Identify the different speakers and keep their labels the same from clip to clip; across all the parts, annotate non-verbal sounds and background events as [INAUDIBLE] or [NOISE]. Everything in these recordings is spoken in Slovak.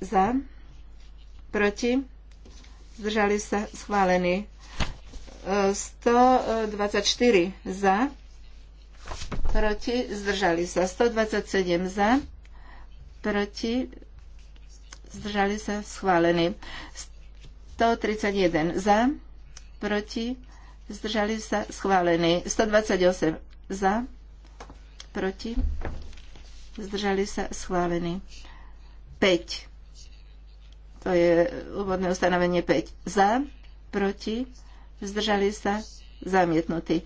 Speaker 1: za, proti, zdržali sa schválení. 124 e, za, proti, zdržali sa. 127 za, proti, zdržali sa schválení. 131 za, proti, zdržali sa schválení. 128 za, proti, zdržali sa schválení. 5 to je úvodné ustanovenie 5. Za, proti, zdržali sa, zamietnutý.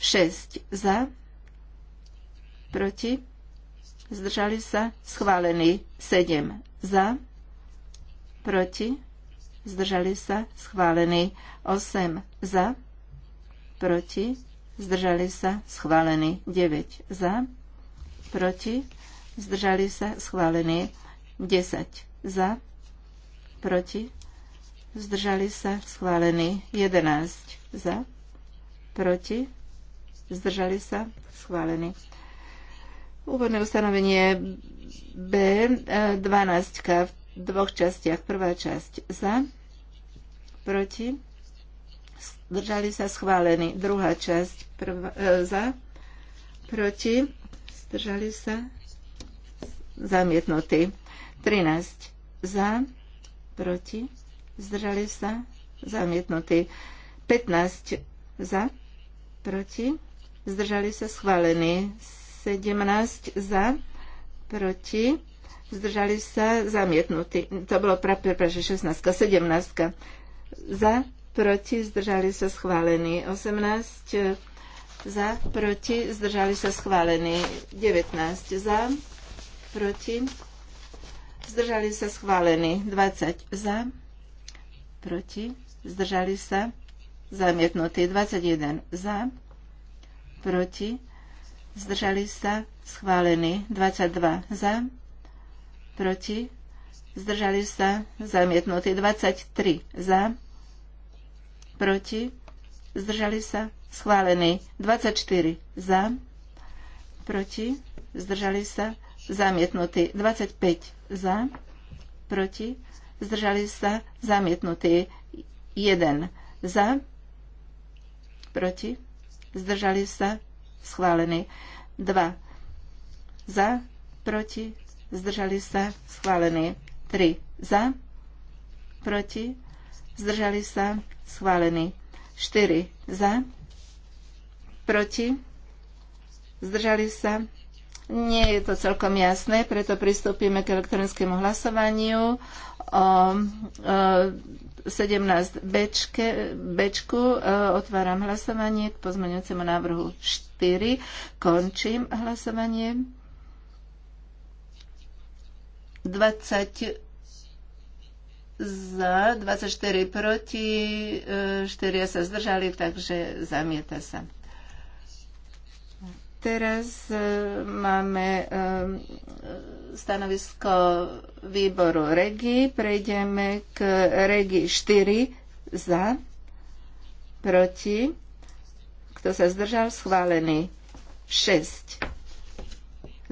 Speaker 1: 6. Za, proti, zdržali sa, schválený. 7. Za, proti, zdržali sa, schválený. 8. Za, proti, zdržali sa, schválený. 9. Za, proti, zdržali sa, schválený. 10. Za, proti, zdržali sa, schválený. 11 za, proti, zdržali sa, schválený. Úvodné ustanovenie B, 12 e, v dvoch častiach. Prvá časť za, proti, zdržali sa, schválený. Druhá časť prv, e, za, proti, zdržali sa, zamietnutý. 13 za, proti, zdržali sa, zamietnutý. 15 za, proti, zdržali sa, schválený. 17 za, proti, zdržali sa, zamietnutý. To bolo prepáč, 16, 17 za, proti, zdržali sa, schválený. 18 za, proti, zdržali sa, schválený. 19 za, proti, zdržali sa schválení 20 za, proti, zdržali sa zamietnutí 21 za, proti, zdržali sa schválení 22 za, proti, zdržali sa zamietnutí 23 za, proti, zdržali sa schválení 24 za, proti, zdržali sa zamietnutý. 25 za, proti, zdržali sa, zamietnutý. 1 za, proti, zdržali sa, schválený. 2 za, proti, zdržali sa, schválený. 3 za, proti, zdržali sa, schválený. 4 za, proti, zdržali sa, nie je to celkom jasné, preto pristúpime k elektronickému hlasovaniu o, o 17 bečke, bečku. E, otváram hlasovanie k pozmeňujúcemu návrhu 4. Končím hlasovanie. 20 za, 24 proti, 4 e, sa zdržali, takže zamieta sa. Teraz e, máme e, stanovisko výboru REGI. Prejdeme k REGI 4 za, proti. Kto sa zdržal? Schválený. 6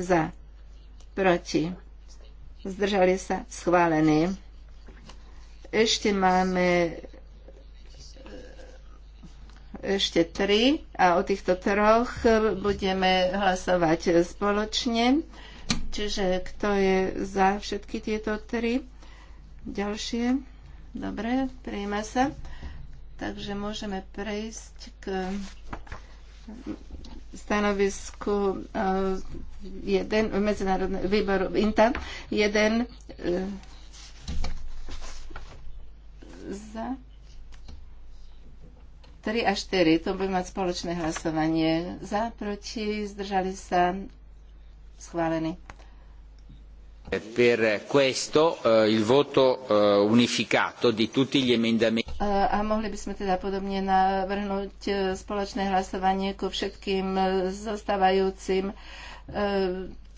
Speaker 1: za, proti. Zdržali sa? Schválený. Ešte máme ešte tri a o týchto troch budeme hlasovať spoločne. Čiže kto je za všetky tieto tri? Ďalšie? Dobre, prijíma sa. Takže môžeme prejsť k stanovisku eh, jeden, medzinárodný výboru INTA. Jeden eh, za 3 a 4, to bude mať spoločné hlasovanie. Za, proti, zdržali sa, schválení.
Speaker 2: Per questo uh, il voto uh, unificato di tutti gli emendamenti.
Speaker 1: Uh, a mohli by sme teda podobne navrhnúť uh, spoločné hlasovanie ku všetkým uh, zostávajúcim, uh,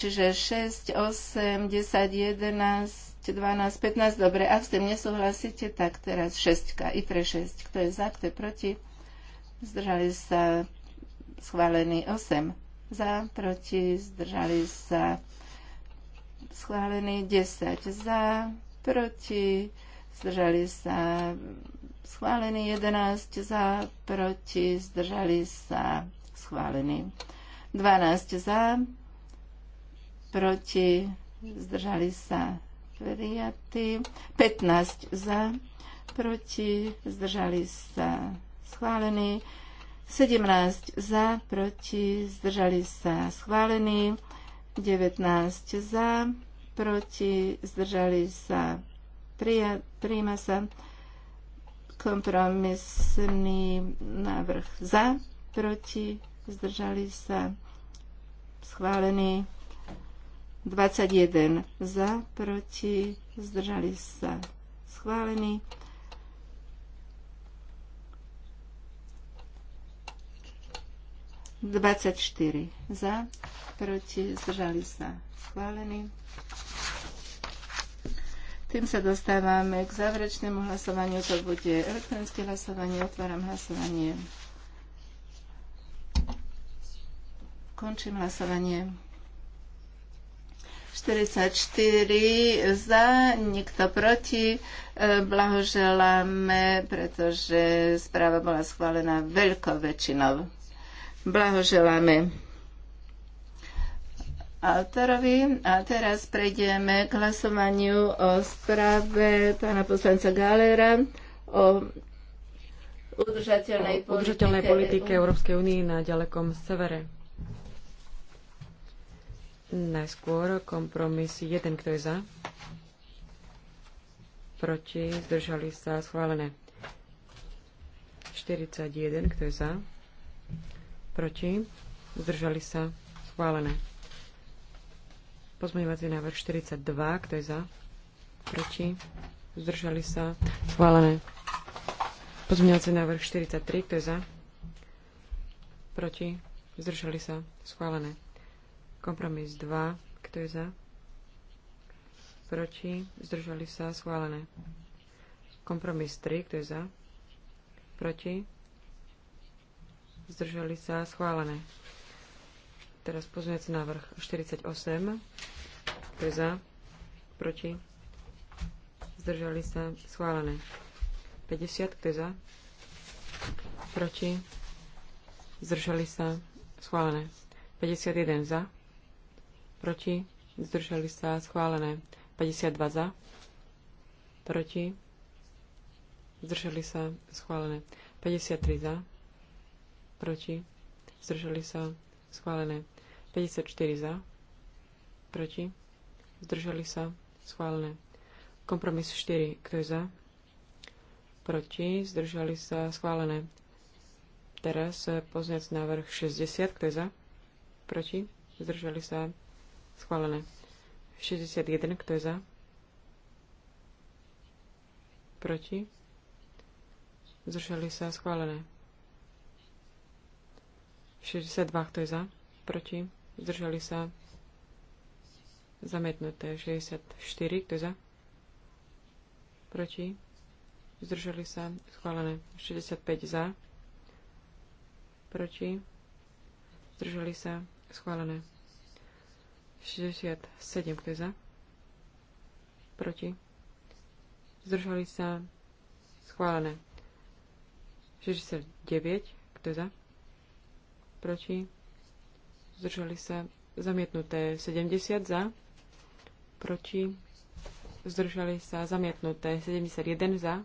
Speaker 1: čiže 6, 8, 10, 11, 12, 15, dobre, ak s tým nesúhlasíte, tak teraz 6, i ITRE 6, kto je za, kto je proti zdržali sa schválený 8 za, proti, zdržali sa schválený 10 za, proti, zdržali sa schválený 11 za, proti, zdržali sa schválený 12 za, proti, zdržali sa prijatí, 15 za, proti, zdržali sa schválený. 17 za, proti, zdržali sa schválený, 19 za, proti, zdržali sa, prija, príjma sa kompromisný návrh za, proti, zdržali sa schválený, 21 za, proti, zdržali sa schválený. 24 za, proti, zdržali sa schválení. Tým sa dostávame k záverečnému hlasovaniu. To bude elektronické hlasovanie. Otváram hlasovanie. Končím hlasovanie. 44 za, nikto proti. E, blahoželáme, pretože správa bola schválená veľkou väčšinou. Blahoželáme autorovi. A teraz prejdeme k hlasovaniu o správe pána poslanca Galera o udržateľnej, o udržateľnej politike, politike Európskej únie na ďalekom
Speaker 3: severe. Najskôr kompromis 1, kto je za? Proti, zdržali sa, schválené. 41, kto je za? proti, zdržali sa, schválené. Pozmeňovací návrh 42, kto je za, proti, zdržali sa, schválené. Pozmeňovací návrh 43, kto je za, proti, zdržali sa, schválené. Kompromis 2, kto je za, proti, zdržali sa, schválené. Kompromis 3, kto je za, proti, zdržali sa, schválené. Teraz pozmeňujúci návrh 48. kto je za, proti, zdržali sa, schválené. 50, kto je za, proti, zdržali sa, schválené. 51 za, proti, zdržali sa, schválené. 52 za, proti, zdržali sa, schválené. 53 za, proti, zdržali sa, schválené. 54 za, proti, zdržali sa, schválené. Kompromis 4, kto je za, proti, zdržali sa, schválené. Teraz poznac návrh 60, kto je za, proti, zdržali sa, schválené. 61, kto je za, proti, zdržali sa, schválené. 62, kto je za? Proti? Zdržali sa? Zamietnuté. 64, kto je za? Proti? Zdržali sa? Schválené. 65 za. Proti? Zdržali sa? Schválené. 67, kto je za? Proti? Zdržali sa? Schválené. 69, kto je za? proti, zdržali sa zamietnuté 70 za, proti, zdržali sa zamietnuté 71 za,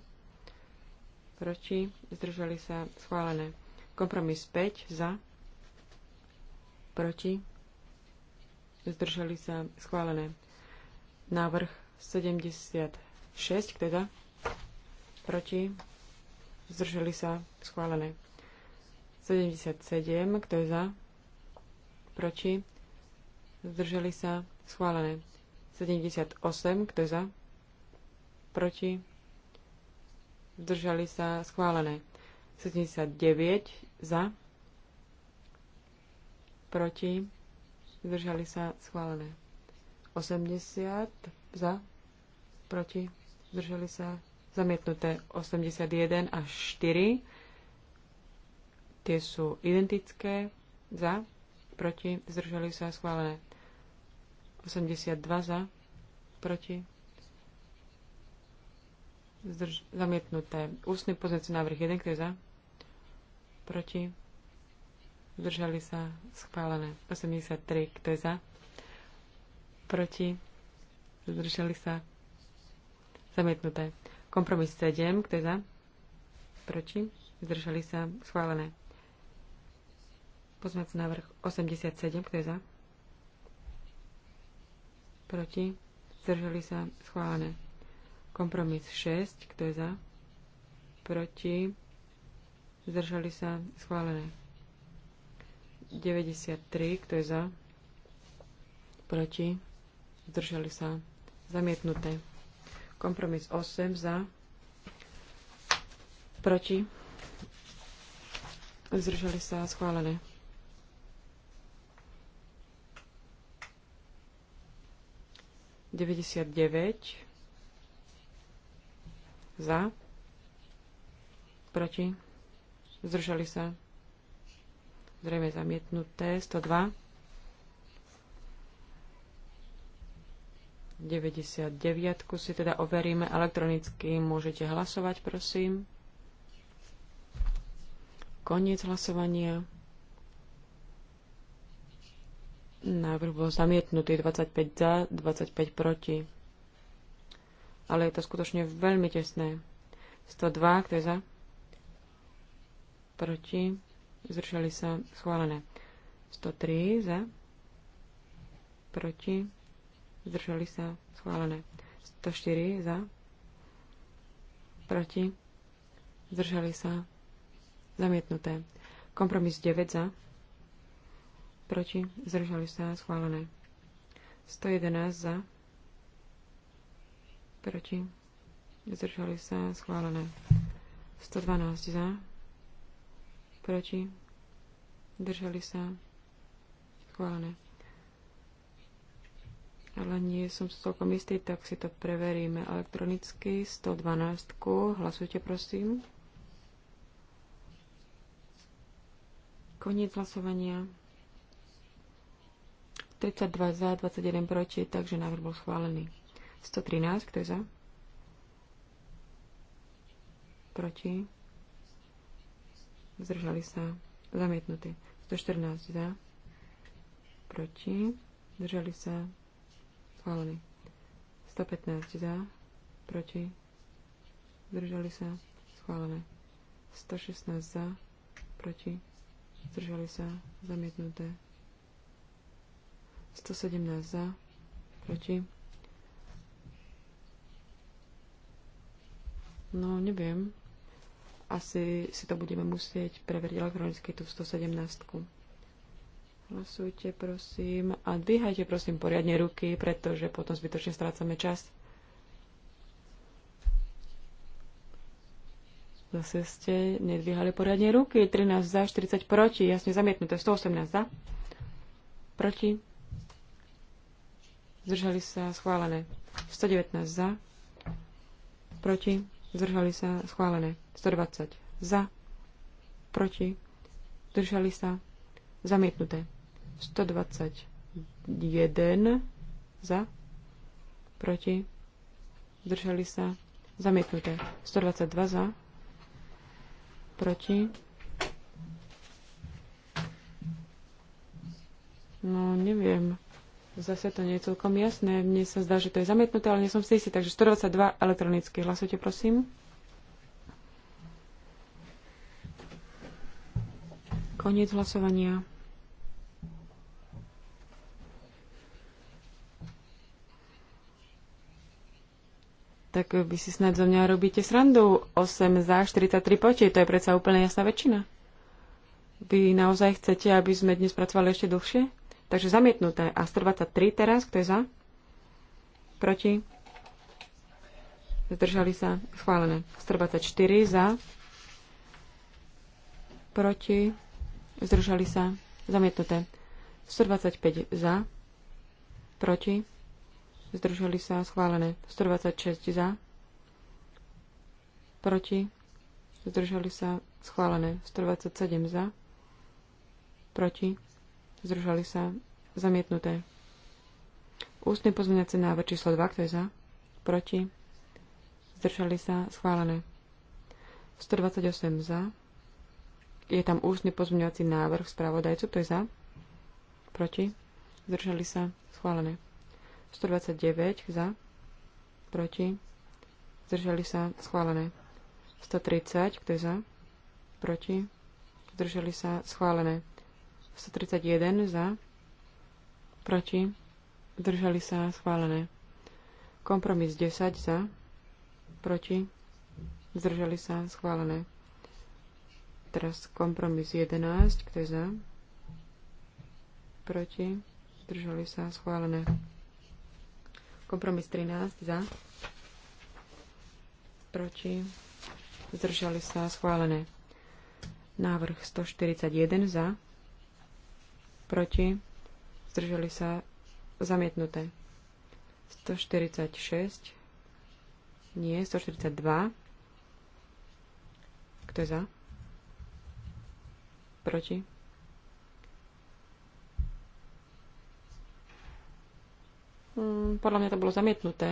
Speaker 3: proti, zdržali sa schválené. Kompromis 5 za, proti, zdržali sa schválené. Návrh 76, kto za, proti, zdržali sa schválené. 77, kto je za? Proti? zdrželi sa? Schválené. 78, kto je za? Proti? Zdržali sa? Schválené. 79, za? Proti? Zdržali sa? Schválené. 80, za? Proti? Zdržali sa? Zamietnuté 81 až 4 Tie sú identické. Za. Proti. Zdržali sa. Schválené. 82 za. Proti. Zdrž- zamietnuté. Ústny pozmeňujúci návrh 1. ktorý je za? Proti. Zdržali sa. Schválené. 83. Kto je za? Proti. Zdržali sa. Zamietnuté. Kompromis 7. Kto je za? Proti? Zdržali sa. Schválené. Pozmec návrh 87, kto je za? Proti? Zdržali sa schválené. Kompromis 6, kto je za? Proti? Zdržali sa schválené. 93, kto je za? Proti? Zdržali sa zamietnuté. Kompromis 8 za. Proti? Zdržali sa schválené. 99 za, proti, zdržali sa, zrejme zamietnuté, 102, 99 si teda overíme elektronicky, môžete hlasovať, prosím. Koniec hlasovania. Návrh bol zamietnutý 25 za, 25 proti. Ale je to skutočne veľmi tesné. 102, kto je za? Proti. Zdržali sa schválené. 103 za. Proti. Zdržali sa schválené. 104 za. Proti. Zdržali sa zamietnuté. Kompromis 9 za proti, zdržali sa, schválené. 111 za, proti, zdržali sa, schválené. 112 za, proti, zdržali sa, schválené. Ale nie som si celkom istý, tak si to preveríme elektronicky. 112. Hlasujte, prosím. Koniec hlasovania. 32 za, 21 proti, takže návrh bol schválený. 113, kto je za? Proti. Zdržali sa. Zamietnutý. 114 za. Proti. Zdržali sa. Schválený. 115 za. Proti. Zdržali sa. Schválené. 116 za. Proti. Zdržali sa. Zamietnuté. 117 za, proti. No, neviem. Asi si to budeme musieť preveriť elektronicky tú 117. -ku. Hlasujte, prosím. A dvíhajte, prosím, poriadne ruky, pretože potom zbytočne strácame čas. Zase ste nedvíhali poriadne ruky. 13 za, 40 proti. Jasne zamietnuté. 118 za. Proti zdržali sa, schválené. 119 za, proti, zdržali sa, schválené. 120 za, proti, zdržali sa, zamietnuté. 121 za, proti, zdržali sa, zamietnuté. 122 za, proti, no neviem, Zase to nie je celkom jasné. Mne sa zdá, že to je zamietnuté, ale nie som si istý. Takže 122 elektronicky. Hlasujte, prosím. Koniec hlasovania. Tak vy si snad zo mňa robíte srandu. 8 za 43 proti, to je predsa úplne jasná väčšina. Vy naozaj chcete, aby sme dnes pracovali ešte dlhšie? Takže zamietnuté. A 123 teraz, kto je za? Proti? Zdržali sa? Schválené. 124 za? Proti? Zdržali sa? Zamietnuté. 125 za? Proti? Zdržali sa? Schválené. 126 za? Proti? Zdržali sa? Schválené. 127 za? Proti? zdržali sa, zamietnuté. Ústne pozmeňace návrh číslo 2, kto je za, proti, zdržali sa, schválené. 128 za, je tam ústny pozmeňovací návrh spravodajcu, kto je za, proti, zdržali sa, schválené. 129 za, proti, zdržali sa, schválené. 130, kto je za, proti, zdržali sa, schválené. 131 za, proti, zdržali sa schválené. Kompromis 10 za, proti, zdržali sa schválené. Teraz kompromis 11, kto je za, proti, zdržali sa schválené. Kompromis 13 za, proti, zdržali sa schválené. Návrh 141 za, proti, zdržali sa zamietnuté. 146, nie, 142. Kto je za? Proti? Mm, podľa mňa to bolo zamietnuté.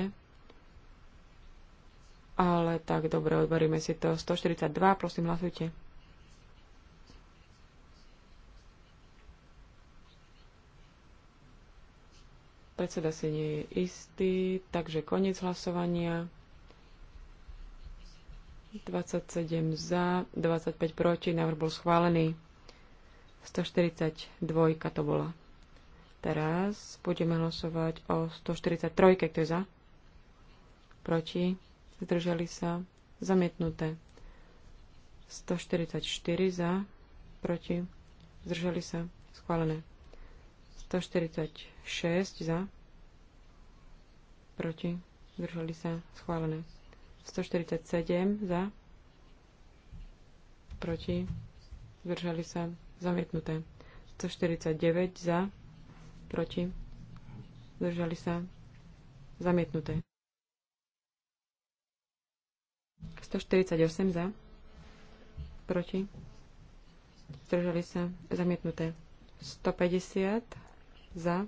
Speaker 3: Ale tak, dobre, odberíme si to. 142, prosím, hlasujte. Predseda si nie je istý, takže koniec hlasovania. 27 za, 25 proti, návrh bol schválený. 142 to bola. Teraz budeme hlasovať o 143, kto je za. Proti. Zdržali sa. Zamietnuté. 144 za. Proti. Zdržali sa. Schválené. 146 za, proti, zdržali sa, schválené. 147 za, proti, zdržali sa, zamietnuté. 149 za, proti, zdržali sa, zamietnuté. 148 za, proti, zdržali sa, zamietnuté. 150 za,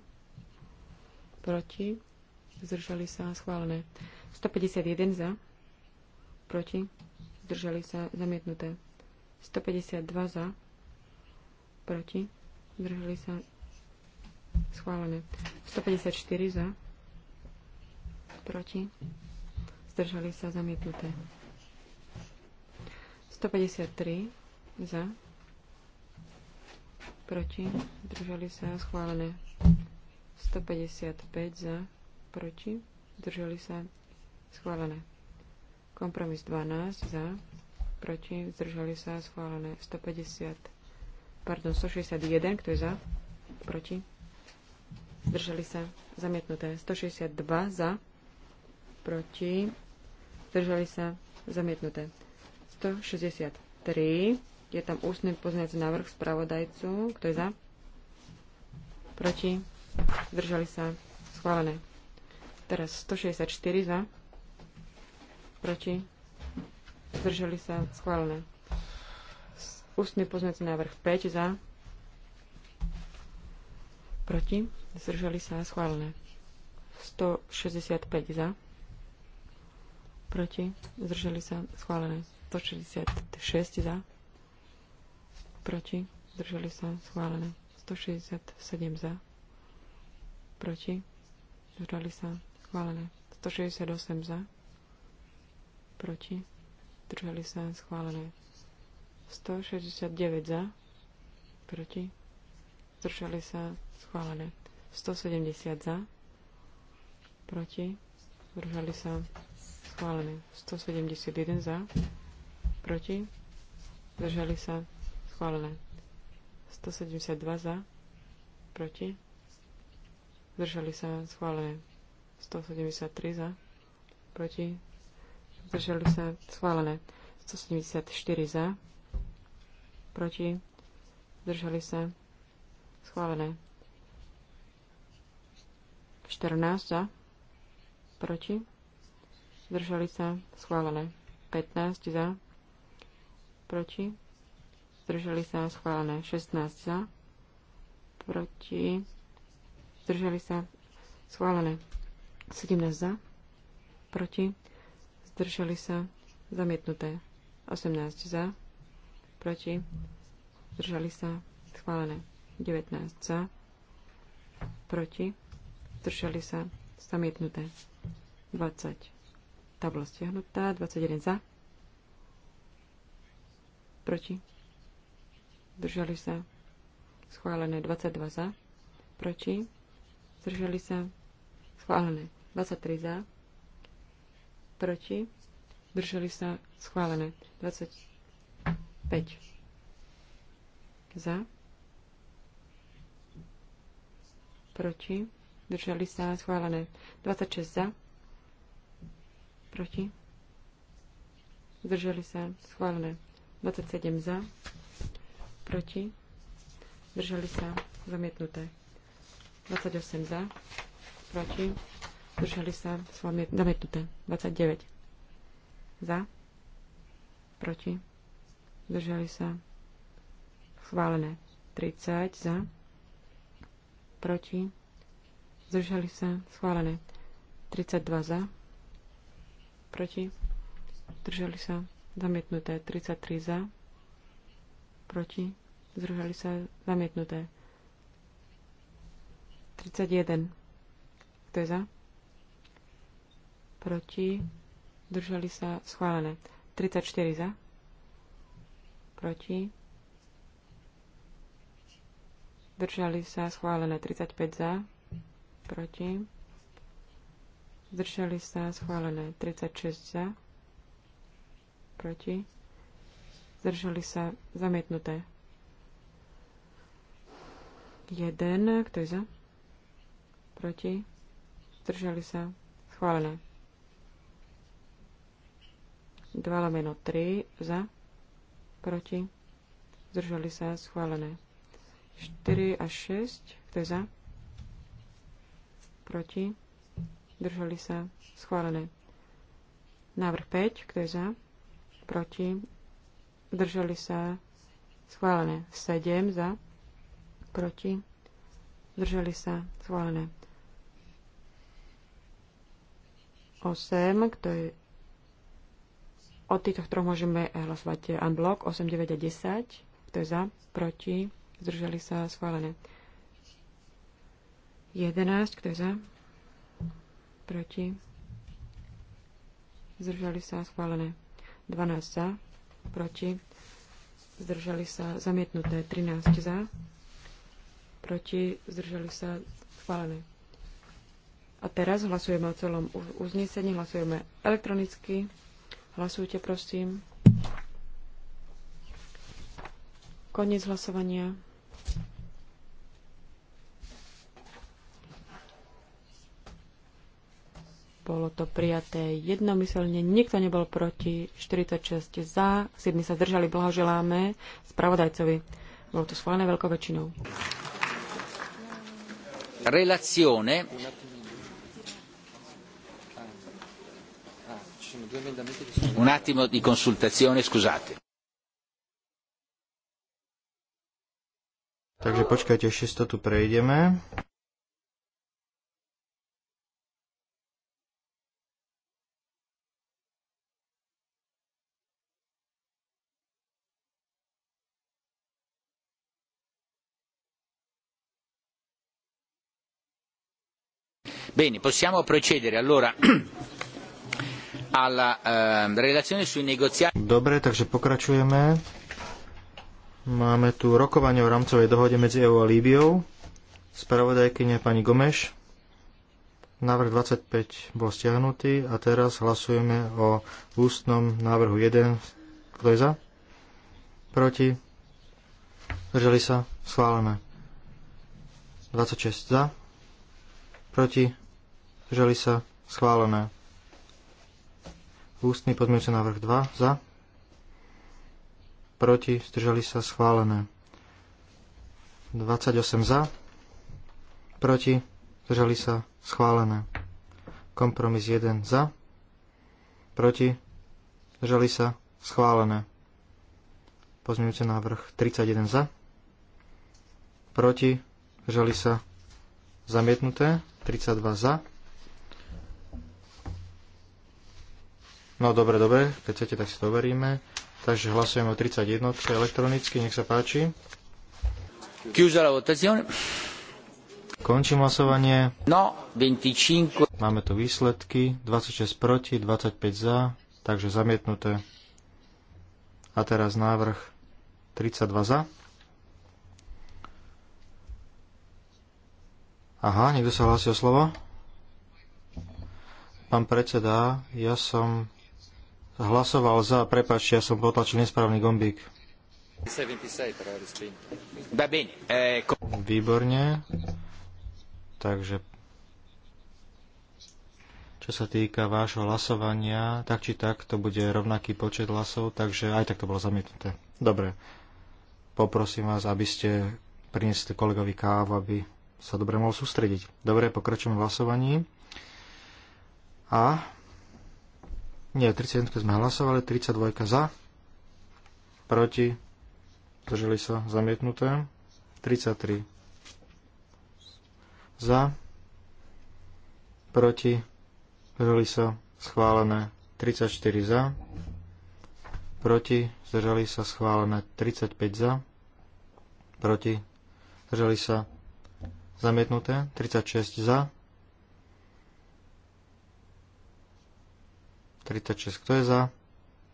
Speaker 3: proti, zdržali sa, schválené. 151 za, proti, zdržali sa, zamietnuté. 152 za, proti, zdržali sa, schválené. 154 za, proti, zdržali sa, zamietnuté. 153 za, proti, zdržali sa, schválené. 155 za, proti, zdržali sa, schválené. Kompromis 12 za, proti, zdržali sa, schválené. 150, pardon, 161, kto je za, proti, zdržali sa, zamietnuté. 162 za, proti, zdržali sa, zamietnuté. 163, je tam ústny pozmeňovací návrh spravodajcu, kto je za, proti, Zdržali sa. Schválené. Teraz 164 za. Proti. Zdržali sa. Schválené. Ústny poznací návrh 5 za. Proti. Zdržali sa. Schválené. 165 za. Proti. Zdržali sa. Schválené. 166 za. Proti. Zdržali sa. Schválené. 167 za proti, zdržali sa, schválené. 168 za, proti, zdržali sa, schválené. 169 za, proti, zdržali sa, schválené. 170 za, proti, zdržali sa, schválené. 171 za, proti, zdržali sa, schválené. 172 za, proti, Zdržali sa schválené 173 za. Proti. Zdržali sa schválené 174 za. Proti. Zdržali sa schválené 14 za. Proti. Zdržali sa schválené 15 za. Proti. Zdržali sa schválené 16 za. Proti zdržali sa, schválené. 17 za, proti, zdržali sa, zamietnuté. 18 za, proti, zdržali sa, schválené. 19 za, proti, zdržali sa, zamietnuté. 20, tá stiahnutá, 21 za, proti, zdržali sa, schválené. 22 za, proti, Zdržali sa? Schválené. 23 za. Proti? Zdržali sa? Schválené. 25 za. Proti? Zdržali sa? Schválené. 26 za. Proti? Zdržali sa? Schválené. 27 za. Proti? Zdržali sa? Zamietnuté. 28 za, proti, zdržali sa, zamietnuté. 29 za, proti, zdržali sa, schválené. 30 za, proti, zdržali sa, schválené. 32 za, proti, zdržali sa, zamietnuté. 33 za, proti, zdržali sa, zamietnuté. 31. Kto je za? Proti? Držali sa? Schválené. 34 za? Proti? Držali sa? Schválené. 35 za? Proti? Držali sa? Schválené. 36 za? Proti? Zdržali sa? Zamietnuté. 1. Kto je za? proti, zdržali sa, schválené. 2 lomeno 3 za, proti, zdržali sa, schválené. 4 až 6, kto je za, proti, zdržali sa, schválené. Návrh 5, kto je za, proti, zdržali sa, schválené. 7 za, proti, zdržali sa, schválené. 8, kto je o týchto troch môžeme hlasovať unblock 8, 9 a 10. Kto je za? Proti? Zdržali sa? Schválené. 11. Kto je za? Proti? Zdržali sa? Schválené. 12 za? Proti? Zdržali sa? Zamietnuté. 13 za? Proti? Zdržali sa? Schválené. A teraz hlasujeme o celom uznesení, hlasujeme elektronicky. Hlasujte, prosím. Koniec hlasovania. Bolo to prijaté jednomyselne, nikto nebol proti, 46 za, 7 sa zdržali, blahoželáme spravodajcovi. Bolo to schválené veľkou väčšinou.
Speaker 2: Relazione Un attimo di consultazione, scusate.
Speaker 4: Takže počkajte, ešte tu prejdeme.
Speaker 2: Bene, possiamo procedere allora [CLEARS THROAT] Ehm, Dobre,
Speaker 4: takže pokračujeme. Máme tu rokovanie o rámcovej dohode medzi EU a Líbiou. Spravodajkynia pani Gomeš. Návrh 25 bol stiahnutý a teraz hlasujeme o ústnom návrhu 1. Kto je za? Proti? Zdržali sa? Schválené. 26 za? Proti? Zdržali sa? Schválené. Ústny pozmeňujúci návrh 2 za. Proti zdržali sa schválené. 28 za. Proti zdržali sa schválené. Kompromis 1 za. Proti zdržali sa schválené. Pozmeňujúci návrh 31 za. Proti zdržali sa zamietnuté. 32 za No dobre, dobre, keď chcete, tak si to overíme. Takže hlasujeme o 31 elektronicky, nech sa páči. Končím hlasovanie. No, 25. Máme tu výsledky, 26 proti, 25 za, takže zamietnuté. A teraz návrh 32 za. Aha, niekto sa hlási o slovo? Pán predseda, ja som hlasoval za. Prepačte, ja som potlačil nesprávny gombík. Eh, Výborne. Takže čo sa týka vášho hlasovania, tak či tak to bude rovnaký počet hlasov, takže aj tak to bolo zamietnuté. Dobre. Poprosím vás, aby ste priniesli kolegovi kávu, aby sa dobre mohol sústrediť. Dobre, pokračujem v hlasovaní. A nie, 31 sme hlasovali, 32 za, proti, zdržali sa, zamietnuté, 33 za, proti, zdržali sa, schválené, 34 za, proti, zdržali sa, schválené, 35 za, proti, zdržali sa, zamietnuté, 36 za, 36, kto je za?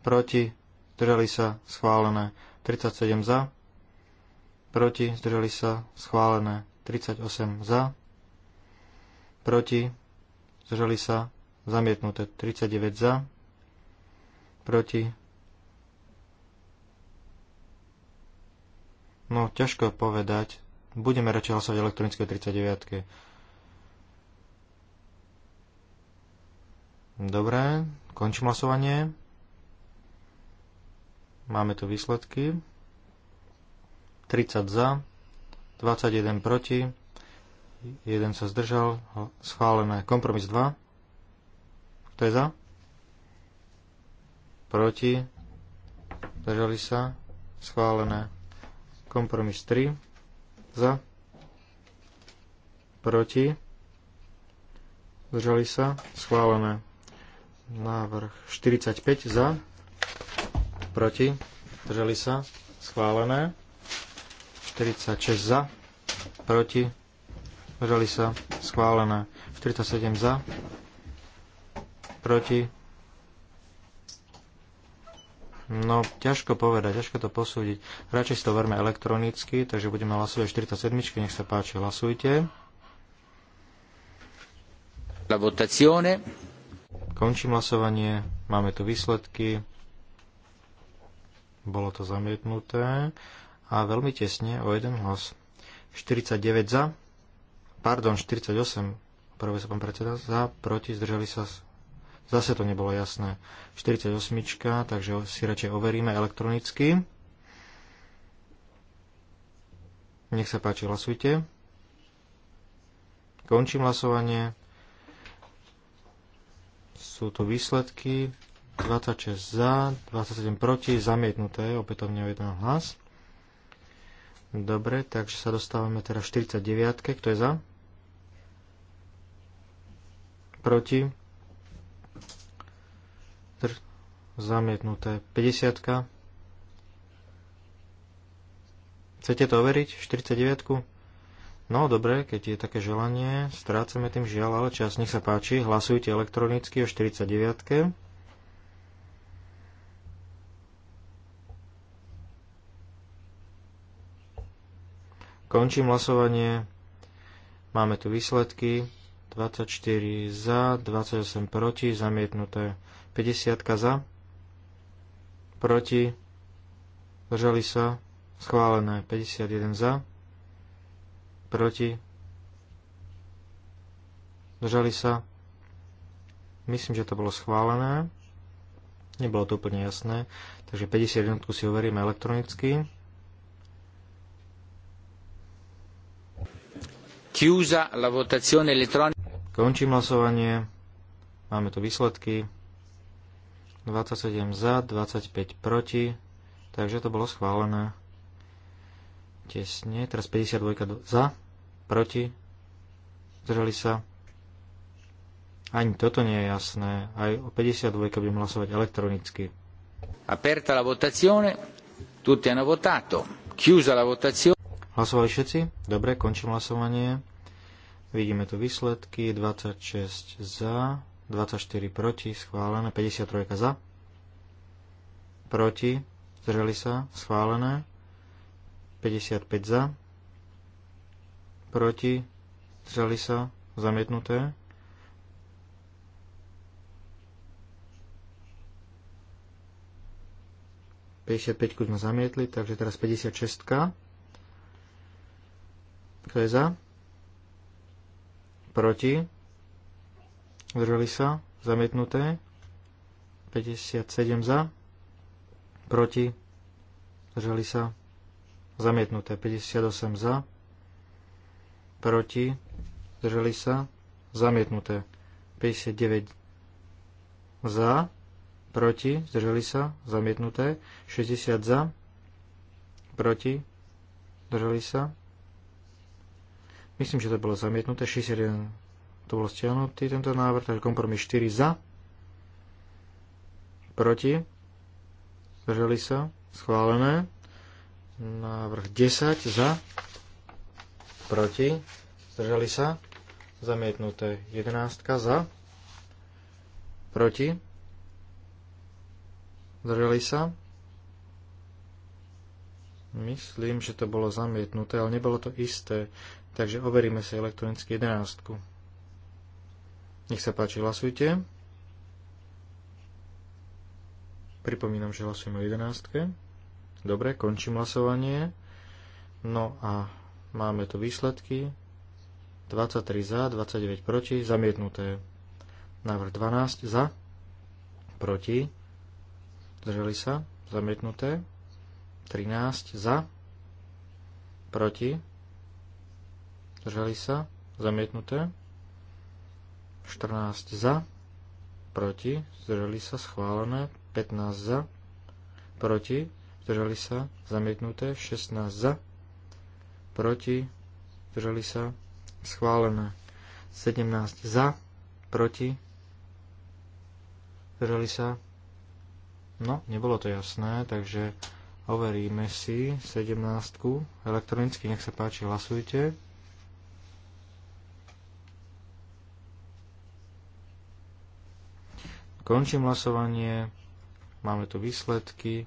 Speaker 4: Proti, zdržali sa, schválené. 37 za, proti, zdržali sa, schválené. 38 za, proti, zdržali sa, zamietnuté. 39 za, proti. No, ťažko povedať. Budeme radšej hlasovať elektronické 39. -ky. Dobre, Končím hlasovanie. Máme tu výsledky. 30 za, 21 proti, 1 sa zdržal, schválené kompromis 2. Kto je za? Proti, zdržali sa, schválené kompromis 3. Za, proti, zdržali sa, schválené Návrh 45 za, proti, Drželi sa, schválené. 46 za, proti, Drželi sa, schválené. 47 za, proti. No, ťažko povedať, ťažko to posúdiť. Radšej si to verme elektronicky, takže budeme hlasovať 47, nech sa páči, hlasujte.
Speaker 2: La votazione.
Speaker 4: Končím hlasovanie. Máme tu výsledky. Bolo to zamietnuté a veľmi tesne o jeden hlas. 49 za, pardon, 48, prvé sa pán predseda, za, proti, zdržali sa, zase to nebolo jasné. 48, takže si radšej overíme elektronicky. Nech sa páči, hlasujte. Končím hlasovanie. Sú tu výsledky 26 za, 27 proti, zamietnuté, opätovne o jeden hlas. Dobre, takže sa dostávame teraz teda 49. Kto je za? Proti? zamietnuté. 50. Chcete to overiť? 49. No dobre, keď je také želanie, strácame tým žiaľ, ale čas, nech sa páči, hlasujte elektronicky o 49. Končím hlasovanie. Máme tu výsledky. 24 za, 28 proti, zamietnuté. 50 za, proti, držali sa, schválené 51 za proti, Držali sa. Myslím, že to bolo schválené. Nebolo to úplne jasné. Takže 51 si overíme elektronicky.
Speaker 2: Chiusa la votazione elettronica.
Speaker 4: Končím hlasovanie. Máme tu výsledky. 27 za, 25 proti. Takže to bolo schválené. Tesne. Teraz 52 za, proti, zdržali sa. Ani toto nie je jasné. Aj o 52 budem hlasovať
Speaker 2: elektronicky. Aperta la votazione, tutti hanno votato. Chiusa la votazione.
Speaker 4: Hlasovali všetci? Dobre, končím hlasovanie. Vidíme tu výsledky. 26 za, 24 proti, schválené, 53 za. Proti, zdržali sa, schválené. 55 za, proti, zdržali sa, zamietnuté. Päťdesiatpäťku sme zamietli, takže teraz 56. Kto je za? Proti? Zdržali sa? Zamietnuté? 57 za? Proti? Zdržali sa? Zamietnuté 58 za, proti, Zdrželi sa, zamietnuté. 59 za, proti, zdržali sa, zamietnuté. 60 za, proti, Zdrželi sa. Myslím, že to bolo zamietnuté. 61 to bol stiahnutý tento návrh, takže kompromis 4 za, proti, zdržali sa, schválené. Návrh 10 za, proti, zdržali sa, zamietnuté 11 za, proti, zdržali sa. Myslím, že to bolo zamietnuté, ale nebolo to isté, takže overíme si elektronicky 11. Nech sa páči, hlasujte. Pripomínam, že hlasujeme o 11. Dobre, končím hlasovanie. No a Máme tu výsledky. 23 za, 29 proti, zamietnuté. Návrh 12 za, proti, zdržali sa, zamietnuté. 13 za, proti, zdržali sa, zamietnuté. 14 za, proti, zdržali sa, schválené. 15 za, proti, zdržali sa, zamietnuté. 16 za, proti, zdržali sa, schválené. 17 za, proti, zdržali sa. No, nebolo to jasné, takže overíme si 17 elektronicky, nech sa páči, hlasujte. Končím hlasovanie, máme tu výsledky.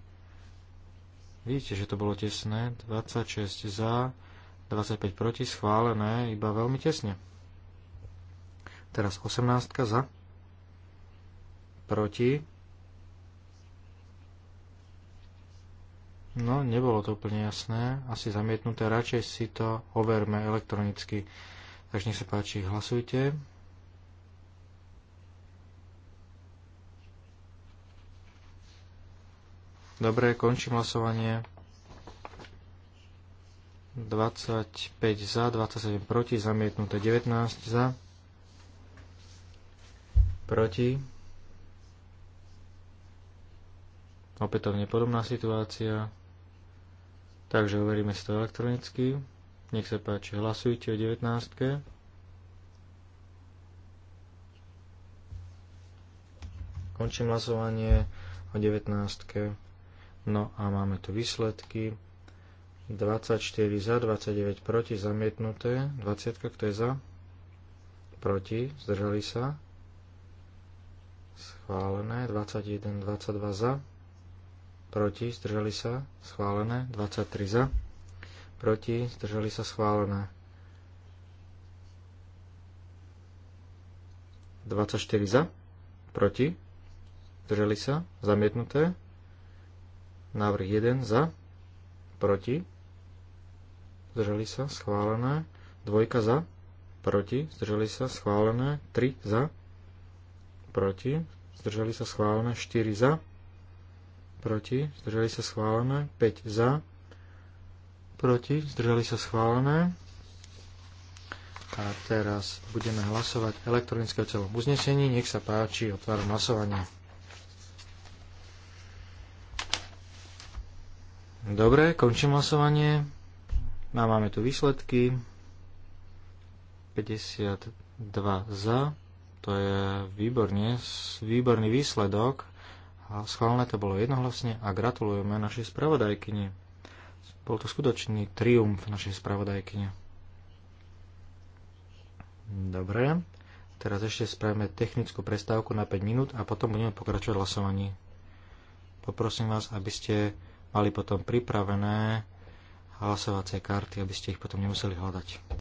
Speaker 4: Vidíte, že to bolo tesné, 26 za, 25 proti, schválené iba veľmi tesne. Teraz 18 za, proti. No, nebolo to úplne jasné, asi zamietnuté, radšej si to overme elektronicky. Takže nech sa páči, hlasujte. Dobre, končím hlasovanie. 25 za, 27 proti, zamietnuté 19 za, proti. Opätovne podobná situácia. Takže overíme si to elektronicky. Nech sa páči, hlasujte o 19. Končím hlasovanie o 19. No a máme tu výsledky. 24 za, 29 proti, zamietnuté. 20, kto je za? Proti, zdržali sa. Schválené. 21, 22 za. Proti, zdržali sa. Schválené. 23 za. Proti, zdržali sa. Schválené. 24 za. Proti, zdržali sa. Zamietnuté. Návrh 1 za. Proti, zdržali sa, schválené. Dvojka za, proti, zdržali sa, schválené. 3 za, proti, zdržali sa, schválené. 4 za, proti, zdržali sa, schválené. 5 za, proti, zdržali sa, schválené. A teraz budeme hlasovať elektronické o celom uznesení. Nech sa páči, otváram hlasovanie. Dobre, končím hlasovanie. No a máme tu výsledky. 52 za. To je výborne, výborný výsledok. A schválne to bolo jednohlasne a gratulujeme našej spravodajkyni. Bol to skutočný triumf našej spravodajkyne. Dobre, teraz ešte spravíme technickú prestávku na 5 minút a potom budeme pokračovať hlasovaní. Poprosím vás, aby ste mali potom pripravené hlasovacie karty, aby ste ich potom nemuseli hľadať.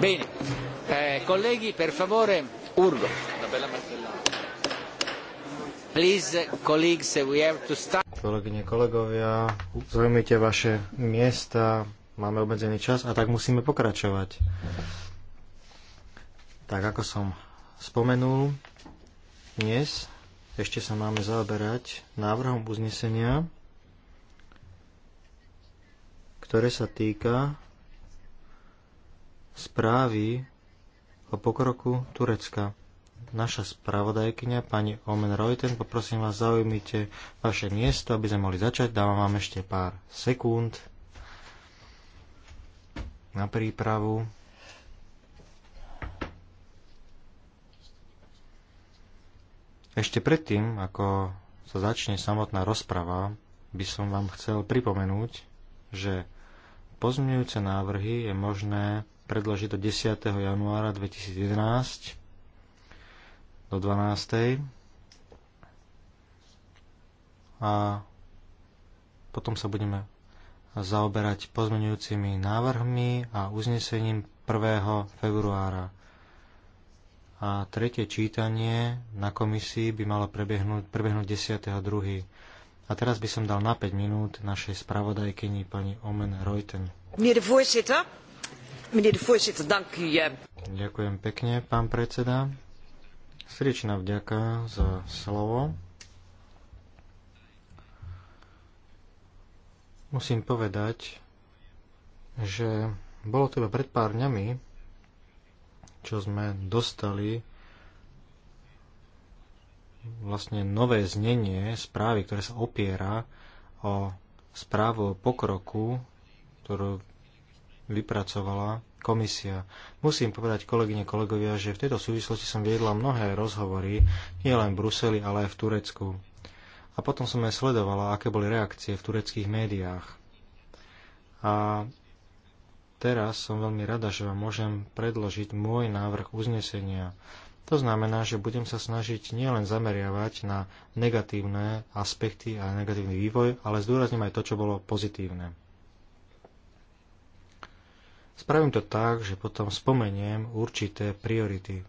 Speaker 2: Bene, eh, colleghi per favore, urlo. Please, colleagues, we have to start. Kolegyne,
Speaker 4: kolegovia, zaujmite vaše miesta, máme obmedzený čas a tak musíme pokračovať. Tak ako som spomenul, dnes ešte sa máme zaoberať návrhom uznesenia, ktoré sa týka správy o pokroku Turecka. Naša spravodajkynia, pani Omen Reuten, poprosím vás, zaujmite vaše miesto, aby sme mohli začať. Dávam vám ešte pár sekúnd na prípravu. Ešte predtým, ako sa začne samotná rozprava, by som vám chcel pripomenúť, že pozmeňujúce návrhy je možné predložiť do 10. januára 2011 do 12. A potom sa budeme zaoberať pozmeňujúcimi návrhmi a uznesením 1. februára. A tretie čítanie na komisii by malo prebehnúť, prebehnúť 10.2. A teraz by som dal na 5 minút našej spravodajkyni pani Omen Reuten.
Speaker 3: Meneer de voorzitter, Eh.
Speaker 4: Ďakujem pekne, pán predseda. Srdečná vďaka za slovo. Musím povedať, že bolo to iba pred pár dňami, čo sme dostali vlastne nové znenie správy, ktoré sa opiera o správu o pokroku, ktorú vypracovala komisia. Musím povedať kolegyne kolegovia, že v tejto súvislosti som viedla mnohé rozhovory, nie len v Bruseli, ale aj v Turecku. A potom som aj sledovala, aké boli reakcie v tureckých médiách. A teraz som veľmi rada, že vám môžem predložiť môj návrh uznesenia. To znamená, že budem sa snažiť nielen zameriavať na negatívne aspekty a negatívny vývoj, ale zdôrazním aj to, čo bolo pozitívne. Spravím to tak, že potom spomeniem určité priority.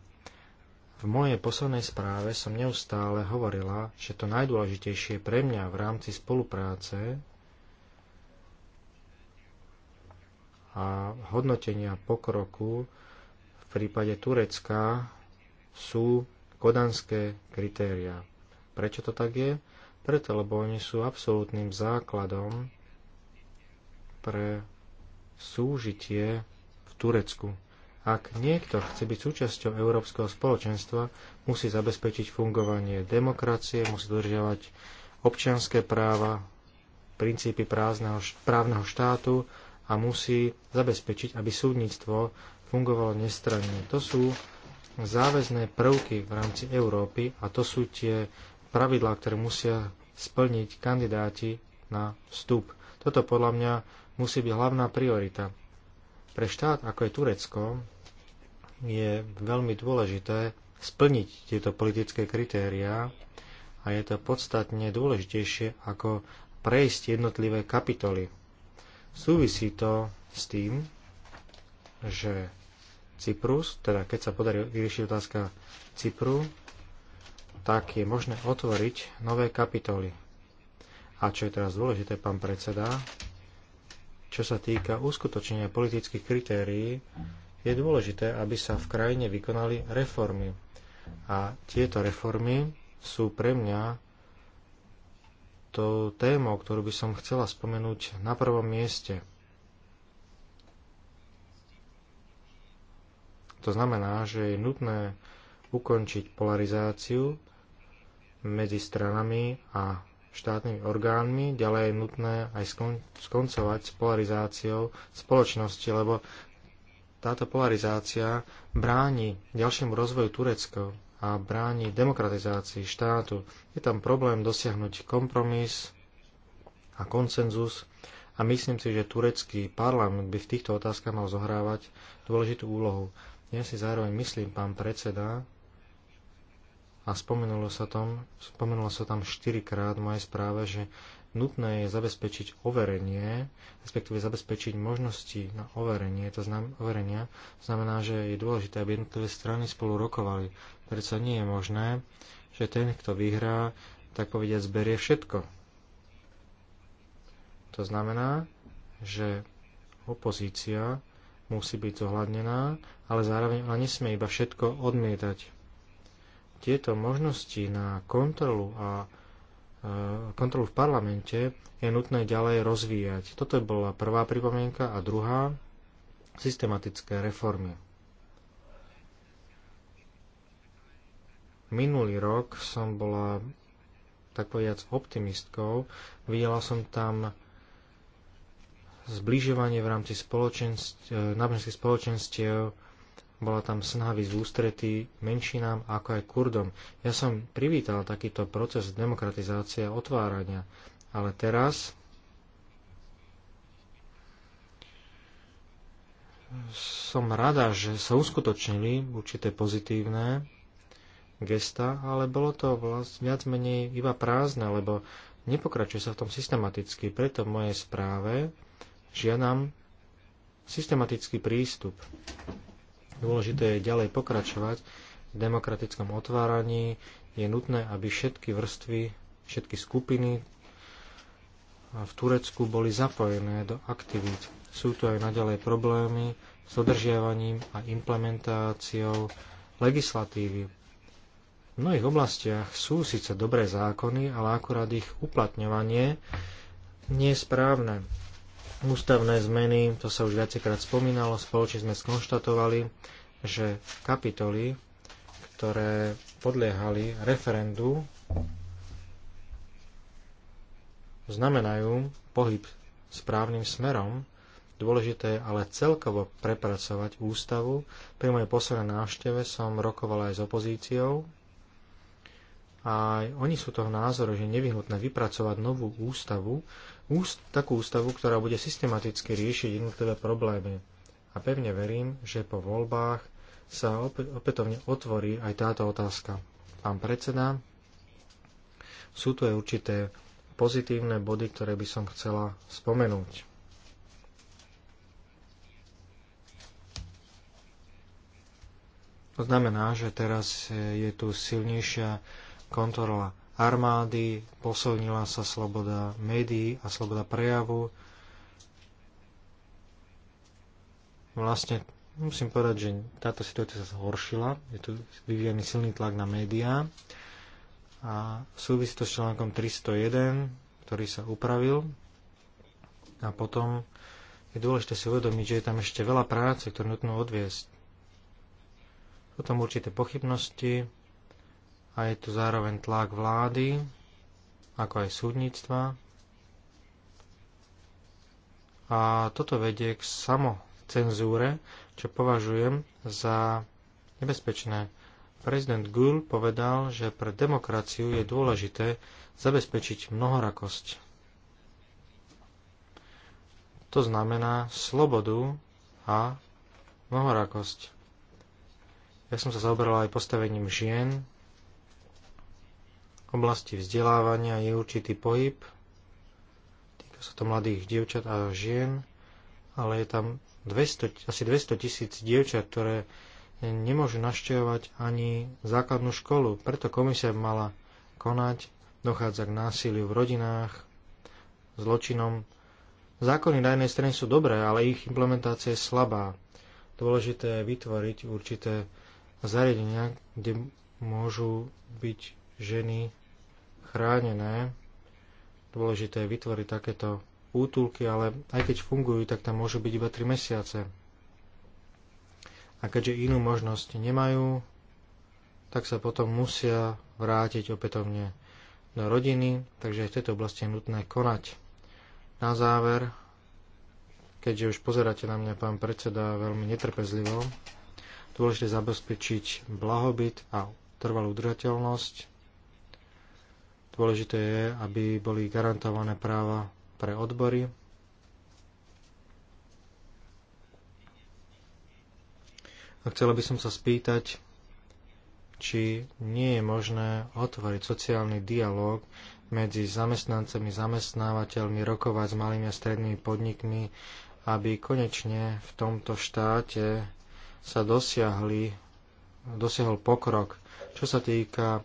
Speaker 4: V mojej poslednej správe som neustále hovorila, že to najdôležitejšie pre mňa v rámci spolupráce a hodnotenia pokroku v prípade Turecka sú kodanské kritéria. Prečo to tak je? Preto, lebo oni sú absolútnym základom pre súžitie v Turecku. Ak niekto chce byť súčasťou európskeho spoločenstva, musí zabezpečiť fungovanie demokracie, musí dodržiavať občianské práva, princípy právneho, právneho štátu a musí zabezpečiť, aby súdnictvo fungovalo nestranne. To sú záväzné prvky v rámci Európy a to sú tie pravidlá, ktoré musia splniť kandidáti na vstup. Toto podľa mňa musí byť hlavná priorita. Pre štát, ako je Turecko, je veľmi dôležité splniť tieto politické kritériá a je to podstatne dôležitejšie ako prejsť jednotlivé kapitoly. Súvisí to s tým, že Cyprus, teda keď sa podarí vyriešiť otázka Cypru, tak je možné otvoriť nové kapitoly. A čo je teraz dôležité, pán predseda, čo sa týka uskutočnenia politických kritérií, je dôležité, aby sa v krajine vykonali reformy. A tieto reformy sú pre mňa tou témou, ktorú by som chcela spomenúť na prvom mieste. To znamená, že je nutné ukončiť polarizáciu medzi stranami a štátnymi orgánmi. Ďalej je nutné aj skon- skoncovať s polarizáciou spoločnosti, lebo táto polarizácia bráni ďalšiemu rozvoju Turecka a bráni demokratizácii štátu. Je tam problém dosiahnuť kompromis a koncenzus a myslím si, že turecký parlament by v týchto otázkach mal zohrávať dôležitú úlohu. Ja si zároveň myslím, pán predseda, a spomenulo sa, tam, spomenulo sa tam štyrikrát v mojej správe, že nutné je zabezpečiť overenie, respektíve zabezpečiť možnosti na overenie, to znam, overenia. znamená, že je dôležité, aby jednotlivé strany spolu rokovali. Prečo nie je možné, že ten, kto vyhrá, tak povediať zberie všetko. To znamená, že opozícia musí byť zohľadnená, ale zároveň ona nesmie iba všetko odmietať tieto možnosti na kontrolu a e, kontrolu v parlamente je nutné ďalej rozvíjať. Toto je bola prvá pripomienka a druhá systematické reformy. Minulý rok som bola tak povediac optimistkou. Videla som tam zbližovanie v rámci e, náboženských spoločenstiev, bola tam snaha z ústretí menšinám ako aj Kurdom. Ja som privítal takýto proces demokratizácie a otvárania, ale teraz som rada, že sa uskutočnili určité pozitívne gesta, ale bolo to vlastne viac menej iba prázdne, lebo nepokračuje sa v tom systematicky. Preto v mojej správe žiadam systematický prístup. Dôležité je ďalej pokračovať v demokratickom otváraní. Je nutné, aby všetky vrstvy, všetky skupiny v Turecku boli zapojené do aktivít. Sú tu aj naďalej problémy s dodržiavaním a implementáciou legislatívy. V mnohých oblastiach sú síce dobré zákony, ale akurát ich uplatňovanie nie je správne. Ústavné zmeny, to sa už viacekrát spomínalo, spoločne sme skonštatovali, že kapitoly, ktoré podliehali referendu, znamenajú pohyb správnym smerom. Dôležité je ale celkovo prepracovať ústavu. Pri mojej poslednej návšteve som rokoval aj s opozíciou, a aj oni sú toho názoru, že je nevyhnutné vypracovať novú ústavu, úst, takú ústavu, ktorá bude systematicky riešiť jednotlivé problémy. A pevne verím, že po voľbách sa opätovne otvorí aj táto otázka. Pán predseda, sú tu aj určité pozitívne body, ktoré by som chcela spomenúť. To znamená, že teraz je tu silnejšia kontrola armády, posilnila sa sloboda médií a sloboda prejavu. Vlastne musím povedať, že táto situácia sa zhoršila. Je tu vyvíjaný silný tlak na médiá a súvisí to s článkom 301, ktorý sa upravil. A potom je dôležité si uvedomiť, že je tam ešte veľa práce, ktorú nutno odviesť. Sú tam určité pochybnosti, a je tu zároveň tlak vlády, ako aj súdnictva. A toto vedie k samocenzúre, čo považujem za nebezpečné. Prezident Gül povedal, že pre demokraciu je dôležité zabezpečiť mnohorakosť. To znamená slobodu a mnohorakosť. Ja som sa zaoberal aj postavením žien oblasti vzdelávania je určitý pohyb. Týka sa to mladých dievčat a žien, ale je tam 200, asi 200 tisíc dievčat, ktoré nemôžu naštevovať ani základnú školu. Preto komisia mala konať, dochádza k násiliu v rodinách, zločinom. Zákony na jednej strane sú dobré, ale ich implementácia je slabá. Dôležité je vytvoriť určité zariadenia, kde môžu byť ženy chránené. Dôležité je vytvoriť takéto útulky, ale aj keď fungujú, tak tam môžu byť iba 3 mesiace. A keďže inú možnosť nemajú, tak sa potom musia vrátiť opätovne do rodiny, takže aj v tejto oblasti je nutné konať. Na záver, keďže už pozeráte na mňa, pán predseda, veľmi netrpezlivo, dôležité zabezpečiť blahobyt a trvalú udržateľnosť Dôležité je, aby boli garantované práva pre odbory. A chcela by som sa spýtať, či nie je možné otvoriť sociálny dialog medzi zamestnancami, zamestnávateľmi, rokovať s malými a strednými podnikmi, aby konečne v tomto štáte sa dosiahli, dosiahol pokrok, čo sa týka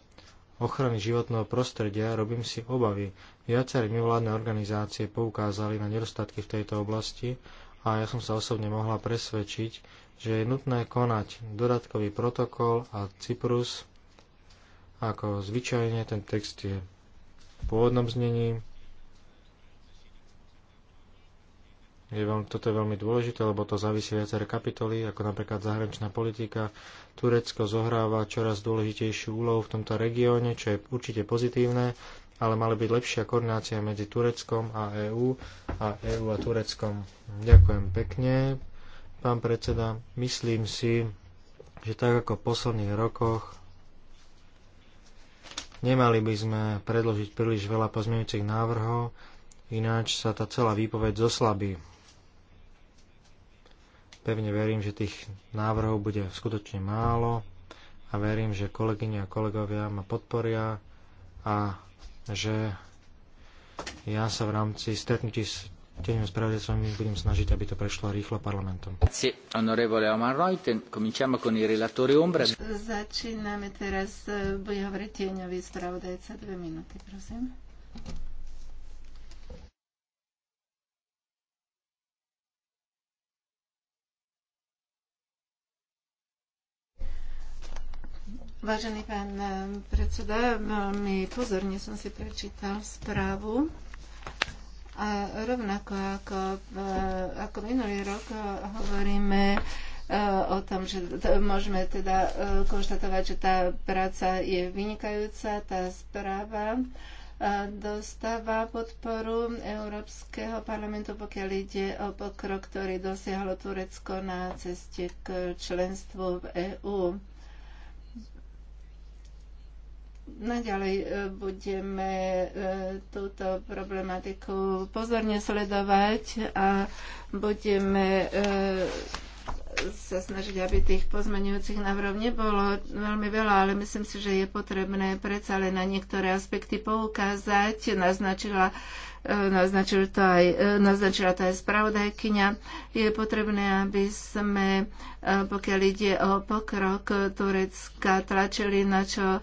Speaker 4: ochrany životného prostredia, robím si obavy. Viaceré mimovládne organizácie poukázali na nedostatky v tejto oblasti a ja som sa osobne mohla presvedčiť, že je nutné konať dodatkový protokol a Cyprus, ako zvyčajne ten text je v pôvodnom znení, Je veľmi, toto je veľmi dôležité, lebo to závisí viaceré kapitoly, ako napríklad zahraničná politika. Turecko zohráva čoraz dôležitejšiu úlohu v tomto regióne, čo je určite pozitívne, ale mala byť lepšia koordinácia medzi Tureckom a EÚ a EÚ a Tureckom. Ďakujem pekne, pán predseda. Myslím si, že tak ako v posledných rokoch nemali by sme predložiť príliš veľa pozmeňujúcich návrhov, ináč sa tá celá výpoveď zoslabí. Pevne verím, že tých návrhov bude skutočne málo a verím, že kolegyne a kolegovia ma podporia a že ja sa v rámci stretnutí s tým spravodajcom budem snažiť, aby to prešlo rýchlo parlamentom.
Speaker 1: Začíname teraz, eh, bude hovoriť tieňový spravodajca, dve minúty, prosím. Vážený pán eh, predseda, veľmi pozorne som si prečítal správu a rovnako ako, eh, ako minulý rok eh, hovoríme o tom, že môžeme teda konštatovať, že tá práca je vynikajúca, tá správa dostáva podporu Európskeho parlamentu, pokiaľ ide o pokrok, ktorý dosiahlo Turecko na ceste k členstvu v EÚ. Naďalej e, budeme e, túto problematiku pozorne sledovať a budeme e, sa snažiť, aby tých pozmenujúcich návrhov nebolo veľmi veľa, ale myslím si, že je potrebné predsa len na niektoré aspekty poukázať. Naznačila to aj, naznačila to aj spravodajkyňa. Je potrebné, aby sme, e, pokiaľ ide o pokrok Turecka, tlačili na čo e,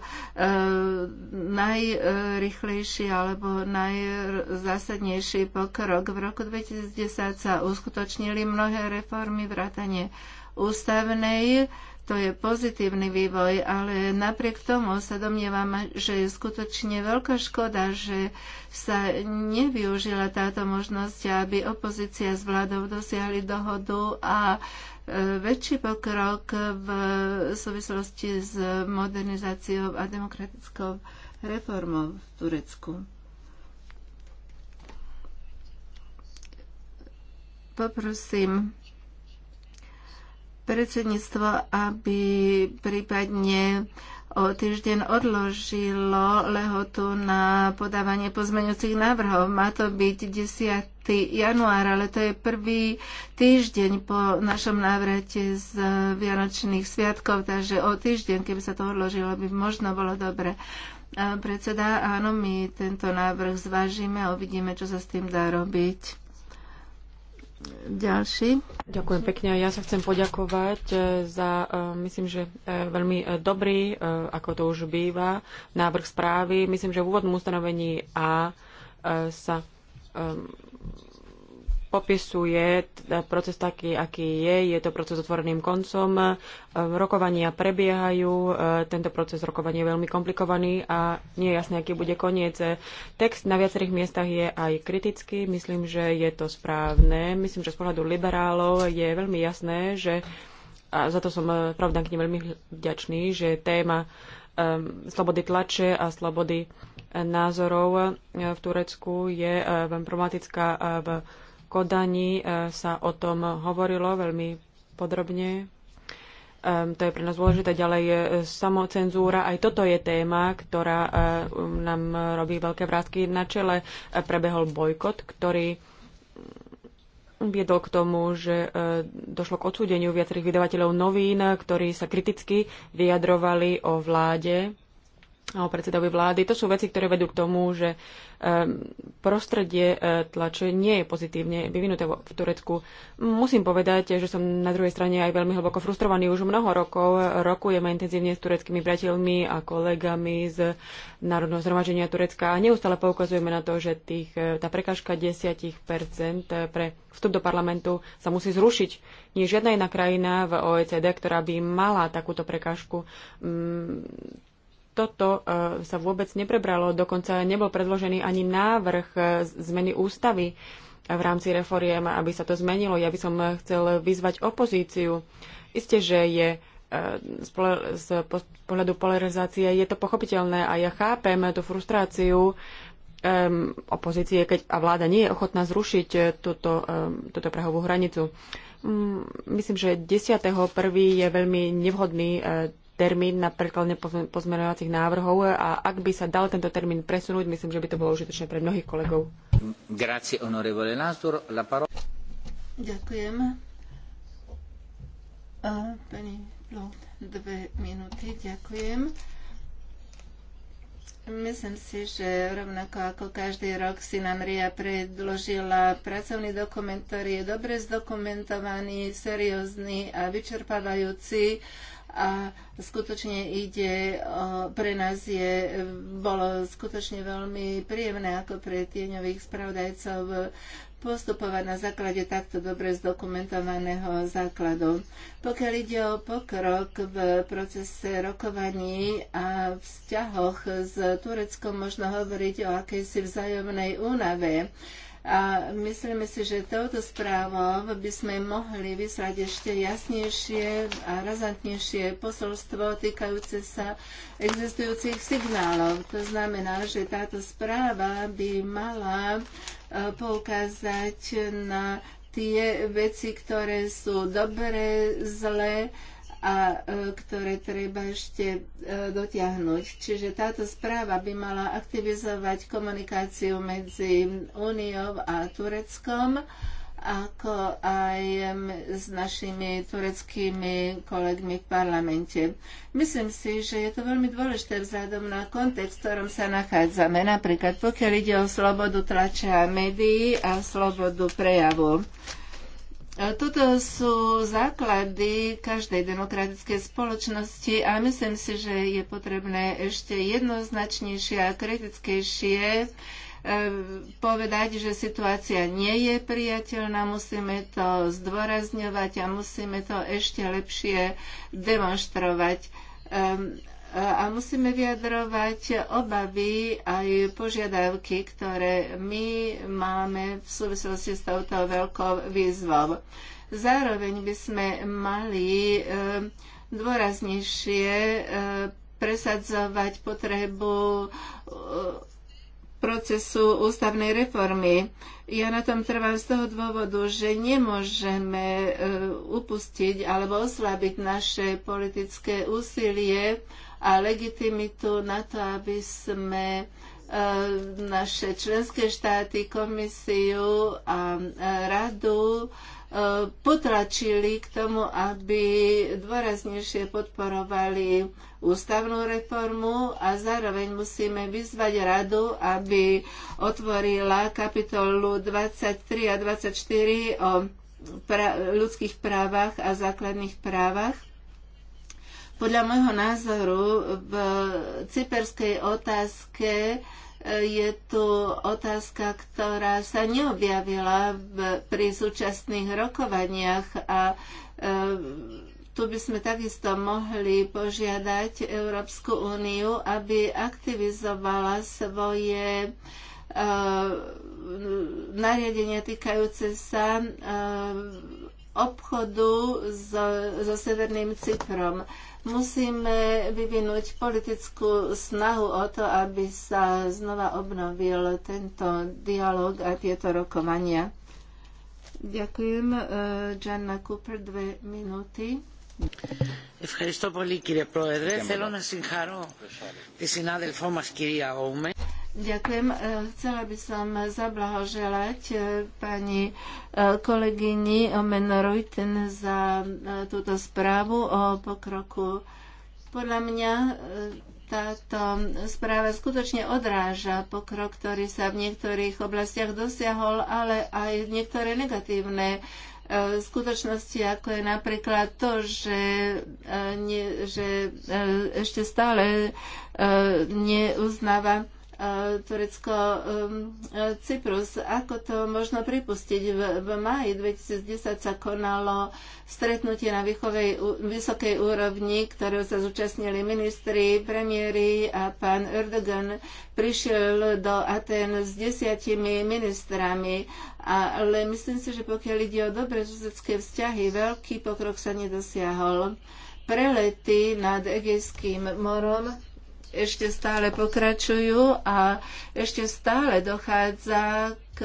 Speaker 1: najrychlejší alebo najzásadnejší pokrok. V roku 2010 sa uskutočnili mnohé reformy, vrátanie ústavnej, to je pozitívny vývoj, ale napriek tomu sa domnievam, že je skutočne veľká škoda, že sa nevyužila táto možnosť, aby opozícia s vládou dosiahli dohodu a e, väčší pokrok v súvislosti s modernizáciou a demokratickou reformou v Turecku. Poprosím predsedníctvo, aby prípadne o týždeň odložilo lehotu na podávanie pozmeňujúcich návrhov. Má to byť 10. január, ale to je prvý týždeň po našom návrate z Vianočných sviatkov, takže o týždeň, keby sa to odložilo, by možno bolo dobre. Predseda, áno, my tento návrh zvážime a uvidíme, čo sa s tým dá robiť. Ďalší. Ďakujem pekne. Ja sa chcem poďakovať e, za, e, myslím, že e,
Speaker 3: veľmi dobrý, ako to už býva, návrh správy. Myslím, že v úvodnom ustanovení A sa popisuje proces taký, aký je. Je to proces s otvoreným koncom. E, rokovania prebiehajú. E, tento proces rokovania je veľmi komplikovaný a nie je jasné, aký bude koniec. E, text na viacerých miestach je aj kritický. Myslím, že je to správne. Myslím, že z pohľadu liberálov je veľmi jasné, že a za to som pravda k nim veľmi vďačný, že téma um, slobody tlače a slobody názorov v Turecku je um, problematická v Kodani e, sa o tom hovorilo veľmi podrobne. To je pre nás dôležité. Ďalej je e, samocenzúra. Aj toto je téma, ktorá e, um, nám robí veľké vrátky na čele. Prebehol bojkot, ktorý viedol k tomu, že došlo k odsúdeniu viacerých vydavateľov novín, ktorí sa kriticky vyjadrovali o vláde alebo predsedovi vlády. To sú veci, ktoré vedú k tomu, že ehm, prostredie e, tlače nie je pozitívne vyvinuté v Turecku. Musím povedať, že som na druhej strane aj veľmi hlboko frustrovaný už mnoho rokov. Rokujeme intenzívne s tureckými priateľmi a kolegami z Národného zhromaženia Turecka a neustále poukazujeme na to, že tých, e, tá prekažka 10% pre vstup do parlamentu sa musí zrušiť. Nie žiadna iná krajina v OECD, ktorá by mala takúto prekážku mm, toto e, sa vôbec neprebralo, dokonca nebol predložený ani návrh e, zmeny ústavy v rámci reforiem, aby sa to zmenilo. Ja by som e, chcel vyzvať opozíciu. Isté, že je z pohľadu polarizácie je to pochopiteľné a ja chápem tú frustráciu um, opozície, keď a vláda nie je ochotná zrušiť túto, um, túto prahovú hranicu. Um, myslím, že 10.1. je veľmi nevhodný uh, termín na predkladne pozmeňovacích návrhov a ak by sa dal tento termín presunúť, myslím, že by to bolo užitočné pre mnohých kolegov.
Speaker 1: Ďakujem. pani Plot, dve minúty. Ďakujem. Myslím si, že rovnako ako každý rok si nám RIA predložila pracovný dokument, ktorý je dobre zdokumentovaný, seriózny a vyčerpávajúci a skutočne ide, pre nás je, bolo skutočne veľmi príjemné ako pre tieňových spravodajcov postupovať na základe takto dobre zdokumentovaného základu. Pokiaľ ide o pokrok v procese rokovaní a vzťahoch s Tureckom, možno hovoriť o akejsi vzájomnej únave. A myslíme si, že touto správou by sme mohli vyslať ešte jasnejšie a razantnejšie posolstvo týkajúce sa existujúcich signálov. To znamená, že táto správa by mala e, poukázať na tie veci, ktoré sú dobré, zlé, a e, ktoré treba ešte e, dotiahnuť. Čiže táto správa by mala aktivizovať komunikáciu medzi Úniou a Tureckom ako aj s našimi tureckými kolegmi v parlamente. Myslím si, že je to veľmi dôležité vzhľadom na kontext, v ktorom sa nachádzame. Napríklad pokiaľ ide o slobodu tlače a médií a slobodu prejavu. E, toto sú základy každej demokratickej spoločnosti a myslím si, že je potrebné ešte jednoznačnejšie a kritickejšie e, povedať, že situácia nie je priateľná, musíme to zdôrazňovať a musíme to ešte lepšie demonstrovať a musíme vyjadrovať obavy aj požiadavky, ktoré my máme v súvislosti s touto veľkou výzvou. Zároveň by sme mali eh, dôraznejšie eh, presadzovať potrebu eh, procesu ústavnej reformy. Ja na tom trvám z toho dôvodu, že nemôžeme upustiť alebo oslabiť naše politické úsilie a legitimitu na to, aby sme e, naše členské štáty, komisiu a e, radu e, potlačili k tomu, aby dôraznejšie podporovali ústavnú reformu a zároveň musíme vyzvať radu, aby otvorila kapitolu 23 a 24 o ľudských právach a základných právach podľa môjho názoru v cyperskej otázke e, je tu otázka, ktorá sa neobjavila v, pri súčasných rokovaniach a e, tu by sme takisto mohli požiadať Európsku úniu, aby aktivizovala svoje e, nariadenia týkajúce sa e, obchodu so, so Severným Cyprom. E, Musíme vyvinúť politickú snahu o to, aby sa znova obnovil tento dialog a tieto rokovania. Ďakujem. E, Janna Cooper, dve minúty. Ευχαριστώ πολύ κύριε Πρόεδρε. Θέλω να συγχαρώ τη συνάδελφό μας κυρία Όουμεν. Ďakujem. E, chcela by som zablahoželať e, pani e, kolegyni Omen Reuten za túto správu o pokroku. Podľa mňa táto správa skutočne odráža pokrok, ktorý sa v niektorých oblastiach dosiahol, ale aj niektoré negatívne skutočnosti, ako je napríklad to, že, nie, že ešte stále neuznáva E, Turecko, e, Cyprus. Ako to možno pripustiť? V, v máji 2010 sa konalo stretnutie na vychovej, vysokej úrovni, ktorého sa zúčastnili ministri, premiéry a pán Erdogan prišiel do Aten s desiatimi ministrami. Ale myslím si, že pokiaľ ide o dobré susedské vzťahy, veľký pokrok sa nedosiahol. Prelety nad Egejským morom ešte stále pokračujú a ešte stále dochádza k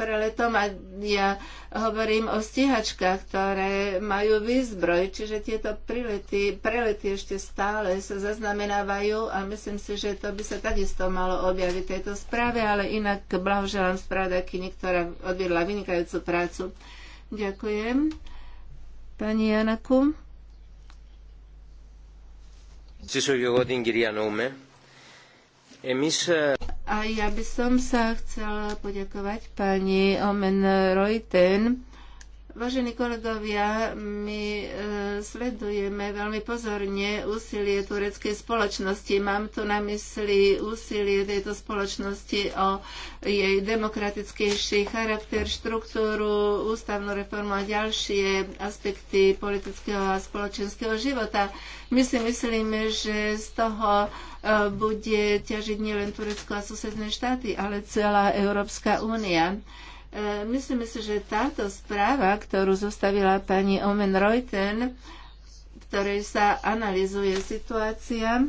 Speaker 1: preletom a ja hovorím o stíhačkách, ktoré majú výzbroj, čiže tieto prilety, prelety ešte stále sa zaznamenávajú a myslím si, že to by sa takisto malo objaviť v tejto správe, ale inak blahoželám sprádakyni, ktorá odviedla vynikajúcu prácu. Ďakujem. Pani Janaku. E, A ja by som sa chcel poďakovať pani Omen Reuten Vážení kolegovia, my e, sledujeme veľmi pozorne úsilie tureckej spoločnosti. Mám tu na mysli úsilie tejto spoločnosti o jej demokratickejší charakter, štruktúru, ústavnú reformu a ďalšie aspekty politického a spoločenského života. My si myslíme, že z toho e, bude ťažiť nielen Turecko a susedné štáty, ale celá Európska únia. E, myslím si, že táto správa, ktorú zostavila pani Omen Reuten, v ktorej sa analizuje situácia,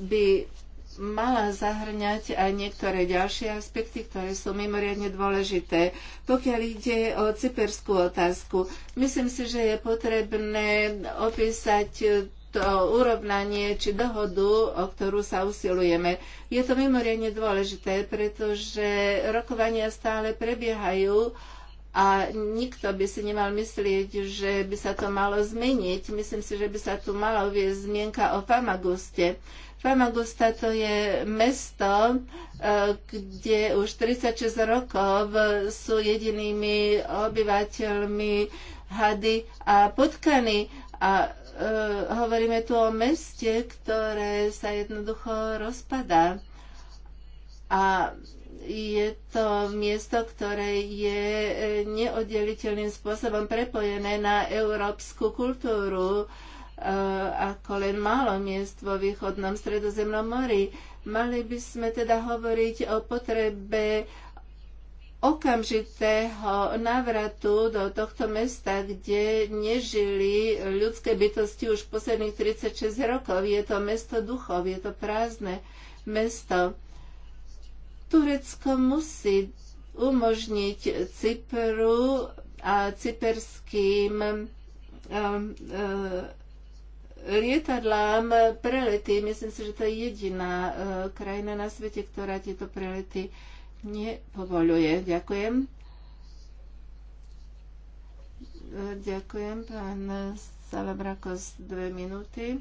Speaker 1: by mala zahrňať aj niektoré ďalšie aspekty, ktoré sú mimoriadne dôležité. Pokiaľ ide o cyperskú otázku, myslím si, že je potrebné opísať to urovnanie či dohodu, o ktorú sa usilujeme. Je to mimoriadne dôležité, pretože rokovania stále prebiehajú a nikto by si nemal myslieť, že by sa to malo zmeniť. Myslím si, že by sa tu mala uvieť zmienka o Famaguste. Famagusta to je mesto, e, kde už 36 rokov sú jedinými obyvateľmi hady a potkany. A Eh, hovoríme tu o meste, ktoré sa jednoducho rozpadá. A je to miesto, ktoré je eh, neoddeliteľným spôsobom prepojené na európsku kultúru, eh, ako len málo miest vo východnom stredozemnom mori. Mali by sme teda hovoriť o potrebe okamžitého návratu do tohto mesta, kde nežili ľudské bytosti už posledných 36 rokov. Je to mesto duchov, je to prázdne mesto. Turecko musí umožniť Cypru a cyperským um, um, lietadlám prelety. Myslím si, že to je jediná uh, krajina na svete, ktorá tieto prelety nepovoluje. Ďakujem. E, ďakujem, pán Salavrakos, dve minúty.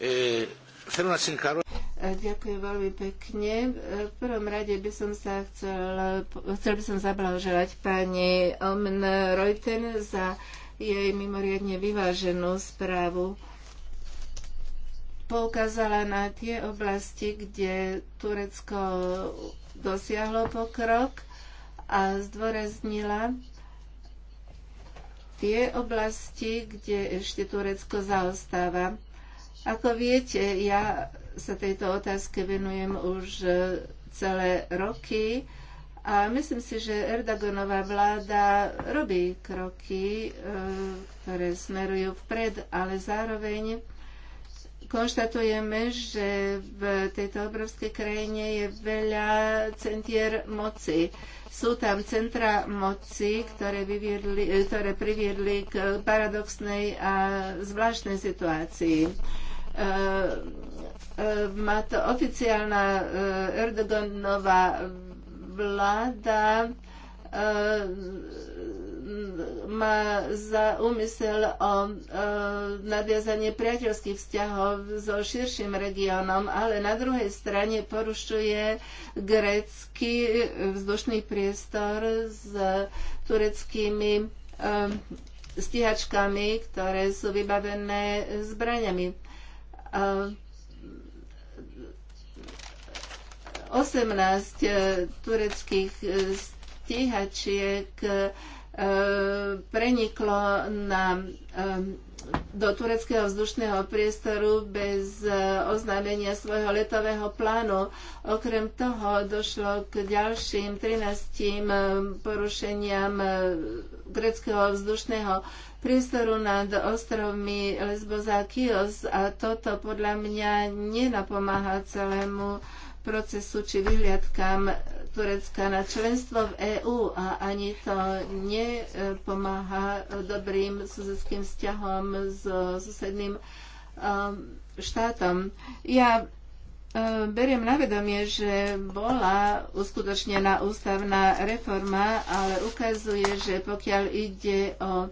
Speaker 2: E, e,
Speaker 1: Ďakujem veľmi pekne. E, v prvom rade by som sa chcel, chcel by som zablahoželať pani Omen Reuten za jej mimoriadne vyváženú správu. Poukázala na tie oblasti, kde Turecko dosiahlo pokrok a zdôraznila tie oblasti, kde ešte Turecko zaostáva. Ako viete, ja sa tejto otázke venujem už celé roky a myslím si, že Erdoganová vláda robí kroky, e, ktoré smerujú vpred, ale zároveň konštatujeme, že v tejto obrovskej krajine je veľa centier moci. Sú tam centra moci, ktoré, vyviedli, ktoré priviedli k paradoxnej a zvláštnej situácii. E, e, má to oficiálna e, Erdoganová vláda má za úmysel o nadviazanie priateľských vzťahov so širším regiónom, ale na druhej strane porušuje grécky vzdušný priestor s tureckými e, stíhačkami, ktoré sú vybavené zbraniami. 18 e, e, tureckých stíhačiek E, preniklo na, e, do tureckého vzdušného priestoru bez e, oznámenia svojho letového plánu. Okrem toho došlo k ďalším 13 porušeniam greckého vzdušného priestoru nad ostrovmi Lesbos a Kios a toto podľa mňa nenapomáha celému procesu či vyhliadkám Turecka na členstvo v EÚ a ani to nepomáha dobrým susedským vzťahom s susedným um, štátom. Ja um, beriem na vedomie, že bola uskutočnená ústavná reforma, ale ukazuje, že pokiaľ ide o uh,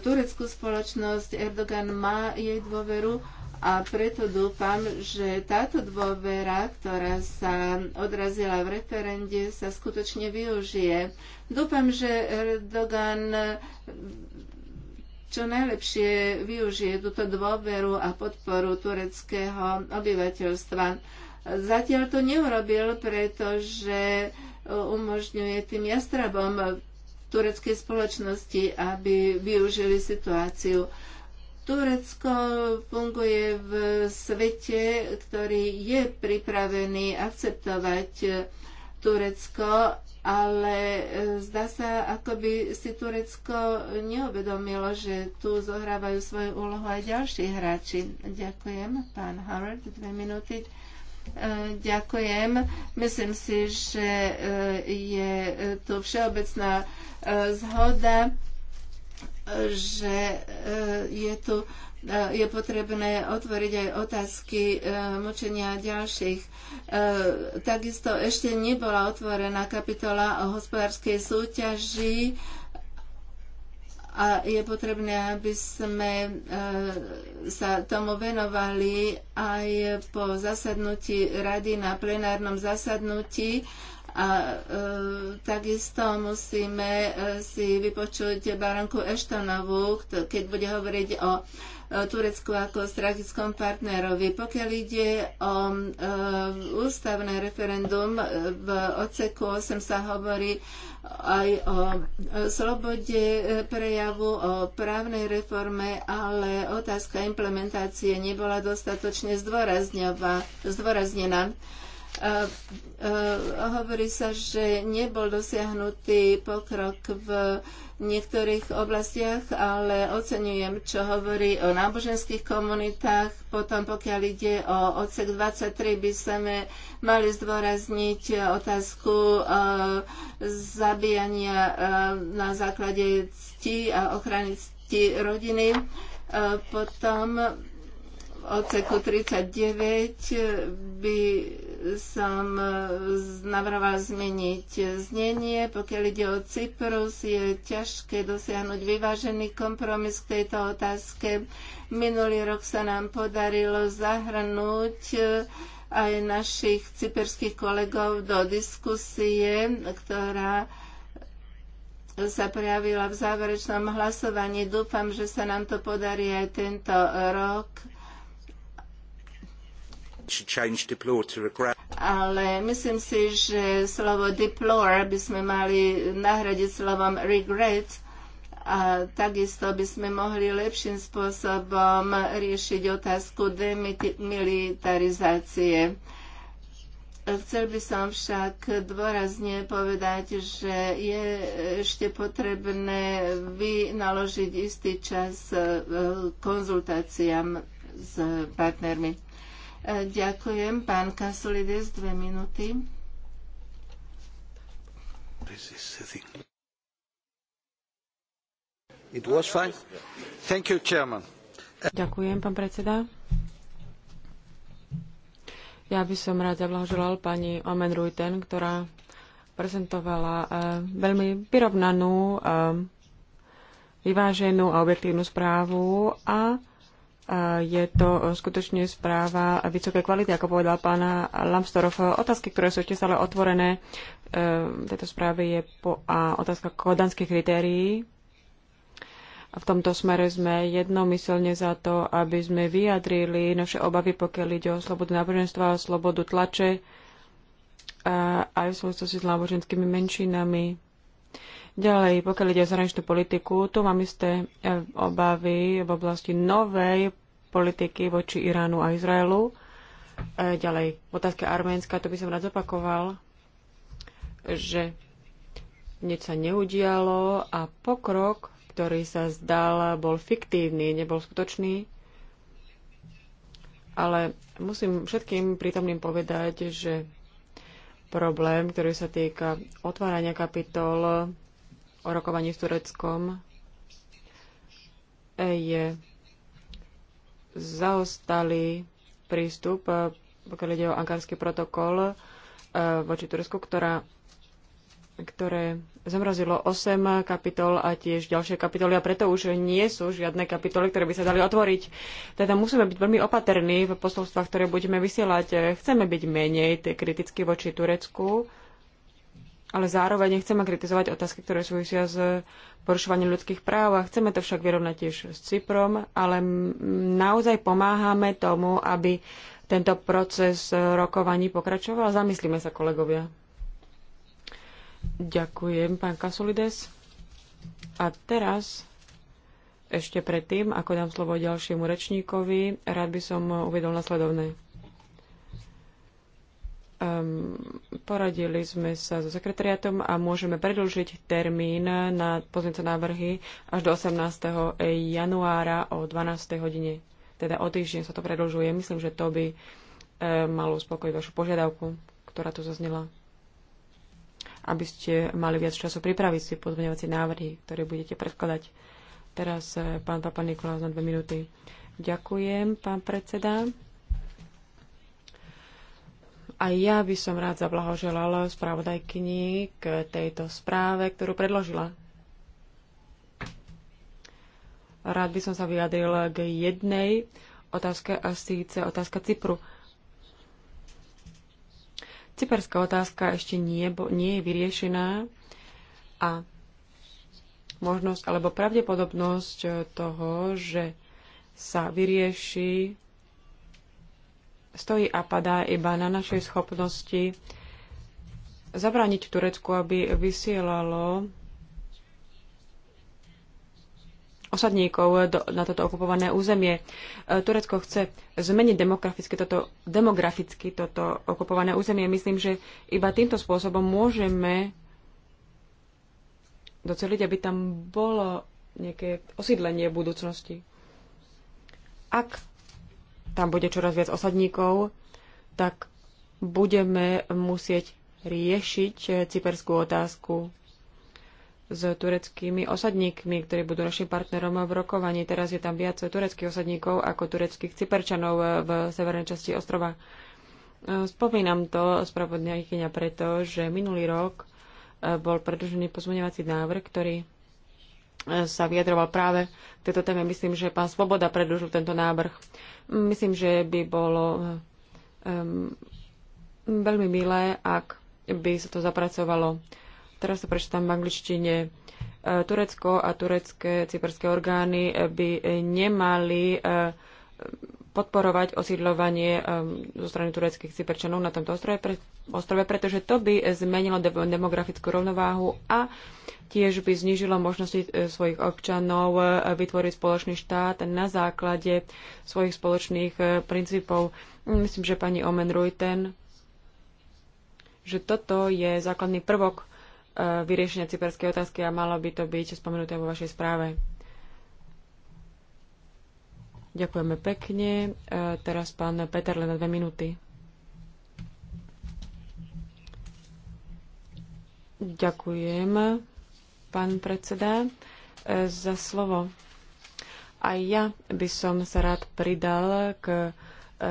Speaker 1: tureckú spoločnosť, Erdogan má jej dôveru, a preto dúfam, že táto dôvera, ktorá sa odrazila v referende, sa skutočne využije. Dúfam, že Erdogan čo najlepšie využije túto dôveru a podporu tureckého obyvateľstva. Zatiaľ to neurobil, pretože umožňuje tým jastrabom tureckej spoločnosti, aby využili situáciu. Turecko funguje v svete, ktorý je pripravený akceptovať eh, Turecko, ale eh, zdá sa, ako by si Turecko neuvedomilo, že tu zohrávajú svoju úlohu aj ďalší hráči. Ďakujem, pán Howard, dve minúty. Eh, ďakujem. Myslím si, že je tu všeobecná zhoda že e, je tu e, je potrebné otvoriť aj otázky e, močenia ďalších. Takisto ešte nebola otvorená kapitola o hospodárskej súťaži a je potrebné, aby sme sa tomu venovali aj po zasadnutí rady na plenárnom zasadnutí a e, takisto musíme e, si vypočuť Baranku Eštonovú, keď bude hovoriť o e, Turecku ako strategickom partnerovi. Pokiaľ ide o e, ústavné referendum, e, v odseku 8 sa hovorí aj o slobode prejavu, o právnej reforme, ale otázka implementácie nebola dostatočne zdôraznená. Hovorí sa, že nebol dosiahnutý pokrok v niektorých oblastiach, ale oceňujem, čo hovorí o náboženských komunitách. Potom, pokiaľ ide o odsek 23, by sme mali zdôrazniť otázku e, zabíjania e, na základe cti a ochrany cti rodiny. E, potom v odseku 39 by som e, navrhovala zmeniť znenie. Pokiaľ ide o Cyprus, je ťažké dosiahnuť vyvážený kompromis k tejto otázke. Minulý rok sa nám podarilo zahrnúť e, aj našich cyperských kolegov do diskusie, ktorá sa prejavila v záverečnom hlasovaní. Dúfam, že sa nám to podarí aj tento rok ale myslím si, že slovo deplore by sme mali nahradiť slovom regret a takisto by sme mohli lepším spôsobom riešiť otázku demilitarizácie. Chcel by som však dôrazne povedať, že je ešte potrebné vynaložiť istý čas eh, konzultáciám s partnermi. E, ďakujem. Pán Kasulides, dve minúty.
Speaker 2: You,
Speaker 3: Ďakujem, pán predseda. Ja by som rád zablahoželal pani Omen Ruiten, ktorá prezentovala e, veľmi vyrovnanú, e, vyváženú a objektívnu správu a je to skutočne správa vysokej kvality, ako povedal pán Lamstorov. Otázky, ktoré sú ešte stále otvorené v e, tejto správe je po, a otázka kodanských kritérií. V tomto smere sme jednomyselne za to, aby sme vyjadrili naše obavy, pokiaľ ide o slobodu náboženstva, slobodu tlače a aj v súvislosti s náboženskými menšinami. Ďalej, pokiaľ ide o zahraničnú politiku, tu mám isté e, obavy v oblasti novej politiky voči Iránu a Izraelu. E, ďalej, v otázke Arménska, to by som rád zopakoval, že nič sa neudialo a pokrok, ktorý sa zdal, bol fiktívny, nebol skutočný. Ale musím všetkým prítomným povedať, že problém, ktorý sa týka otvárania kapitol o rokovaní s Tureckom, je zaostalý prístup, eh, pokiaľ ide o ankarský protokol eh, voči Turecku, ktorá, ktoré zamrazilo 8 kapitol a tiež ďalšie kapitoly a preto už nie sú žiadne kapitoly, ktoré by sa dali otvoriť. Teda musíme byť veľmi opatrní v posolstvách, ktoré budeme vysielať. Chceme byť menej kriticky voči Turecku, ale zároveň nechceme kritizovať otázky, ktoré súvisia s porušovaním ľudských práv a chceme to však vyrovnať tiež s Cyprom, ale naozaj pomáhame tomu, aby tento proces rokovaní pokračoval. Zamyslíme sa, kolegovia. Ďakujem, pán Kasolides. A teraz, ešte predtým, ako dám slovo ďalšiemu rečníkovi, rád by som uvedol nasledovné. Um, poradili sme sa so sekretariatom a môžeme predlžiť termín na pozmeňujúce návrhy až do 18. januára o 12. hodine. Teda o týždeň sa to predlžuje. Myslím, že to by ehm, malo uspokojiť vašu požiadavku, ktorá tu zaznela. Aby ste mali viac času pripraviť si pozmeňovacie návrhy, ktoré budete predkladať. Teraz eh, pán Papa Nikolás na dve minúty. Ďakujem, pán predseda. A ja by som rád zablahoželal spravodajkyni k tejto správe, ktorú predložila. Rád by som sa vyjadril k jednej otázke a síce otázka Cypru. Cyperská otázka ešte nie, nie je vyriešená a možnosť alebo pravdepodobnosť toho, že sa vyrieši stojí a padá iba na našej schopnosti zabrániť Turecku, aby vysielalo osadníkov do, na toto okupované územie. E, Turecko chce zmeniť demograficky toto, demograficky toto okupované územie. Myslím, že iba týmto spôsobom môžeme doceliť, aby tam bolo nejaké osídlenie v budúcnosti. Ak tam bude čoraz viac osadníkov, tak budeme musieť riešiť eh, cyperskú otázku s tureckými osadníkmi, ktorí budú našim partnerom v rokovaní. Teraz je tam viac tureckých osadníkov ako tureckých cyperčanov eh, v severnej časti ostrova. Eh, spomínam to, spravodňajkyňa, preto, že minulý rok bol predlžený pozmeňovací návrh, ktorý sa vyjadroval práve k tejto téme. Myslím, že pán Svoboda predlžil tento návrh. Myslím, že by bolo um, veľmi milé, ak by sa to zapracovalo. Teraz to prečítam v angličtine. E, Turecko a turecké cyperské orgány by nemali uh, podporovať um, zo strany tureckých cyperčanov na tomto ostrove, pre, ostrove, pretože to by zmenilo demografickú rovnováhu a tiež by znížilo možnosti e, svojich občanov e, vytvoriť spoločný štát na základe svojich spoločných e, princípov. Myslím, že pani Omen Ruiten, že toto je základný prvok vyriešenia cyperskej otázky a malo by to byť spomenuté vo vašej správe. Ďakujeme pekne. E, teraz pán Peter len na dve minúty. Ďakujem, pán predseda, e, za slovo. Aj ja by som sa rád pridal k e,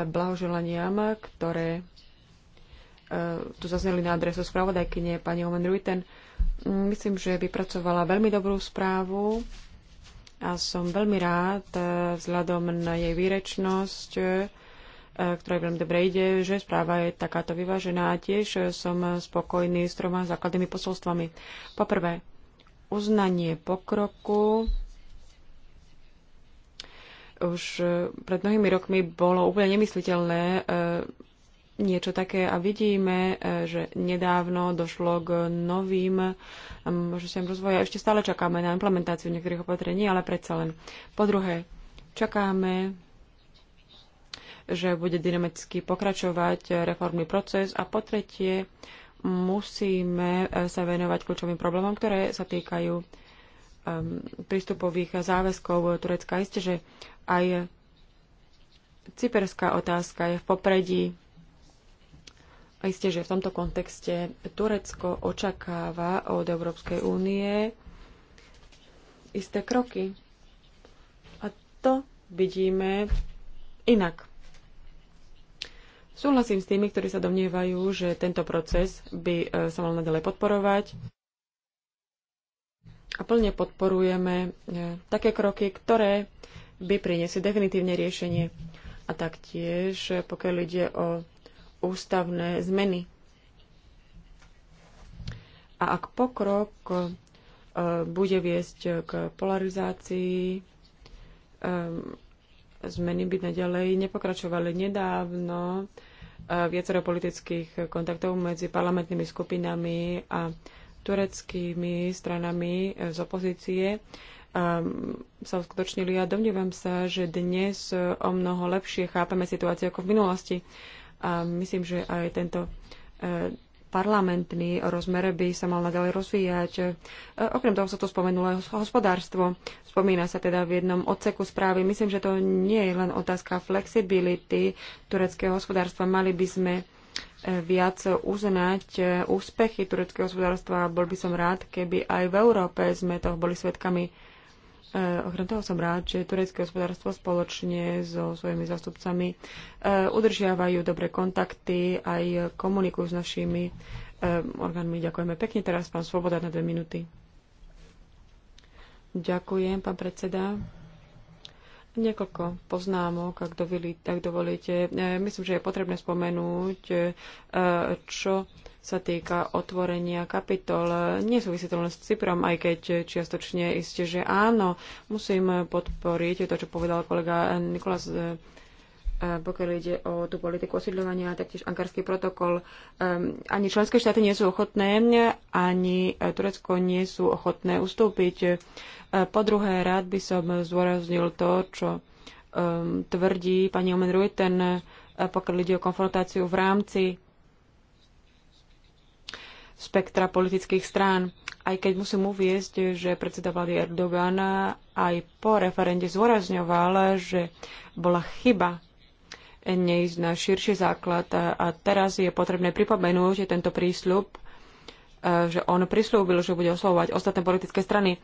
Speaker 3: blahoželaniam, ktoré tu zazneli na adresu spravodajkyne pani Omen Ruiten. Myslím, že vypracovala veľmi dobrú správu a som veľmi rád e, vzhľadom na jej výrečnosť, e, ktorá veľmi dobre ide, že správa je takáto vyvážená a tiež som spokojný s troma základnými posolstvami. Poprvé, uznanie pokroku už e, pred mnohými rokmi bolo úplne nemysliteľné niečo také a vidíme, e, že nedávno došlo k novým e, možnostiam rozvoja. Ešte stále čakáme na implementáciu niektorých opatrení, ale predsa len. Po druhé, čakáme, že bude dynamicky pokračovať reformný proces a po tretie, musíme e, sa venovať kľúčovým problémom, ktoré sa týkajú prístupových záväzkov Turecka. Isté, že aj cyperská otázka je v popredí a isté, že v tomto kontexte Turecko očakáva od Európskej únie isté kroky. A to vidíme inak. Súhlasím s tými, ktorí sa domnievajú, že tento proces by e, sa mal nadalej podporovať. A plne podporujeme e, také kroky, ktoré by priniesli definitívne riešenie. A taktiež, e, pokiaľ ide o ústavné zmeny. A ak pokrok e, bude viesť k polarizácii, e, zmeny by naďalej nepokračovali. Nedávno e, viacero politických kontaktov medzi parlamentnými skupinami a tureckými stranami z opozície sa uskutočnili a ja domnievam sa, že dnes o mnoho lepšie chápeme situáciu ako v minulosti. A myslím, že aj tento e, parlamentný rozmer by sa mal naďalej rozvíjať. E, okrem toho sa tu spomenulo aj hospodárstvo. Spomína sa teda v jednom odseku správy. Myslím, že to nie je len otázka flexibility tureckého hospodárstva. Mali by sme e, viac uznať úspechy tureckého hospodárstva. Bol by som rád, keby aj v Európe sme toho boli svedkami. E, okrem toho som rád, že turecké hospodárstvo spoločne so svojimi zástupcami e, udržiavajú dobré kontakty, aj komunikujú s našimi e, orgánmi. Ďakujeme pekne. Teraz pán Svoboda na dve minúty. Ďakujem, pán predseda. Niekoľko poznámok, ak, dovolí, ak dovolíte. Myslím, že je potrebné spomenúť, čo sa týka otvorenia kapitol. Nesúvisí to len s Cyprom, aj keď čiastočne isté, že áno, musím podporiť to, čo povedal kolega Nikolás eh, eh, pokiaľ ide o tú politiku osídľovania a taktiež ankarský protokol. Ehm, ani členské štáty nie sú ochotné, ani eh, Turecko nie sú ochotné ustúpiť. Po druhé, rád by som zdôraznil to, čo ehm, tvrdí pani Omen Ruiten, pokiaľ ide o konfrontáciu v rámci spektra politických strán. Aj keď musím uviezť, že predseda vlády Erdogana aj po referende zvorazňoval, že bola chyba neísť na širší základ a teraz je potrebné pripomenúť, tento prísľub E, že on prislúbil, že bude oslovovať ostatné politické strany.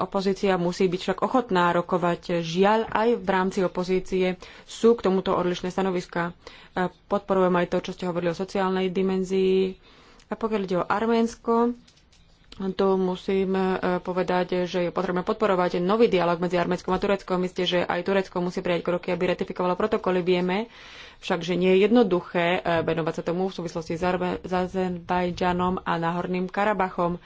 Speaker 3: Opozícia musí byť však ochotná rokovať. Žiaľ, aj v rámci opozície sú k tomuto odlišné stanoviska. E, podporujem aj to, čo ste hovorili o sociálnej dimenzii. A pokiaľ ide o Arménsko, tu musím e, povedať, že je potrebné podporovať nový dialog medzi Arménskom a Tureckom. Myslíte, že aj Turecko musí prijať kroky, aby ratifikovalo protokoly. Vieme však, že nie je jednoduché e, venovať sa tomu v súvislosti s, Arbe- s Azerbajdžanom a Náhorným Karabachom.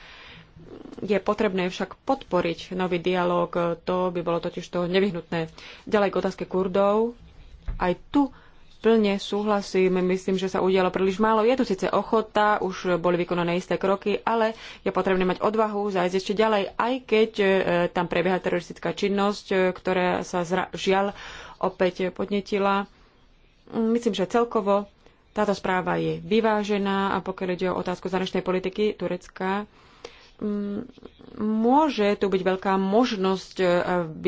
Speaker 3: Je potrebné však podporiť nový dialog. E, to by bolo totiž to nevyhnutné. Ďalej k otázke Kurdov. Aj tu plne súhlasím. Myslím, že sa udialo príliš málo. Je tu síce ochota, už boli vykonané isté kroky, ale je potrebné mať odvahu zájsť ešte ďalej, aj keď e, tam prebieha teroristická činnosť, e, ktorá sa žiaľ opäť podnetila. Mm, myslím, že celkovo táto správa je vyvážená a pokiaľ ide o otázku zahraničnej politiky Turecka, môže tu byť veľká možnosť e,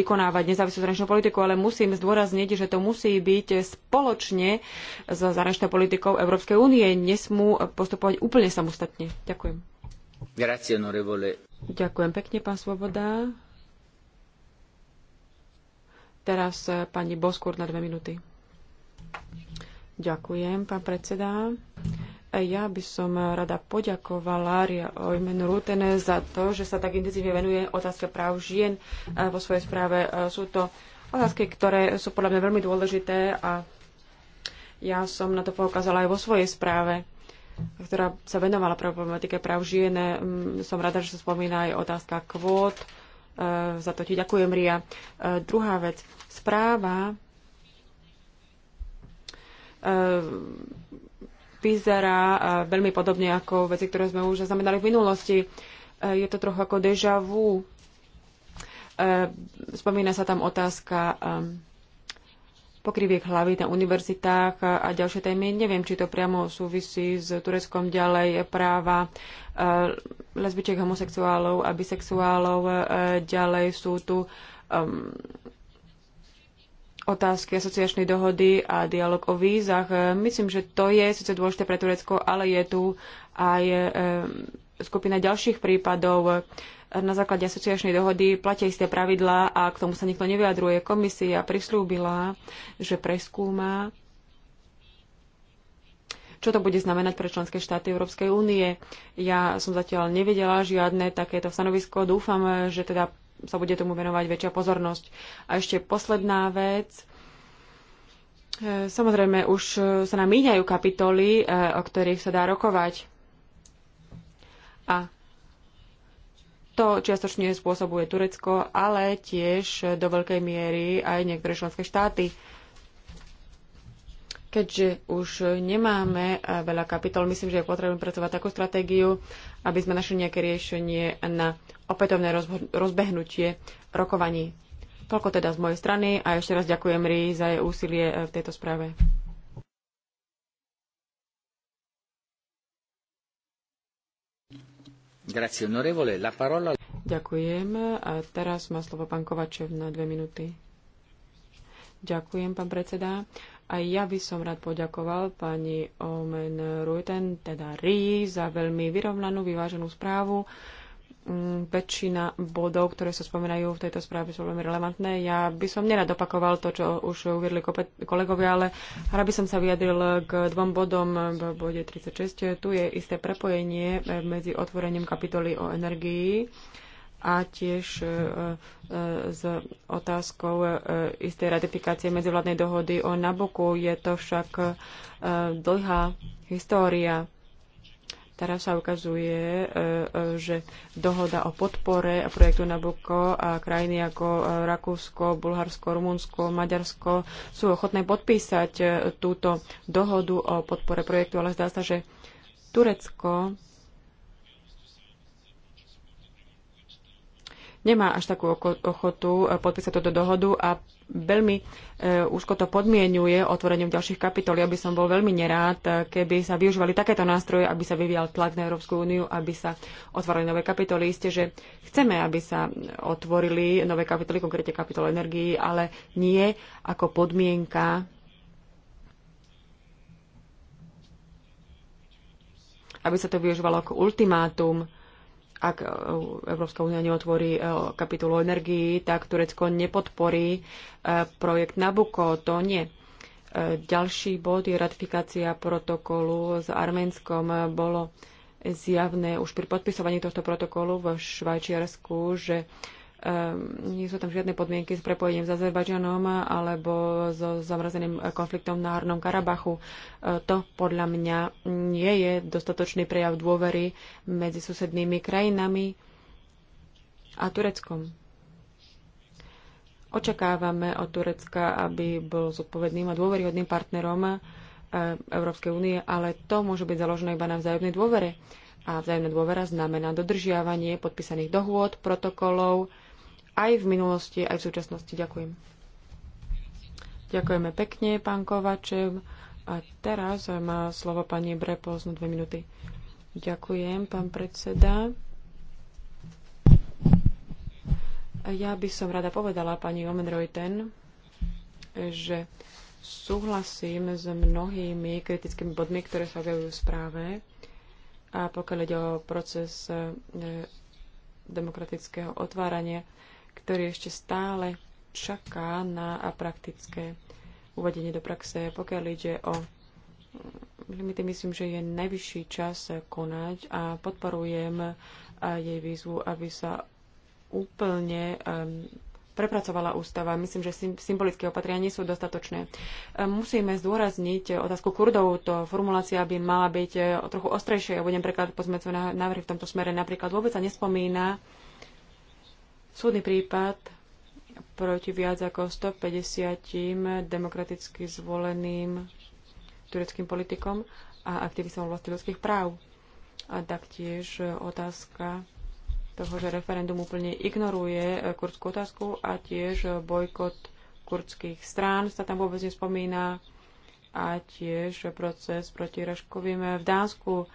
Speaker 3: vykonávať nezávislú zahraničnú politiku, ale musím zdôrazniť, že to musí byť spoločne s zahraničnou politikou Európskej únie. Nesmú postupovať úplne samostatne. Ďakujem. Grazie, Ďakujem pekne, pán Svoboda. Teraz e, pani Boskur na dve minúty. Ďakujem, pán predseda. Ja by som rada poďakovala Ria Ojmen Rutene za to, že sa tak intenzívne venuje otázke práv žien e, vo svojej správe. E, sú to otázky, ktoré sú podľa mňa veľmi dôležité a ja som na to poukázala aj vo svojej správe, ktorá sa venovala problematike práv žien. E, som rada, že sa spomína aj otázka kvót. Za to ti ďakujem, Ria. Druhá vec. Správa vyzerá veľmi podobne ako veci, ktoré sme už zaznamenali v minulosti. E, je to trochu ako deja vu. E, spomína sa tam otázka e, pokriviek hlavy na univerzitách a ďalšie témy. Neviem, či to priamo súvisí s Tureckom ďalej práva lesbičiek, homosexuálov a bisexuálov. Ďalej sú tu otázky asociačnej dohody a dialog o vízach. Myslím, že to je síce dôležité pre Turecko, ale je tu aj skupina ďalších prípadov. Na základe asociačnej dohody platia isté pravidlá a k tomu sa nikto nevyjadruje. Komisia prislúbila, že preskúma čo to bude znamenať pre členské štáty Európskej únie. Ja som zatiaľ nevedela žiadne takéto stanovisko. Dúfam, že teda sa bude tomu venovať väčšia pozornosť. A ešte posledná vec. E, samozrejme, už sa nám míňajú kapitoly, e, o ktorých sa dá rokovať. A to čiastočne spôsobuje Turecko, ale tiež do veľkej miery aj niektoré členské štáty. Keďže už nemáme e, veľa kapitol, myslím, že je potrebné pracovať takú stratégiu, aby sme našli nejaké riešenie na opätovné rozbehnutie rokovaní. Toľko teda z mojej strany a ešte raz ďakujem Ri za jej úsilie eh, v tejto správe. Ďakujem. A teraz má slovo pán Kovačev na dve minúty. Ďakujem, pán predseda. A ja by som rád poďakoval pani Omen Ruiten, teda Rí, za veľmi vyrovnanú, vyváženú správu Mm, väčšina bodov, ktoré sa spomínajú v tejto správe, sú veľmi relevantné. Ja by som nerad opakoval to, čo už uviedli kolegovia, ale rád by som sa vyjadril k dvom bodom v bode 36. Tu je isté prepojenie e, medzi otvorením kapitoly o energii a tiež e, e, s otázkou istej ratifikácie medzivládnej dohody o Nabuku. Je to však dlhá história Teraz sa ukazuje, e, e, že dohoda o podpore projektu Nabucco a krajiny ako e, Rakúsko, Bulharsko, Rumunsko, Maďarsko sú ochotné podpísať túto dohodu o podpore projektu, ale zdá sa, že Turecko nemá až takú ochotu e, podpísať túto dohodu a veľmi e, úzko to podmienuje otvorením ďalších kapitol. Ja by som bol veľmi nerád, e, keby sa využívali takéto nástroje, aby sa vyvíjal tlak na Európsku úniu, aby sa otvorili nové kapitoly. Isté, že chceme, aby sa otvorili nové kapitoly, konkrétne kapitol energii, ale nie ako podmienka aby sa to využívalo ako ultimátum ak e, Európska únia neotvorí e, kapitolu energii, tak Turecko nepodporí e, projekt Nabuko. To nie. Ďalší bod je ratifikácia protokolu s Arménskom. Bolo zjavné už pri podpisovaní tohto protokolu v Švajčiarsku, že Ehm, nie sú tam žiadne podmienky s prepojením s Azerbajdžanom alebo so zamrazeným konfliktom v Náhornom Karabachu. Ehm, to podľa mňa nie je dostatočný prejav dôvery medzi susednými krajinami a Tureckom. Očakávame od Turecka, aby bol zodpovedným a dôveryhodným partnerom ehm, Európskej únie, ale to môže byť založené iba na vzájomnej dôvere. A vzájomná dôvera znamená dodržiavanie podpísaných dohôd, protokolov, aj v minulosti, aj v súčasnosti. Ďakujem. Ďakujeme pekne, pán Kovačev. A teraz má slovo pani Brepols na dve minúty. Ďakujem, pán predseda. Ja by som rada povedala pani Omenrojten, že súhlasím s mnohými kritickými bodmi, ktoré sa objavujú v správe. A pokiaľ ide o proces e, demokratického otvárania, ktorý ešte stále čaká na praktické uvedenie do praxe. Pokiaľ ide o mm, limity, myslím, že je najvyšší čas konať a podporujem jej výzvu, aby sa úplne prepracovala ústava. Myslím, že symbolické opatria nie sú dostatočné. Musíme zdôrazniť otázku Kurdov. To formulácia by mala byť e, trochu ostrejšia. Ja budem prekladať pozmeňujúce návrhy v tomto smere. Napríklad vôbec sa nespomína Súdny prípad proti viac ako 150 demokraticky zvoleným tureckým politikom a aktivistom v oblasti ľudských práv. A taktiež otázka toho, že referendum úplne ignoruje kurdskú otázku a tiež bojkot kurdských strán sa tam vôbec nespomína a tiež proces proti Raškovým v Dánsku. E,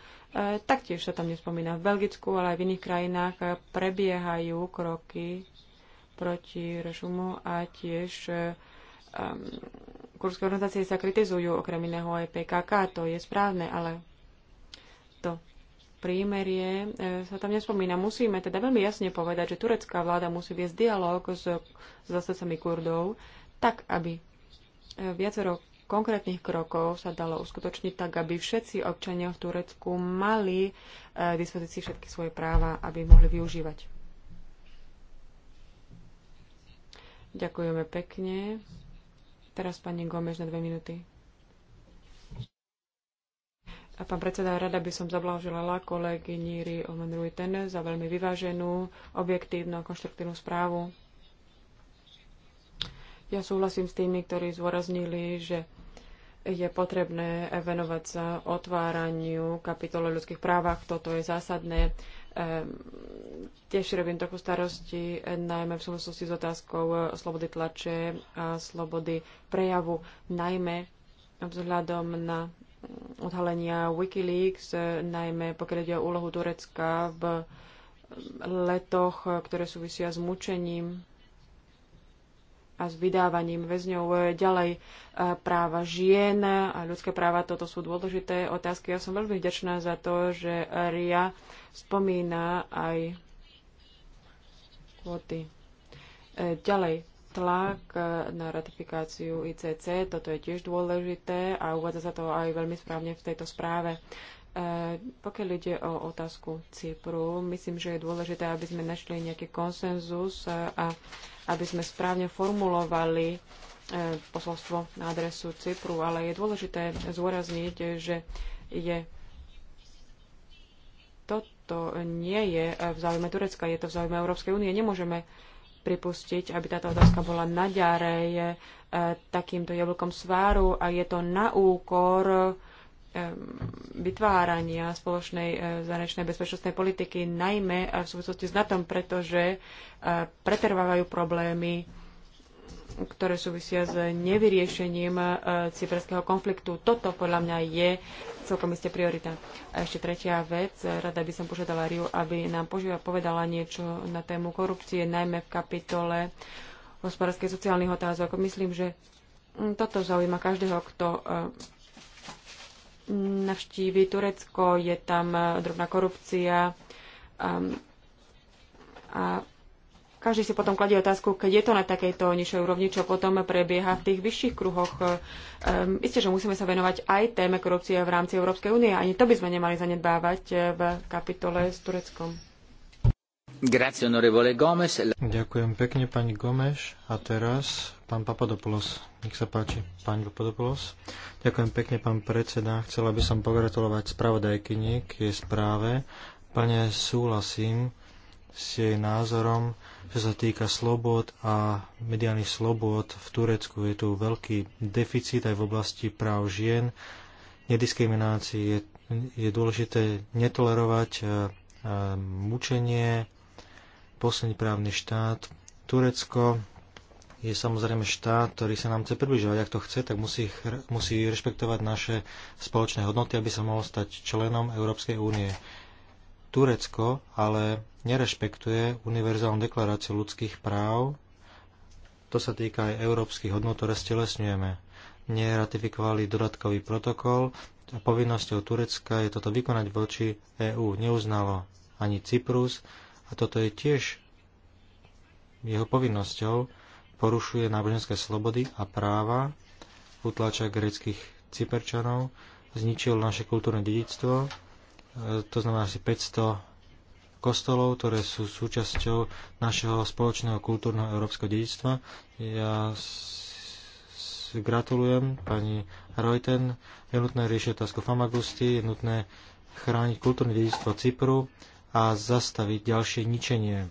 Speaker 3: taktiež sa tam nespomína. V Belgicku, ale aj v iných krajinách prebiehajú kroky proti režimu a tiež um, kurské organizácie sa kritizujú okrem iného aj PKK, to je správne, ale to prímerie e, sa tam nespomína. Musíme teda veľmi jasne povedať, že turecká vláda musí viesť dialog s, s zastavcami Kurdov, tak aby viacero konkrétnych krokov sa dalo uskutočniť tak, aby všetci občania v Turecku mali e, k dispozícii všetky svoje práva, aby mohli využívať. Ďakujeme pekne. Teraz pani Gomež na dve minúty. A pán predseda, rada by som zablahoželala kolegyni Ri Omenruiten za veľmi vyváženú, objektívnu a konštruktívnu správu. Ja súhlasím s tými, ktorí zvoraznili, že je potrebné venovať sa otváraniu kapitoly o ľudských právach. Toto je zásadné. Ehm, tiež robím trochu starosti, najmä v súvislosti s otázkou eh, slobody tlače a slobody prejavu, najmä vzhľadom na mm, odhalenia Wikileaks, eh, najmä pokiaľ ide o úlohu Turecka v mm, letoch, eh, ktoré súvisia s mučením a s vydávaním väzňov ďalej e, práva žien a ľudské práva, toto sú dôležité otázky. Ja som veľmi vďačná za to, že RIA spomína aj kvóty. E, ďalej, tlak na ratifikáciu ICC, toto je tiež dôležité a uvádza sa to aj veľmi správne v tejto správe. E, pokiaľ ide o otázku Cypru, myslím, že je dôležité, aby sme našli nejaký konsenzus a aby sme správne formulovali e, posolstvo na adresu Cypru, ale je dôležité zúrazniť, že je toto nie je v záujme Turecka, je to v záujme Európskej únie. Nemôžeme pripustiť, aby táto otázka bola naďarej e, takýmto jablkom sváru a je to na úkor vytvárania spoločnej e, zahraničnej bezpečnostnej politiky, najmä e, v súvislosti s NATO, pretože e, pretrvávajú problémy, ktoré súvisia s nevyriešením cyperského konfliktu. Toto podľa mňa je celkom isté priorita. A ešte tretia vec, rada by som požiadala Riu, aby nám povedala niečo na tému korupcie, najmä v kapitole hospodárskej sociálnych otázok. Myslím, že mm, toto zaujíma každého, kto navštívi Turecko, je tam eh, drobná korupcia um, a každý si potom kladie otázku, keď je to na takejto nižšej úrovni, čo potom prebieha v tých vyšších kruhoch. Um, isté, že musíme sa venovať aj téme korupcie v rámci Európskej únie. Ani to by sme nemali zanedbávať eh, v kapitole s Tureckom.
Speaker 2: Ďakujem
Speaker 4: pekne, pani Gomeš A teraz pán Papadopoulos. Nech sa páči, pán Papadopoulos. Ďakujem pekne, pán predseda. Chcela by som pogratulovať spravodajkyni k jej správe. Plne súhlasím s jej názorom, že sa týka slobod a mediálnych slobod v Turecku. Je tu veľký deficit aj v oblasti práv žien, nediskriminácii. Je, je dôležité netolerovať eh, eh, mučenie, posledný právny štát. Turecko je samozrejme štát, ktorý sa nám chce približovať. Ak to chce, tak musí, musí rešpektovať naše spoločné hodnoty, aby sa mohol stať členom Európskej únie. Turecko ale nerešpektuje univerzálnu deklaráciu ľudských práv. To sa týka aj európskych hodnot, ktoré stelesňujeme. Neratifikovali dodatkový protokol a povinnosťou Turecka je toto vykonať voči EÚ. Neuznalo ani Cyprus, a toto je tiež jeho povinnosťou, porušuje náboženské slobody a práva, utláča greckých cyperčanov, zničil naše kultúrne dedictvo, e, to znamená asi 500 kostolov, ktoré sú súčasťou našeho spoločného kultúrneho európskeho dedictva. Ja gratulujem pani Reuten, je nutné riešiť otázku Famagusty, je nutné chrániť kultúrne dedictvo Cypru, a zastaviť ďalšie ničenie.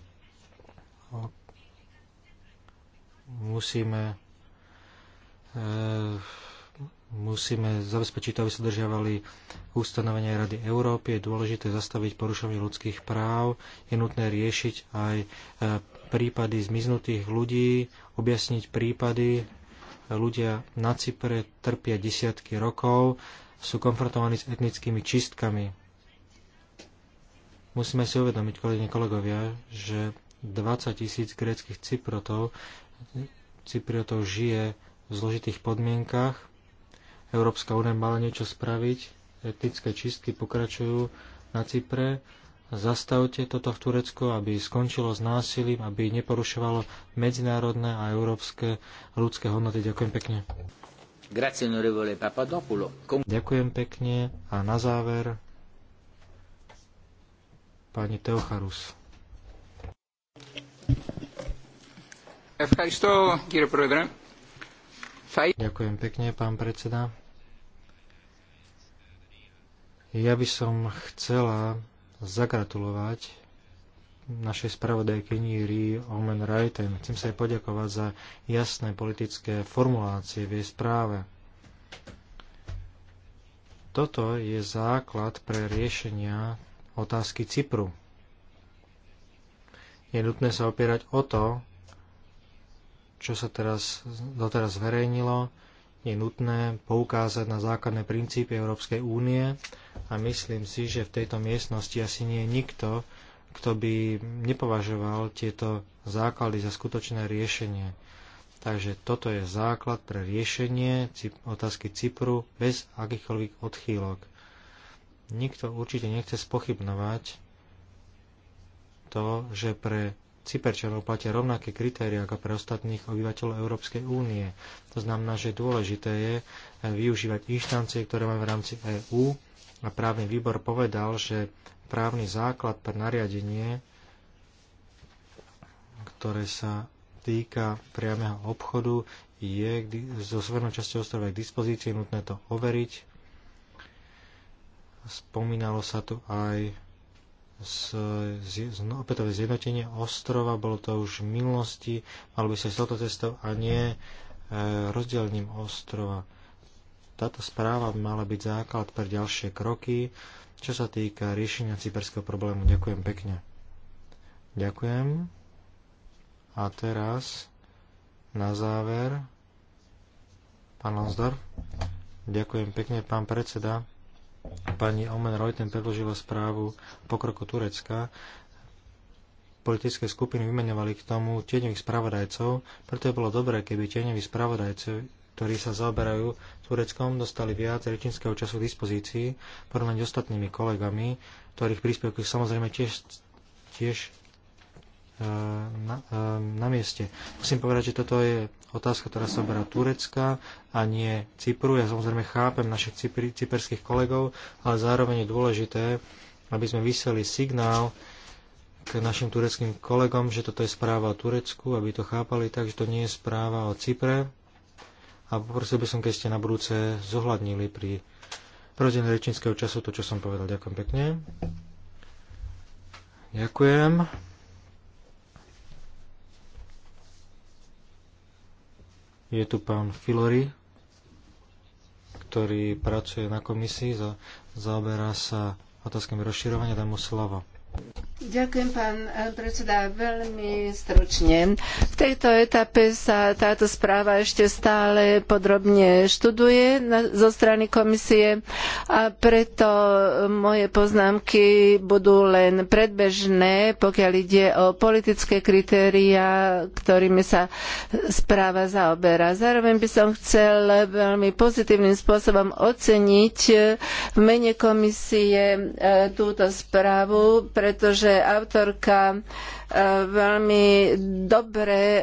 Speaker 4: Musíme e, musíme zabezpečiť to, aby sa držiavali ustanovenia Rady Európy. Je dôležité zastaviť porušovanie ľudských práv. Je nutné riešiť aj e, prípady zmiznutých ľudí, objasniť prípady. Ľudia na Cypre trpia desiatky rokov, sú konfrontovaní s etnickými čistkami. Musíme si uvedomiť, kolegyne kolegovia, že 20 tisíc gréckých Cyprotov, Cypriotov žije v zložitých podmienkach. Európska únia mala niečo spraviť. Etnické čistky pokračujú na Cypre. Zastavte toto v Turecku, aby skončilo s násilím, aby neporušovalo medzinárodné a európske ľudské hodnoty. Ďakujem pekne. Ďakujem pekne a na záver pani Teocharus. Ďakujem pekne, pán predseda. Ja by som chcela zagratulovať našej spravodajkyni Rí Omen Reiten. Chcem sa jej poďakovať za jasné politické formulácie v jej správe. Toto je základ pre riešenia otázky Cypru. Je nutné sa opierať o to, čo sa teraz, doteraz zverejnilo, je nutné poukázať na základné princípy Európskej únie a myslím si, že v tejto miestnosti asi nie je nikto, kto by nepovažoval tieto základy za skutočné riešenie. Takže toto je základ pre riešenie otázky Cypru bez akýchkoľvek odchýlok. Nikto určite nechce spochybnovať to, že pre Cyperčanov platia rovnaké kritéria ako pre ostatných obyvateľov Európskej únie. To znamená, že dôležité je eh, využívať inštancie, ktoré máme v rámci EÚ a právny výbor povedal, že právny základ pre nariadenie, ktoré sa týka priameho obchodu, je so severnou časťou ostrova k dispozícii, nutné to overiť spomínalo sa tu aj z, z, opätovné zjednotenie ostrova, bolo to už v minulosti, malo by sa s touto cestou a nie e, rozdelením ostrova. Táto správa mala byť základ pre ďalšie kroky, čo sa týka riešenia cyperského problému. Ďakujem pekne. Ďakujem. A teraz na záver pán Lonsdorf. Ďakujem pekne, pán predseda. Pani Omen Reuten predložila správu pokroku Turecka. Politické skupiny vymenovali k tomu tieňových spravodajcov, preto je bolo dobré, keby tieňoví spravodajcov, ktorí sa zaoberajú Tureckom, dostali viac rečinského času k dispozícii porovnaní s ostatnými kolegami, ktorých príspevky samozrejme tiež, tiež E, na, e, na mieste. Musím povedať, že toto je otázka, ktorá sa oberá Turecka a nie Cypru. Ja samozrejme chápem našich cypr, cyperských kolegov, ale zároveň je dôležité, aby sme vyseli signál k našim tureckým kolegom, že toto je správa o Turecku, aby to chápali tak, že to nie je správa o Cypre. A poprosil by som, keď ste na budúce zohľadnili pri prorozdení rečníckého času to, čo som povedal. Ďakujem pekne. Ďakujem. Je tu pán Filori, ktorý pracuje na komisii, za, zaoberá sa otázkami rozširovania, dám mu slovo.
Speaker 1: Ďakujem, pán eh, predseda. Veľmi stručne. V tejto etape sa táto správa ešte stále podrobne študuje zo strany komisie a preto eh, moje poznámky budú len predbežné, pokiaľ ide o politické kritériá, ktorými sa správa zaoberá. Zároveň by som chcel veľmi pozitívnym spôsobom oceniť eh, v mene komisie túto správu, pretože že autorka e, veľmi dobre e,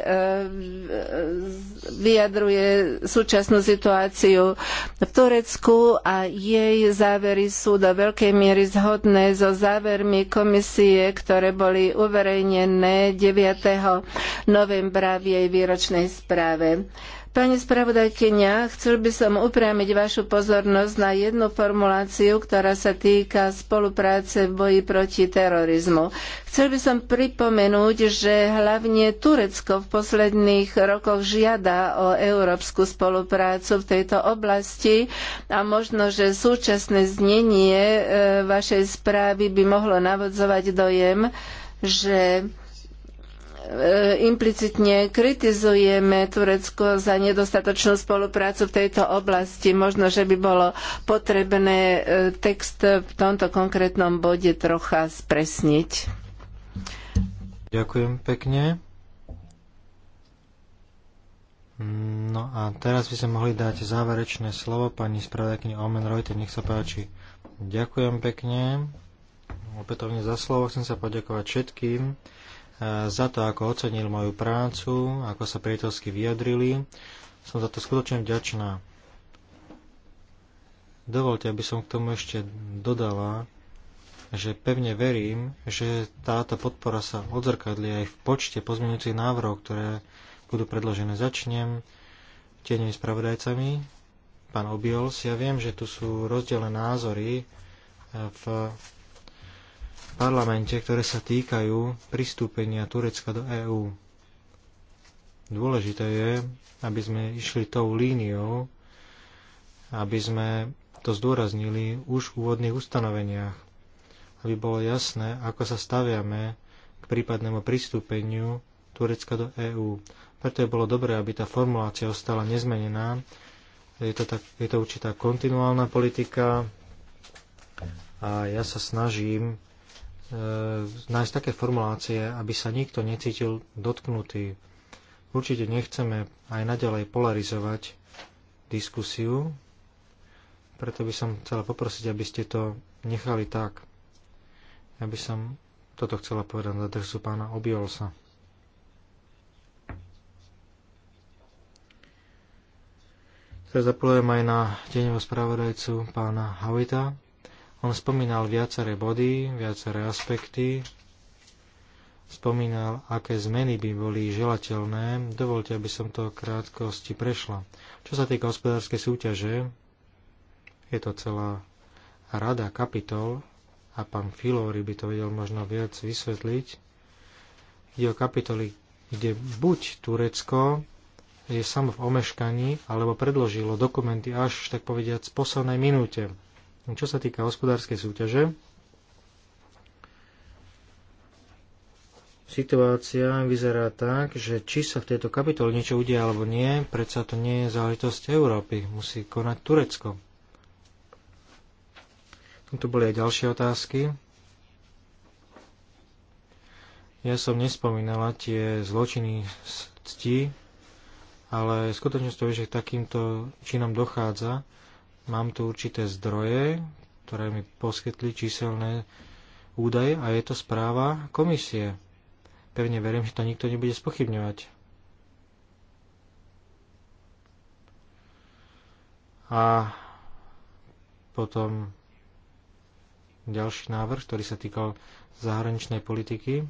Speaker 1: vyjadruje súčasnú situáciu v Turecku a jej závery sú do veľkej miery zhodné so závermi komisie, ktoré boli uverejnené 9. novembra v jej výročnej správe. Pani spravodajkynia, chcel by som upriamiť vašu pozornosť na jednu formuláciu, ktorá sa týka spolupráce v boji proti terorizmu. Chcel by som pripomenúť, že hlavne Turecko v posledných rokoch žiada o európsku spoluprácu v tejto oblasti a možno, že súčasné znenie e, vašej správy by mohlo navodzovať dojem, že E, implicitne kritizujeme Turecko za nedostatočnú spoluprácu v tejto oblasti. Možno, že by bolo potrebné e, text v tomto konkrétnom bode trocha spresniť.
Speaker 4: Ďakujem pekne. No a teraz by sme mohli dať záverečné slovo pani spravodajkyni Omen Reuter, nech sa páči. Ďakujem pekne. Opätovne za slovo chcem sa poďakovať všetkým, Eh, za to, ako ocenil moju prácu, ako sa priateľsky vyjadrili. Som za to skutočne vďačná. Dovolte, aby som k tomu ešte dodala, že pevne verím, že táto podpora sa odzrkadli aj v počte pozmeňujúcich návrhov, ktoré budú predložené. Začnem tieňmi spravodajcami. Pán Obiols, ja viem, že tu sú rozdielne názory eh, v parlamente, ktoré sa týkajú pristúpenia Turecka do EÚ. Dôležité je, aby sme išli tou líniou, aby sme to zdôraznili už v úvodných ustanoveniach, aby bolo jasné, ako sa staviame k prípadnému pristúpeniu Turecka do EÚ. Preto je bolo dobré, aby tá formulácia ostala nezmenená. Je to, tak, je to určitá kontinuálna politika a ja sa snažím E, nájsť také formulácie, aby sa nikto necítil dotknutý. Určite nechceme aj naďalej polarizovať diskusiu, preto by som chcela poprosiť, aby ste to nechali tak. Ja by som toto chcela povedať na drsu pána Obiolsa. Teraz zaplujem aj na deňového spravodajcu pána Havita. On spomínal viaceré body, viaceré aspekty, spomínal, aké zmeny by boli želateľné. Dovolte, aby som to krátkosti prešla. Čo sa týka hospodárskej súťaže, je to celá rada kapitol a pán Filóri by to vedel možno viac vysvetliť. Ide o kapitoly, kde buď Turecko je samo v omeškaní, alebo predložilo dokumenty až, tak povediať, v poslednej minúte. Čo sa týka hospodárskej súťaže, situácia vyzerá tak, že či sa v tejto kapitole niečo udie alebo nie, predsa to nie je záležitosť Európy. Musí konať Turecko. Tu boli aj ďalšie otázky. Ja som nespomínala tie zločiny cti, ale to je, že takýmto činom dochádza Mám tu určité zdroje, ktoré mi poskytli číselné údaje a je to správa komisie. Pevne verím, že to nikto nebude spochybňovať. A potom ďalší návrh, ktorý sa týkal zahraničnej politiky.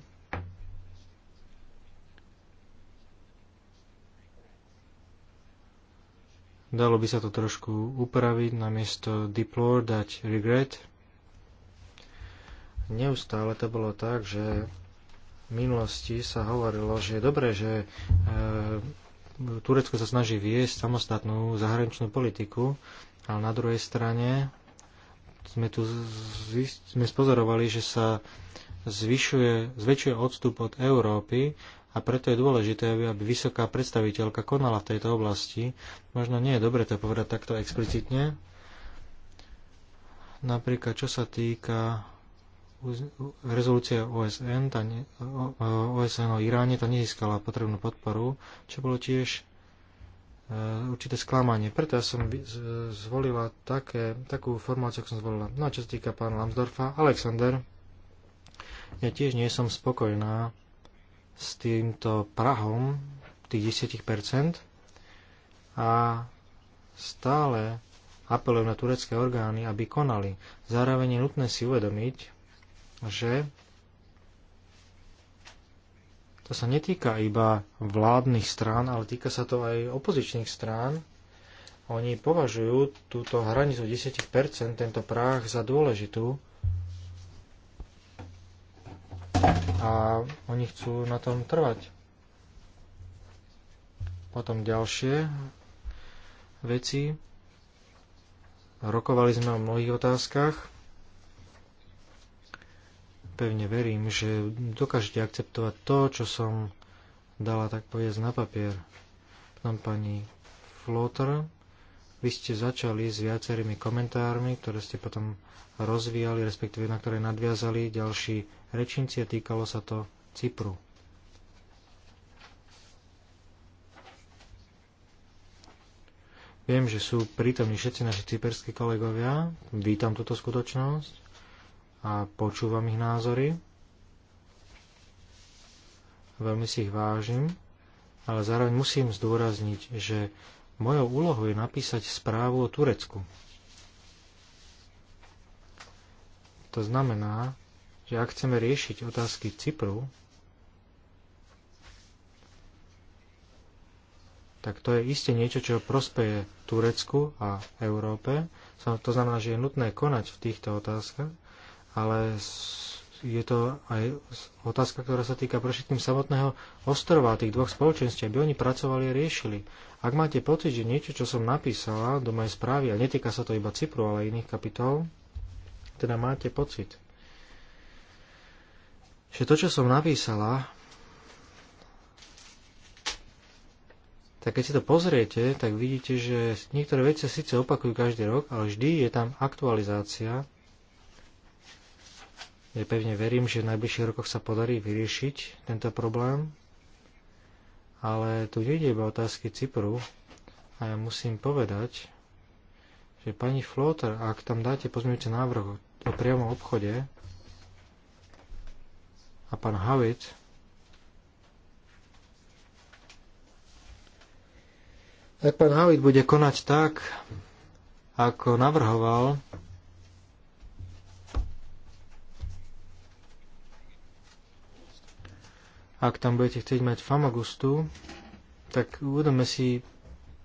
Speaker 4: Dalo by sa to trošku upraviť, namiesto deplore dať regret. Neustále to bolo tak, že v minulosti sa hovorilo, že je dobré, že e, Turecko sa snaží viesť samostatnú zahraničnú politiku, ale na druhej strane sme tu sme spozorovali, že sa zvyšuje, zväčšuje odstup od Európy a preto je dôležité, aby vysoká predstaviteľka konala v tejto oblasti. Možno nie je dobre to povedať takto explicitne. Napríklad, čo sa týka rezolúcia OSN, tá ne, OSN o Iráne, tá nezískala potrebnú podporu, čo bolo tiež e, určité sklamanie. Preto ja som zvolila také, takú formáciu, ako som zvolila. No a čo sa týka pána Lambsdorfa, Alexander, ja tiež nie som spokojná s týmto prahom tých 10% a stále apelujem na turecké orgány, aby konali. Zároveň je nutné si uvedomiť, že to sa netýka iba vládnych strán, ale týka sa to aj opozičných strán. Oni považujú túto hranicu 10%, tento práh za dôležitú a oni chcú na tom trvať. Potom ďalšie veci. Rokovali sme o mnohých otázkach. Pevne verím, že dokážete akceptovať to, čo som dala tak povedať na papier. Potom pani Flotter, vy ste začali s viacerými komentármi, ktoré ste potom rozvíjali, respektíve na ktoré nadviazali ďalší rečníci a týkalo sa to Cypru. Viem, že sú prítomní všetci naši cyperskí kolegovia. Vítam túto skutočnosť a počúvam ich názory. Veľmi si ich vážim, ale zároveň musím zdôrazniť, že mojou úlohou je napísať správu o Turecku. To znamená, že ak chceme riešiť otázky Cypru, tak to je iste niečo, čo prospeje Turecku a Európe. To znamená, že je nutné konať v týchto otázkach, ale je to aj otázka, ktorá sa týka pre všetkým samotného ostrova, tých dvoch spoločenstiev, aby oni pracovali a riešili. Ak máte pocit, že niečo, čo som napísala do mojej správy, a netýka sa to iba Cypru, ale iných kapitol, teda máte pocit, že to, čo som napísala, tak keď si to pozriete, tak vidíte, že niektoré veci sa síce opakujú každý rok, ale vždy je tam aktualizácia. Ja pevne verím, že v najbližších rokoch sa podarí vyriešiť tento problém. Ale tu nejde iba otázky Cypru. A ja musím povedať, že pani Flotter, ak tam dáte pozmeňujúce návrh priamo v obchode a pán Havit Ak pán Havit bude konať tak, ako navrhoval, ak tam budete chcieť mať famagustu, tak uvedome si,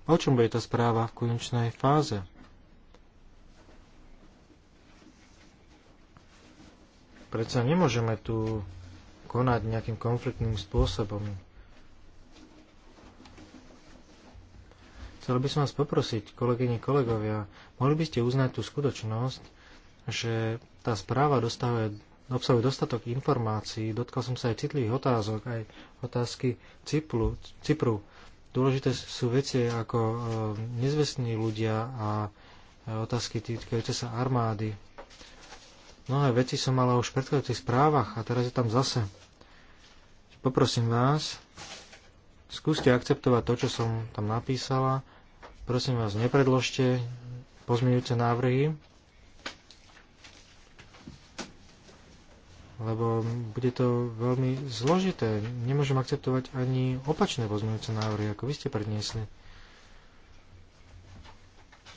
Speaker 4: o čom bude tá správa v konečnej fáze. Predsa nemôžeme tu konať nejakým konfliktným spôsobom. Chcel by som vás poprosiť, kolegyne, kolegovia, mohli by ste uznať tú skutočnosť, že tá správa dostáva, obsahuje dostatok informácií, dotkal som sa aj citlivých otázok, aj otázky Cyplu, Cypru. Dôležité sú veci ako e, nezvestní ľudia a e, otázky týkajúce sa armády. Mnohé veci som mala už v predchádzajúcich správach a teraz je tam zase. Poprosím vás, skúste akceptovať to, čo som tam napísala. Prosím vás, nepredložte pozmeňujúce návrhy, lebo bude to veľmi zložité. Nemôžem akceptovať ani opačné pozmeňujúce návrhy, ako vy ste predniesli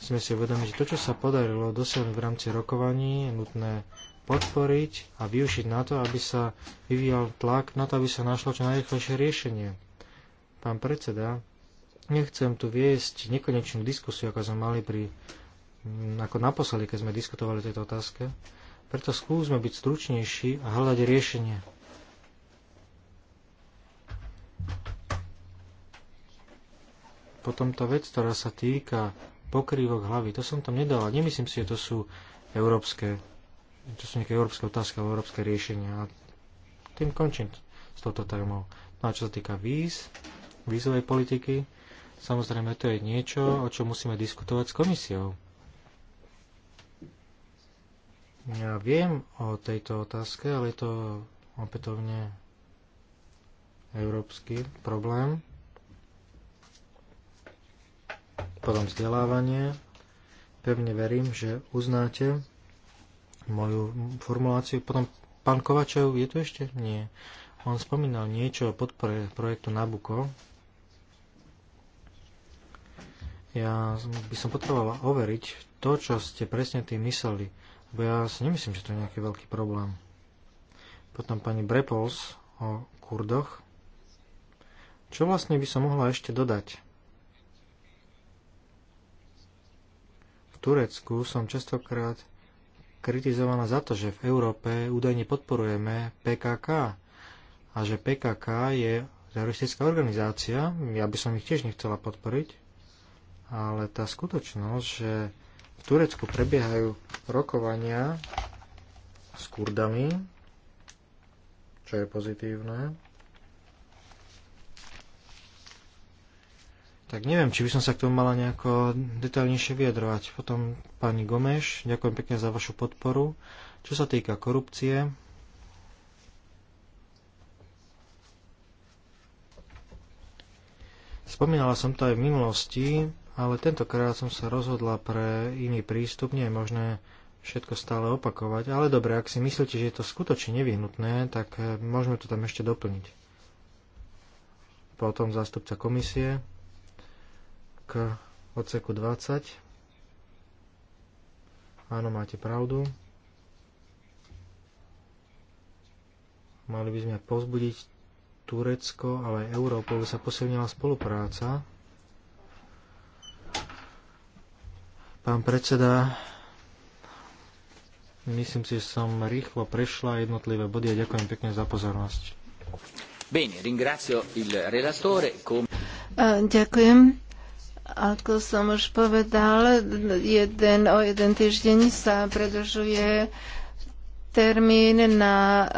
Speaker 4: sme si uvedomili, že to, čo sa podarilo dosiahnuť v rámci rokovaní, je nutné podporiť a využiť na to, aby sa vyvíjal tlak na to, aby sa našlo čo najrychlejšie riešenie. Pán predseda, nechcem tu viesť nekonečnú diskusiu, ako sme mali pri, ako naposledy, keď sme diskutovali o tejto otázke, preto skúsme byť stručnejší a hľadať riešenie. Potom tá vec, ktorá sa týka pokrývok hlavy. To som tam nedal. Nemyslím si, že to sú európske, to sú nejaké európske otázky alebo európske riešenia. A tým končím s touto témou. No a čo sa týka víz, vízovej politiky, samozrejme to je niečo, o čo musíme diskutovať s komisiou. Ja viem o tejto otázke, ale je to opätovne európsky problém. potom vzdelávanie. Pevne verím, že uznáte moju formuláciu. Potom pán Kovačev je tu ešte? Nie. On spomínal niečo o podpore projektu Nabuko. Ja by som potrebovala overiť to, čo ste presne tým mysleli, bo ja si nemyslím, že to je nejaký veľký problém. Potom pani Brepols o kurdoch. Čo vlastne by som mohla ešte dodať? Turecku som častokrát kritizovaná za to, že v Európe údajne podporujeme PKK a že PKK je teroristická organizácia. Ja by som ich tiež nechcela podporiť, ale tá skutočnosť, že v Turecku prebiehajú rokovania s Kurdami, čo je pozitívne, tak neviem, či by som sa k tomu mala nejako detaľnejšie vyjadrovať. Potom pani Gomeš, ďakujem pekne za vašu podporu. Čo sa týka korupcie, spomínala som to aj v minulosti, ale tentokrát som sa rozhodla pre iný prístup. Nie je možné všetko stále opakovať, ale dobre, ak si myslíte, že je to skutočne nevyhnutné, tak eh, môžeme to tam ešte doplniť. Potom zástupca komisie k odseku 20. Áno, máte pravdu. Mali by sme pozbudiť Turecko, ale aj Európu, aby sa posilnila spolupráca. Pán predseda, myslím si, že som rýchlo
Speaker 2: prešla jednotlivé body a ďakujem pekne za pozornosť. Bene, ringrazio il
Speaker 1: relatore.
Speaker 2: Eh,
Speaker 1: ďakujem ako som už povedal, jeden, o jeden týždeň sa predlžuje termín na eh,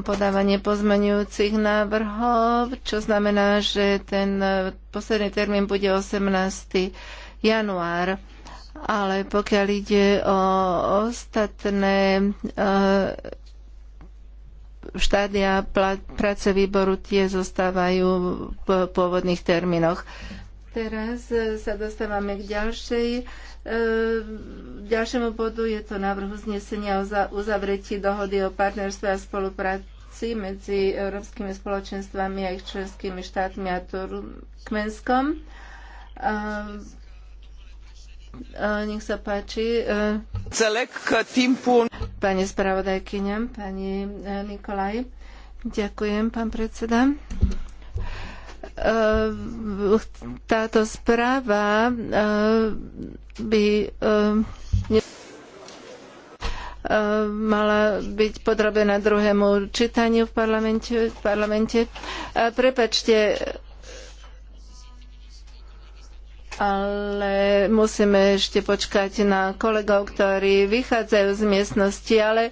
Speaker 1: podávanie pozmenujúcich návrhov, čo znamená, že ten eh, posledný termín bude 18. január. Ale pokiaľ ide o ostatné eh, štádia práce výboru, tie zostávajú v pôvodných termínoch teraz e, sa dostávame k ďalšej, e, ďalšiemu bodu. Je to návrh uznesenia o uzavretí dohody o partnerstve a spolupráci medzi európskymi spoločenstvami a ich členskými štátmi a Turkmenskom. E, e, nech sa páči. Pani spravodajkyňa, pani Nikolaj. Ďakujem, pán predseda. E, táto správa e, by e, mala byť podrobená druhému čítaniu v parlamente. V parlamente. Prepačte, ale musíme ešte počkať na kolegov, ktorí vychádzajú z miestnosti, ale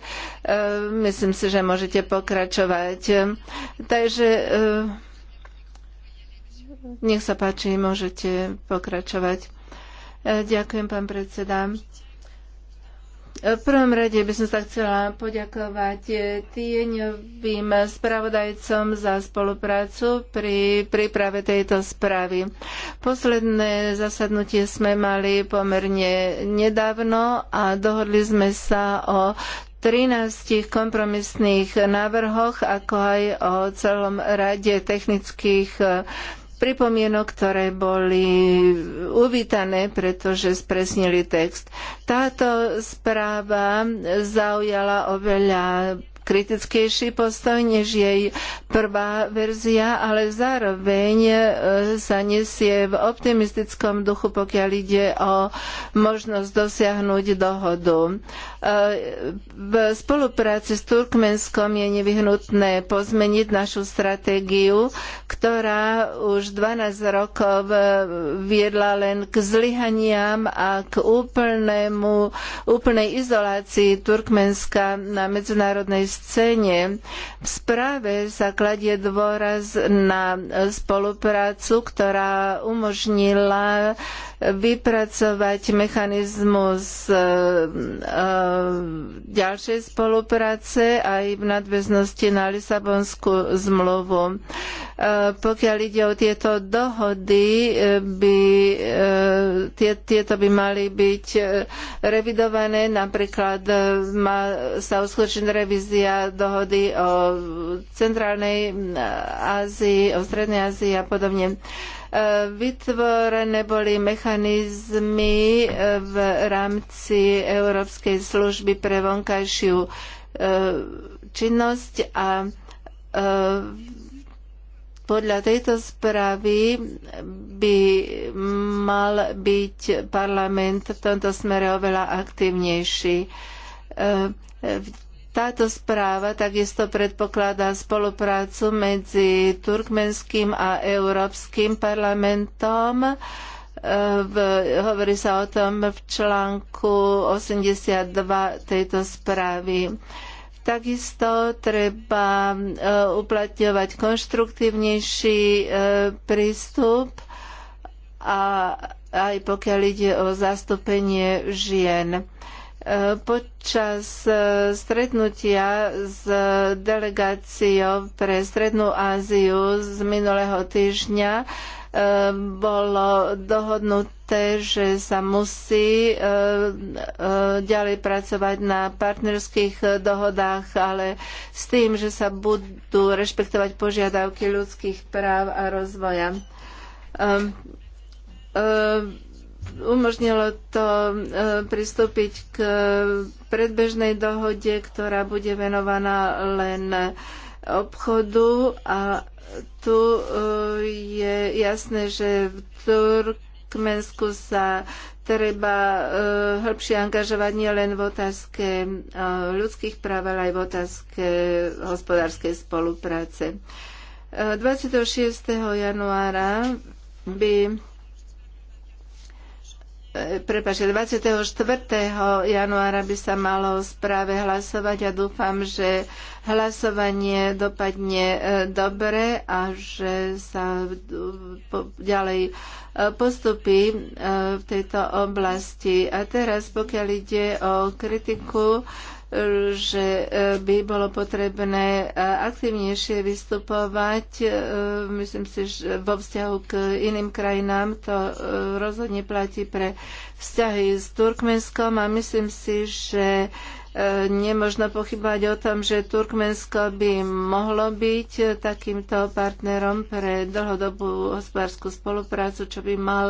Speaker 1: myslím si, že môžete pokračovať. Takže nech sa páči, môžete pokračovať. E, ďakujem, pán predseda. E, v prvom rade by som sa chcela poďakovať e, tieňovým spravodajcom za spoluprácu pri príprave tejto správy. Posledné zasadnutie sme mali pomerne nedávno a dohodli sme sa o 13 kompromisných návrhoch, ako aj o celom rade technických pripomienok, ktoré boli uvítané, pretože spresnili text. Táto správa zaujala oveľa kritickejší postoj než jej prvá verzia, ale zároveň e, sa nesie v optimistickom duchu, pokiaľ ide o možnosť dosiahnuť dohodu. E, v spolupráci s Turkmenskom je nevyhnutné pozmeniť našu stratégiu, ktorá už 12 rokov e, viedla len k zlyhaniam a k úplnému, úplnej izolácii Turkmenska na medzinárodnej scéne. V správe sa kladie dôraz na spoluprácu, ktorá umožnila vypracovať mechanizmus e, e, ďalšej spolupráce aj v nadväznosti na Lisabonskú zmluvu. E, pokiaľ ide o tieto dohody, by, tie, tieto by mali byť revidované. Napríklad má sa uskutočniť revízia dohody o Centrálnej Ázii, o Strednej Ázii a podobne. E, vytvorené boli mechanizmy e, v rámci Európskej služby pre vonkajšiu e, činnosť a podľa tejto správy by mal byť parlament v tomto smere oveľa aktívnejší. Táto správa takisto predpokladá spoluprácu medzi turkmenským a európskym parlamentom. E, v, hovorí sa o tom v článku 82 tejto správy. Takisto treba e, uplatňovať konštruktívnejší e, prístup a aj pokiaľ ide o zastúpenie žien. Počas e, stretnutia s delegáciou pre Strednú Áziu z minulého týždňa e, bolo dohodnuté, že sa musí e, ďalej pracovať na partnerských dohodách, ale s tým, že sa budú rešpektovať požiadavky ľudských práv a rozvoja ehm, ehm, umožnilo to e, pristúpiť k predbežnej dohode, ktorá bude venovaná len obchodu a tu e, je jasné, že v Turkmensku sa treba e, hĺbšie angažovať nielen v otázke ľudských práv, ale aj v otázke hospodárskej spolupráce. 26. januára by prepáčte, 24. januára by sa malo správe hlasovať a dúfam, že hlasovanie dopadne e, dobre a že sa ďalej e, postupí e, v tejto oblasti. A teraz, pokiaľ ide o kritiku, že e, by bolo potrebné e, aktivnejšie vystupovať. E, myslím si, že vo vzťahu k iným krajinám to rozhodne platí pre vzťahy s Turkmenskom a myslím si, že nemožno pochybovať o tom, že Turkmensko by mohlo byť takýmto partnerom pre dlhodobú hospodárskú spoluprácu, čo by mal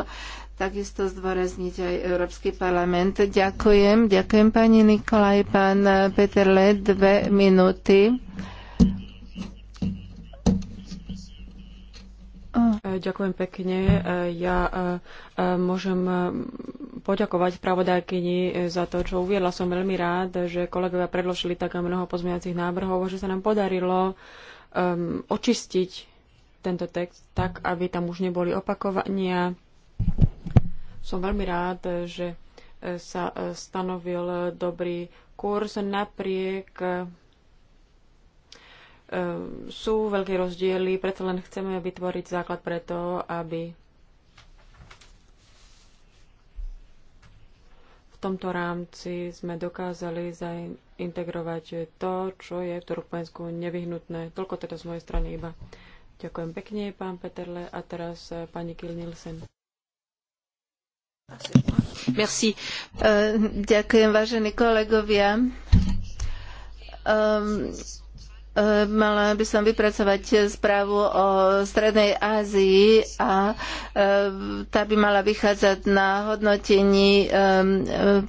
Speaker 1: takisto zdôrazniť aj Európsky parlament. Ďakujem. Ďakujem pani Nikolaj, pán Peter Le, dve minúty. Eh,
Speaker 3: ďakujem pekne. Eh, ja eh, môžem poďakovať pravodajkyni za to, čo uviedla. Som veľmi rád, že kolegovia predložili tak mnoho pozmeňovacích návrhov, že sa nám podarilo ehm, očistiť tento text tak, aby tam už neboli opakovania som veľmi rád, že e, sa e, stanovil dobrý kurz napriek e, sú veľké rozdiely, preto len chceme vytvoriť základ preto, aby v tomto rámci sme dokázali zaintegrovať to, čo je v Turkmensku nevyhnutné. Toľko teda z mojej strany iba. Ďakujem pekne, pán Peterle, a teraz pani Kil Nielsen.
Speaker 1: Merci. Euh, ďakujem, vážení kolegovia. Um, uh, mala by som vypracovať správu o Strednej Ázii a uh, tá by mala vychádzať na hodnotení um,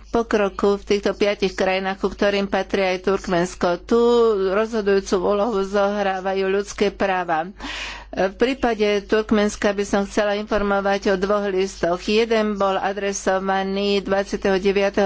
Speaker 1: pokroku v týchto piatich krajinách, ku ktorým patrí aj Turkmensko. Tu rozhodujúcu úlohu zohrávajú ľudské práva v prípade Turkmenska by som chcela informovať o dvoch listoch. Jeden bol adresovaný 29.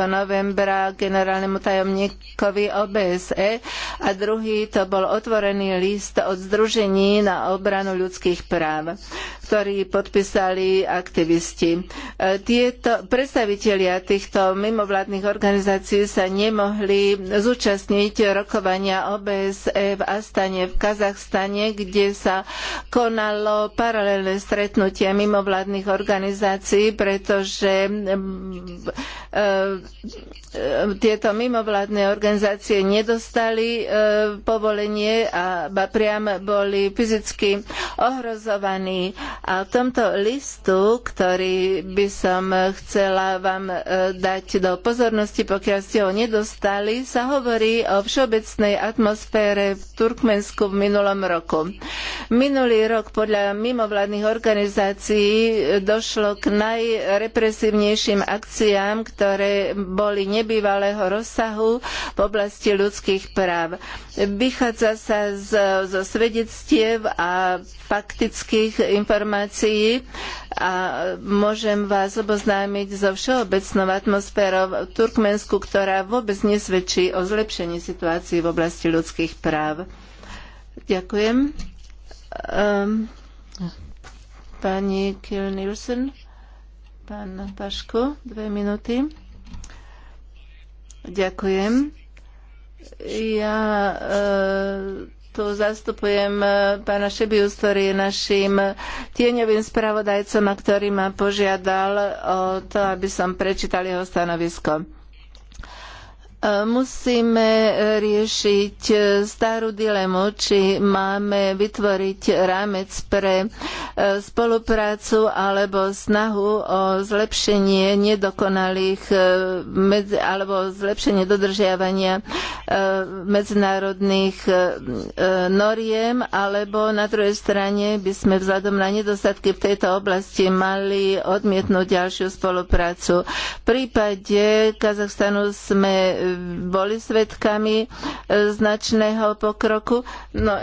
Speaker 1: novembra generálnemu tajomníkovi OBSE a druhý to bol otvorený list od Združení na obranu ľudských práv, ktorý podpísali aktivisti. E, tieto predstavitelia týchto mimovládnych organizácií sa nemohli zúčastniť rokovania OBSE v Astane v Kazachstane, kde sa konalo paralelné stretnutie mimovládnych organizácií, pretože mm, e, e, tieto mimovládne organizácie nedostali e, povolenie a priam boli fyzicky ohrozovaní. A v tomto listu, ktorý by som chcela vám dať do pozornosti, pokiaľ ste ho nedostali, sa hovorí o všeobecnej atmosfére v Turkmensku v minulom roku. Minulý rok podľa mimovládnych organizácií došlo k najrepresívnejším akciám, ktoré boli nebývalého rozsahu v oblasti ľudských práv. Vychádza sa zo svedectiev a faktických informácií a môžem vás oboznámiť so všeobecnou atmosférou v Turkmensku, ktorá vôbec nesvedčí o zlepšení situácií v oblasti ľudských práv. Ďakujem. Um, pani Kiel Nielsen, pán Paško, dve minúty. Ďakujem. Ja eh, tu zastupujem eh, pána Šebius, ktorý je našim tieňovým spravodajcom a ktorý ma požiadal o to, aby som prečítal jeho stanovisko. Musíme e, riešiť e, starú dilemu, či máme vytvoriť rámec pre e, spoluprácu alebo snahu o zlepšenie nedokonalých alebo zlepšenie dodržiavania medzinárodných noriem, alebo na druhej strane by sme vzhľadom na nedostatky v tejto oblasti mali odmietnúť ďalšiu spoluprácu. V prípade Kazachstanu sme boli svedkami e, značného pokroku. No,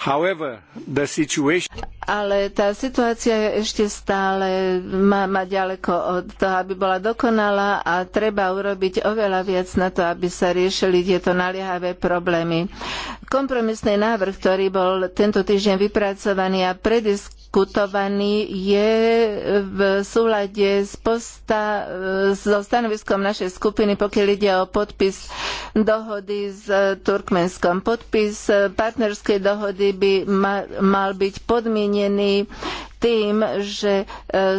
Speaker 2: However, the situation...
Speaker 1: Ale tá situácia je ešte stále má, má ďaleko od toho, aby bola dokonalá a treba urobiť oveľa viac na to, aby sa riešili tieto naliehavé problémy. Kompromisný návrh, ktorý bol tento týždeň vypracovaný a predisk diskutovaný je v súlade s posta, so stanoviskom našej skupiny, pokiaľ ide o podpis dohody s Turkmenskom. Podpis partnerskej dohody by mal byť podmienený tým, že e,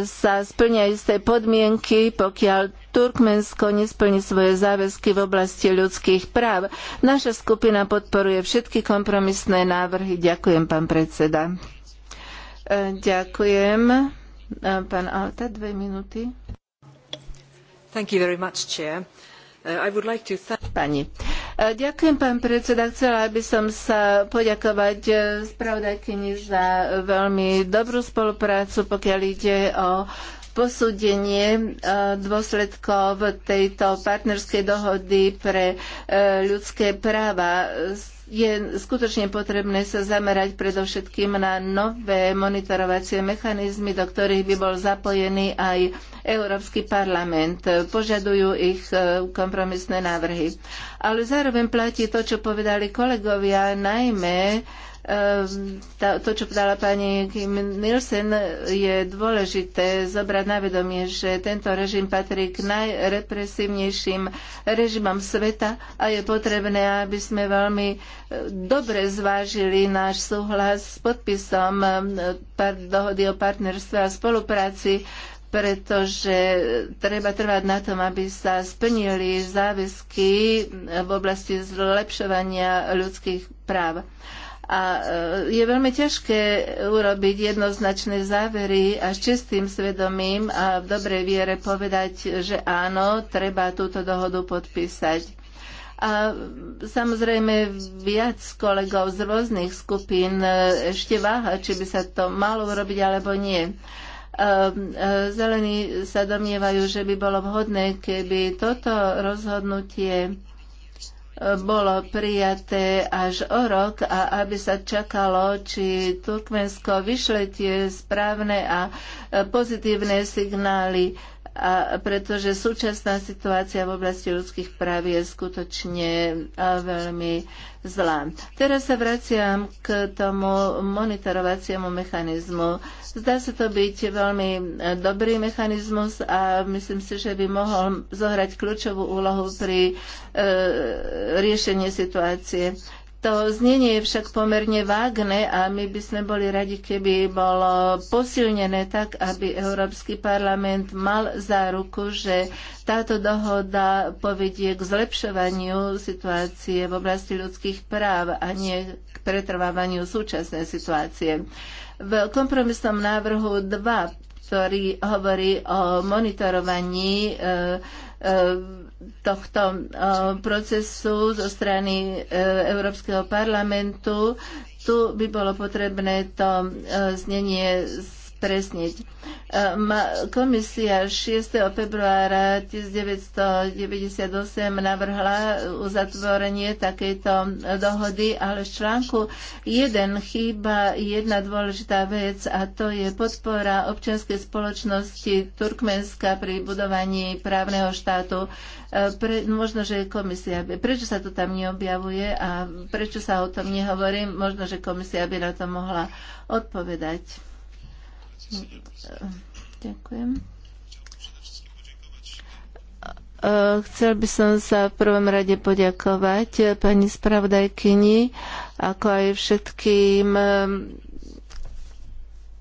Speaker 1: sa splňajú isté podmienky, pokiaľ Turkmensko nesplní svoje záväzky v oblasti ľudských práv. Naša skupina podporuje všetky kompromisné návrhy. Ďakujem, pán predseda. E, ďakujem. E, pán Alta, dve minúty. Thank you very much, Chair. E, like to... Pani. Ďakujem, pán predseda. Chcela by som sa poďakovať spravodajkyni za veľmi dobrú spoluprácu, pokiaľ ide o posúdenie e, dôsledkov tejto partnerskej dohody pre e, ľudské práva. Je skutočne potrebné sa zamerať predovšetkým na nové monitorovacie mechanizmy, do ktorých by bol zapojený aj Európsky parlament. Požadujú ich e, kompromisné návrhy. Ale zároveň platí to, čo povedali kolegovia, najmä Ehm, to, čo podala pani Kim Nielsen, je dôležité zobrať na vedomie, že tento režim patrí k najrepresívnejším režimom sveta a je potrebné, aby sme veľmi e, dobre zvážili náš súhlas s podpisom e, dohody o partnerstve a spolupráci pretože treba trvať na tom, aby sa splnili záväzky v oblasti zlepšovania ľudských práv. A e, je veľmi ťažké urobiť jednoznačné závery a s čistým svedomím a v dobrej viere povedať, že áno, treba túto dohodu podpísať. A samozrejme viac kolegov z rôznych skupín e, ešte váha, či by sa to malo urobiť alebo nie. E, zelení sa domnievajú, že by bolo vhodné, keby toto rozhodnutie bolo prijaté až o rok a aby sa čakalo, či Turkmensko vyšle tie správne a e, pozitívne signály a pretože súčasná situácia v oblasti ľudských práv je skutočne veľmi zlá. Teraz sa vraciam k tomu monitorovaciemu mechanizmu. Zdá sa to byť veľmi dobrý mechanizmus a myslím si, že by mohol zohrať kľúčovú úlohu pri e, riešení situácie to znenie je však pomerne vágne a my by sme boli radi, keby bolo posilnené tak, aby Európsky parlament mal záruku, že táto dohoda povedie k zlepšovaniu situácie v oblasti ľudských práv a nie k pretrvávaniu súčasnej situácie. V kompromisnom návrhu 2, ktorý hovorí o monitorovaní e, e, tohto eh, procesu zo strany eh, Európskeho parlamentu. Tu by bolo potrebné to eh, znenie z stresniť. Ehm, komisia 6. februára 1998 navrhla uzatvorenie takejto dohody, ale v článku 1 chýba jedna dôležitá vec a to je podpora občianskej spoločnosti Turkmenska pri budovaní právneho štátu. Ehm, pre, možno, že komisia, prečo sa to tam neobjavuje a prečo sa o tom nehovorí, možno, že komisia by na to mohla odpovedať. Ďakujem. E, chcel by som sa v prvom rade poďakovať pani spravodajkyni, ako aj všetkým e,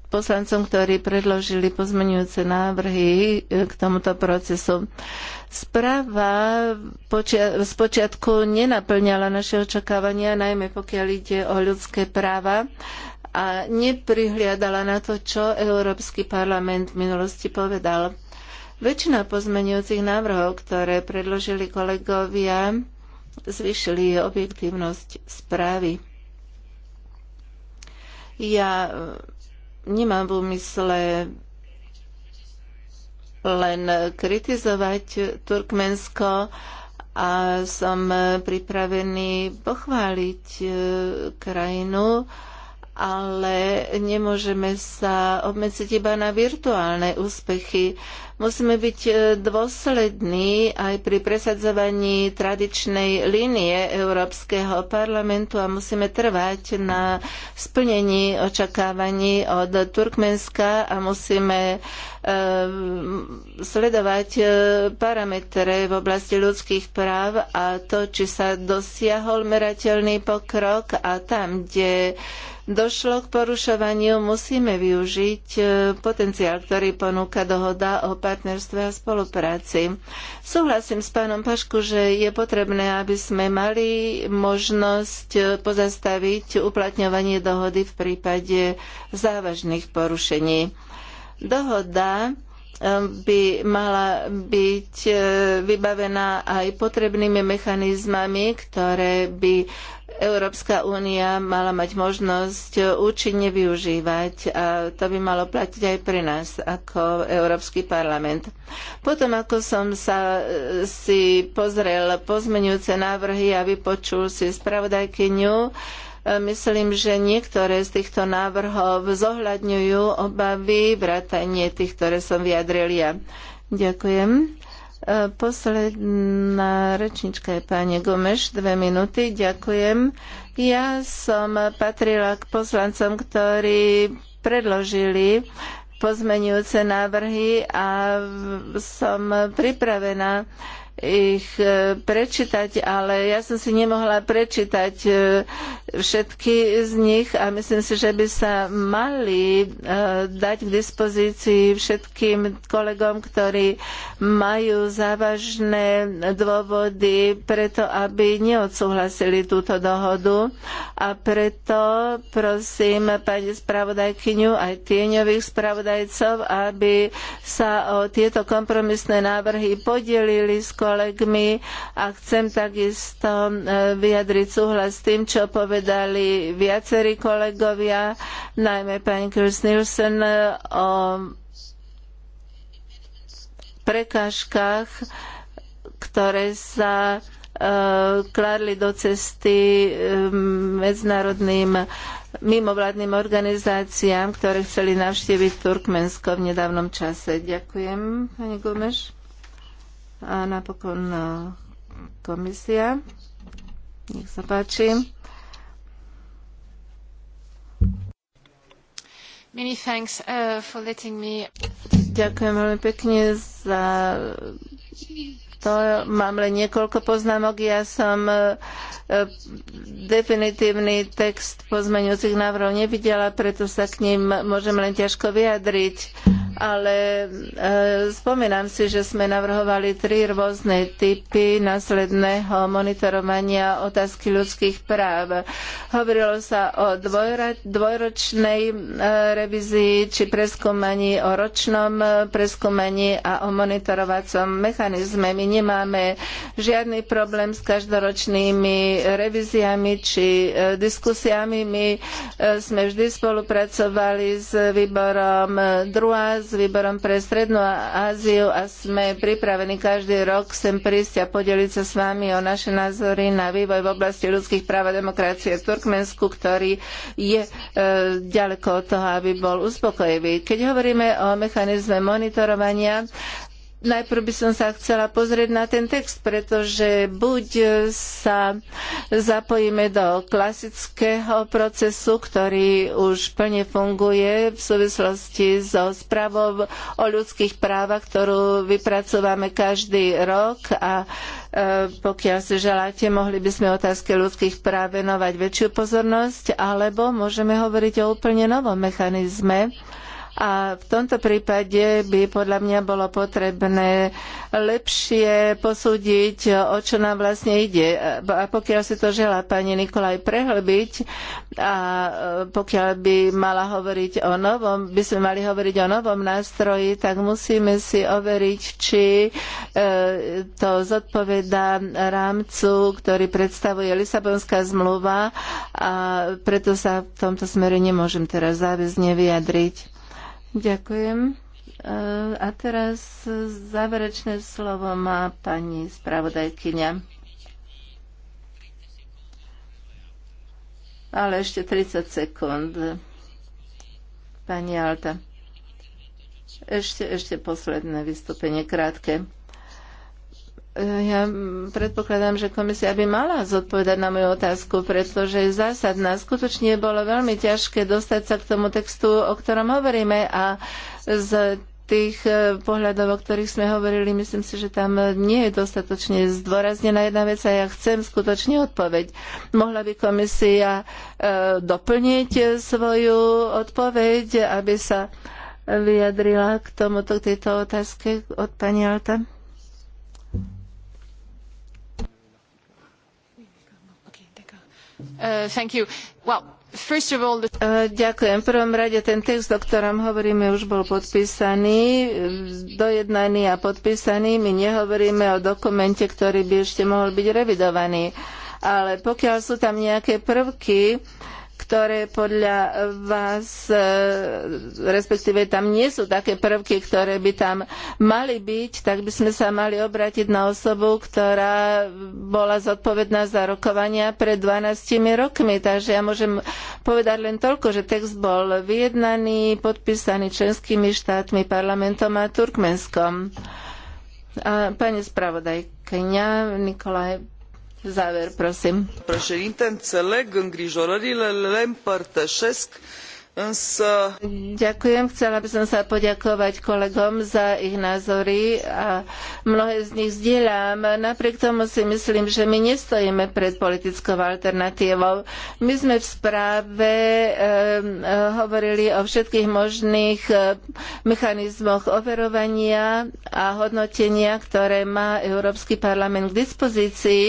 Speaker 1: poslancom, ktorí predložili pozmenujúce návrhy e, k tomuto procesu. Správa z počiatku nenaplňala naše očakávania, najmä pokiaľ ide o ľudské práva a neprihliadala na to, čo Európsky parlament v minulosti povedal. Väčšina pozmenujúcich návrhov, ktoré predložili kolegovia, zvyšili objektívnosť správy. Ja e, nemám v úmysle len kritizovať Turkmensko a som pripravený pochváliť e, krajinu, ale nemôžeme sa obmedziť iba na virtuálne úspechy. Musíme byť e, dôslední aj pri presadzovaní tradičnej línie Európskeho parlamentu a musíme trvať na splnení očakávaní od Turkmenska a musíme e, sledovať e, parametre v oblasti ľudských práv a to, či sa dosiahol merateľný pokrok a tam, kde došlo k porušovaniu, musíme využiť potenciál, ktorý ponúka dohoda o partnerstve a spolupráci. Súhlasím s pánom Pašku, že je potrebné, aby sme mali možnosť pozastaviť uplatňovanie dohody v prípade závažných porušení. Dohoda Ehm, by mala byť e, vybavená aj potrebnými mechanizmami, ktoré by Európska únia mala mať možnosť účinne využívať a to by malo platiť aj pre nás ako Európsky parlament. Potom, ako som sa e, si pozrel pozmenujúce návrhy a vypočul si spravodajkyňu, Myslím, že niektoré z týchto návrhov zohľadňujú obavy, vrátanie tých, ktoré som vyjadril ja. Ďakujem. E, posledná rečnička je pani Gomeš, dve minúty, ďakujem. Ja som patrila k poslancom, ktorí predložili pozmenujúce návrhy a som pripravená ich e, prečítať, ale ja som si nemohla prečítať e, všetky z nich a myslím si, že by sa mali e, dať k dispozícii všetkým kolegom, ktorí majú závažné dôvody preto, aby neodsúhlasili túto dohodu a preto prosím pani spravodajkyňu aj tieňových spravodajcov, aby sa o tieto kompromisné návrhy podelili s kolegami kolegmi a chcem takisto e, vyjadriť súhlas s tým, čo povedali viacerí kolegovia, najmä pani Chris Nielsen e, o prekážkach, ktoré sa e, kladli do cesty medzinárodným mimovládnym organizáciám, ktoré chceli navštíviť Turkmensko v nedávnom čase. Ďakujem, pani Gomeš. A napokon e, komisia. Nech sa páči. Many thanks uh, for letting me... Ďakujem veľmi pekne za to mám len niekoľko poznámok. Ja som e, e, definitívny text pozmeňujúcich návrhov nevidela, preto sa k ním môžem len ťažko vyjadriť ale e, spomínam si, že sme navrhovali tri rôzne typy následného monitorovania otázky ľudských práv. Hovorilo sa o dvojročnej e, revízii či preskúmaní, o ročnom e, preskúmaní a o monitorovacom mechanizme. My nemáme žiadny problém s každoročnými revíziami či diskusiami. My sme vždy spolupracovali s výborom DRUA, s výborom pre Strednú Áziu a sme pripravení každý rok sem prísť a podeliť sa s vami o naše názory na vývoj v oblasti ľudských práv a demokracie v Turkmensku, ktorý je e, ďaleko od toho, aby bol uspokojivý. Keď hovoríme o mechanizme monitorovania, najprv by som sa chcela pozrieť na ten text, pretože buď sa zapojíme do klasického procesu, ktorý už plne funguje v súvislosti so správou o ľudských právach, ktorú vypracovávame každý rok a e, pokiaľ si želáte, mohli by sme otázke ľudských práv venovať väčšiu pozornosť, alebo môžeme hovoriť o úplne novom mechanizme, a v tomto prípade by podľa mňa bolo potrebné lepšie posúdiť, o čo nám vlastne ide. A pokiaľ si to želá pani Nikolaj prehlbiť a e, pokiaľ by mala hovoriť o novom, by sme mali hovoriť o novom nástroji, tak musíme si overiť, či e, to zodpovedá rámcu, ktorý predstavuje Lisabonská zmluva a preto sa v tomto smere nemôžem teraz záväzne vyjadriť. Ďakujem. E, a teraz záverečné slovo má pani spravodajkyňa. Ale ešte 30 sekúnd. Pani Alta. Ešte, ešte posledné vystúpenie, krátke. Ja predpokladám, že komisia by mala zodpovedať na moju otázku, pretože je zásadná. Skutočne bolo veľmi ťažké dostať sa k tomu textu, o ktorom hovoríme a z tých e, pohľadov, o ktorých sme hovorili, myslím si, že tam nie je dostatočne zdôraznená jedna vec a ja chcem skutočne odpoveď. Mohla by komisia e, doplniť svoju odpoveď, aby sa vyjadrila k tomuto, k tejto otázke od pani Alta? Uh, uh, ďakujem. V prvom rade ten text, o ktorom hovoríme, už bol podpísaný, uh, dojednaný a podpísaný. My nehovoríme o dokumente, ktorý by ešte mohol byť revidovaný. Ale pokiaľ sú tam nejaké prvky, ktoré podľa vás, e, respektíve tam nie sú také prvky, ktoré by tam mali byť, tak by sme sa mali obrátiť na osobu, ktorá bola zodpovedná za rokovania pred 12 rokmi. Takže ja môžem povedať len toľko, že text bol vyjednaný, podpísaný členskými štátmi, parlamentom a Turkmenskom. A pani spravodajkňa Nikolaj záver, prosím. Președinte, înțeleg îngrijorările, le împărtășesc, Ďakujem, chcela by som sa poďakovať kolegom za ich názory a mnohé z nich zdieľam. Napriek tomu si myslím, že my nestojíme pred politickou alternatívou. My sme v správe hovorili o všetkých možných eh, mechanizmoch overovania a hodnotenia, ktoré má Európsky parlament k dispozícii,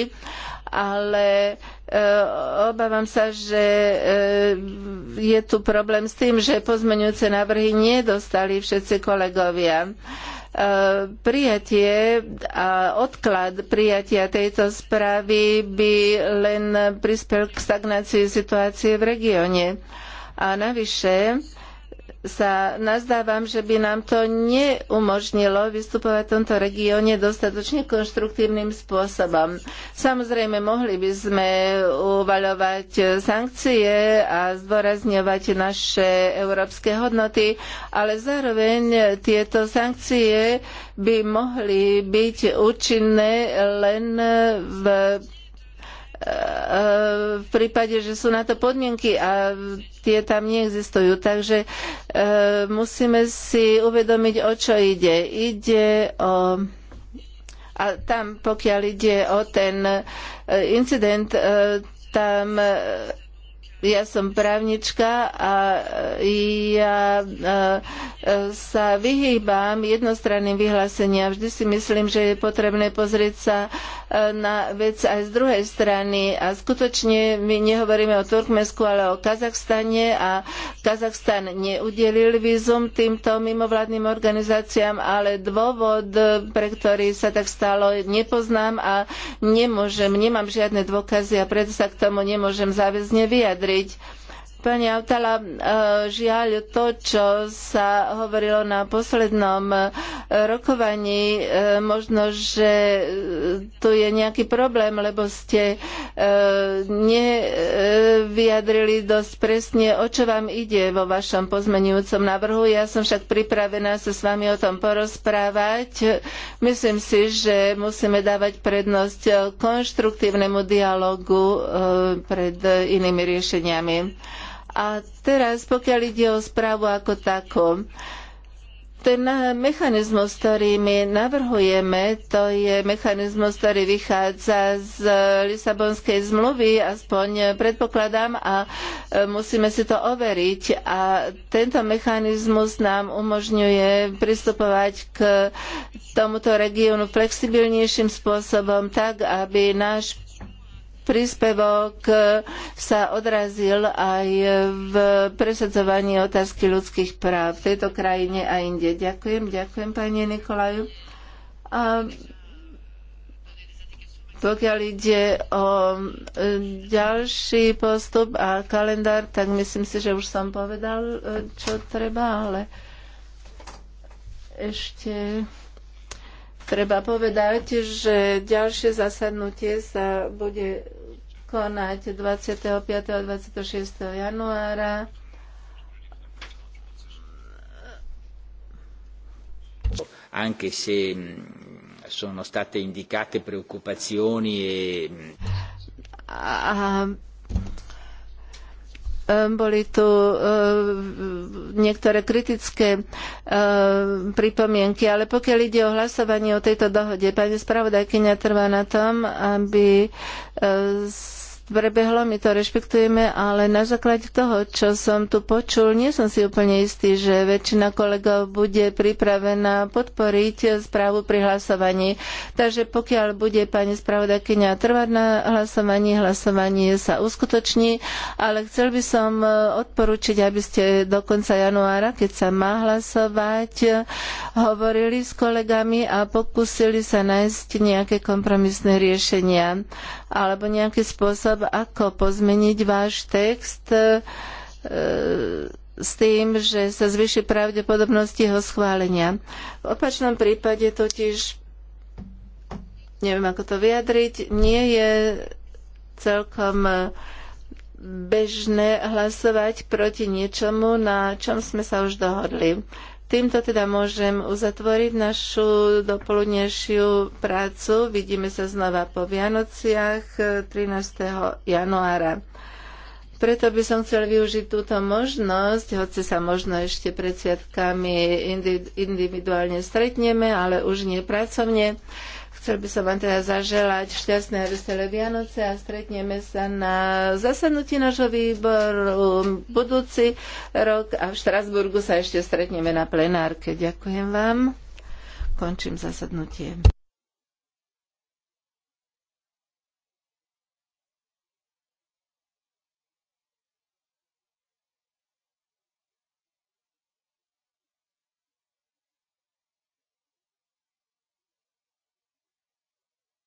Speaker 1: ale E, obávam sa, že e, je tu problém s tým, že pozmeňujúce návrhy nedostali všetci kolegovia e, prijatie a odklad prijatia tejto správy by len prispel k stagnácii situácie v regióne. A navyše, sa nazdávam, že by nám to neumožnilo vystupovať v tomto regióne dostatočne konštruktívnym spôsobom. Samozrejme, mohli by sme uvaľovať sankcie a zdôrazňovať naše európske hodnoty, ale zároveň tieto sankcie by mohli byť účinné len v E, v prípade, že sú na to podmienky a tie tam neexistujú. Takže e, musíme si uvedomiť, o čo ide. Ide o a tam, pokiaľ ide o ten e, incident, tam ja som právnička a e, ja e, e, sa vyhýbam jednostranným vyhláseniam. Vždy si myslím, že je potrebné pozrieť sa na vec aj z druhej strany. A skutočne my nehovoríme o Turkmesku, ale o Kazachstane a Kazachstan neudelil vízum týmto mimovládnym organizáciám, ale dôvod, pre ktorý sa tak stalo, nepoznám a nemôžem, nemám žiadne dôkazy a preto sa k tomu nemôžem záväzne vyjadriť podporiť Pani Autala, e, žiaľ to, čo sa hovorilo na poslednom e, rokovaní, e, možno, že tu je nejaký problém, lebo ste nevyjadrili dosť presne, o čo vám ide vo vašom pozmenujúcom návrhu. Ja som však pripravená sa s vami o tom porozprávať. Myslím si, že musíme dávať prednosť konštruktívnemu dialogu pred inými riešeniami. A teraz, pokiaľ ide o správu ako takú, ten mechanizmus, ktorý my navrhujeme, to je mechanizmus, ktorý vychádza z Lisabonskej zmluvy, aspoň predpokladám, a e, musíme si to overiť. A tento mechanizmus nám umožňuje pristupovať k tomuto regiónu flexibilnejším spôsobom, tak aby náš príspevok e, sa odrazil aj v presadzovaní otázky ľudských práv v tejto krajine a inde. Ďakujem, ďakujem pani Nikolaju. A pokiaľ ide o e, ďalší postup a kalendár, tak myslím si, že už som povedal, e, čo treba, ale ešte treba povedať, že ďalšie zasadnutie sa bude konať 25. a 26. januára.
Speaker 2: Anche se mm, sono state indicate preoccupazioni e...
Speaker 1: A, ehm, boli tu uh, niektoré kritické uh, pripomienky, ale pokiaľ ide o hlasovanie o tejto dohode, pani spravodajkynia trvá na tom, aby uh, prebehlo, my to rešpektujeme, ale na základe toho, čo som tu počul, nie som si úplne istý, že väčšina kolegov bude pripravená podporiť správu pri hlasovaní. Takže pokiaľ bude pani spravodakyňa trvať na hlasovaní, hlasovanie sa uskutoční, ale chcel by som e, odporučiť, aby ste do konca januára, keď sa má hlasovať, hovorili s kolegami a pokúsili sa nájsť nejaké kompromisné riešenia alebo nejaký spôsob, ako pozmeniť váš text e, s tým, že sa zvyši pravdepodobnosť jeho schválenia. V opačnom prípade totiž, neviem ako to vyjadriť, nie je celkom bežné hlasovať proti niečomu, na čom sme sa už dohodli. Týmto teda môžem uzatvoriť našu dopoludnejšiu prácu. Vidíme sa znova po Vianociach 13. Eh, januára. Preto by som chcel využiť túto možnosť, hoci sa možno ešte pred sviatkami individuálne stretneme, ale už nie pracovne. Chcel by som vám teda zaželať šťastné a veselé Vianoce a stretneme sa na zasadnutí nášho výboru budúci rok a v Štrasburgu sa ešte stretneme na plenárke. Ďakujem vám. Končím zasadnutie.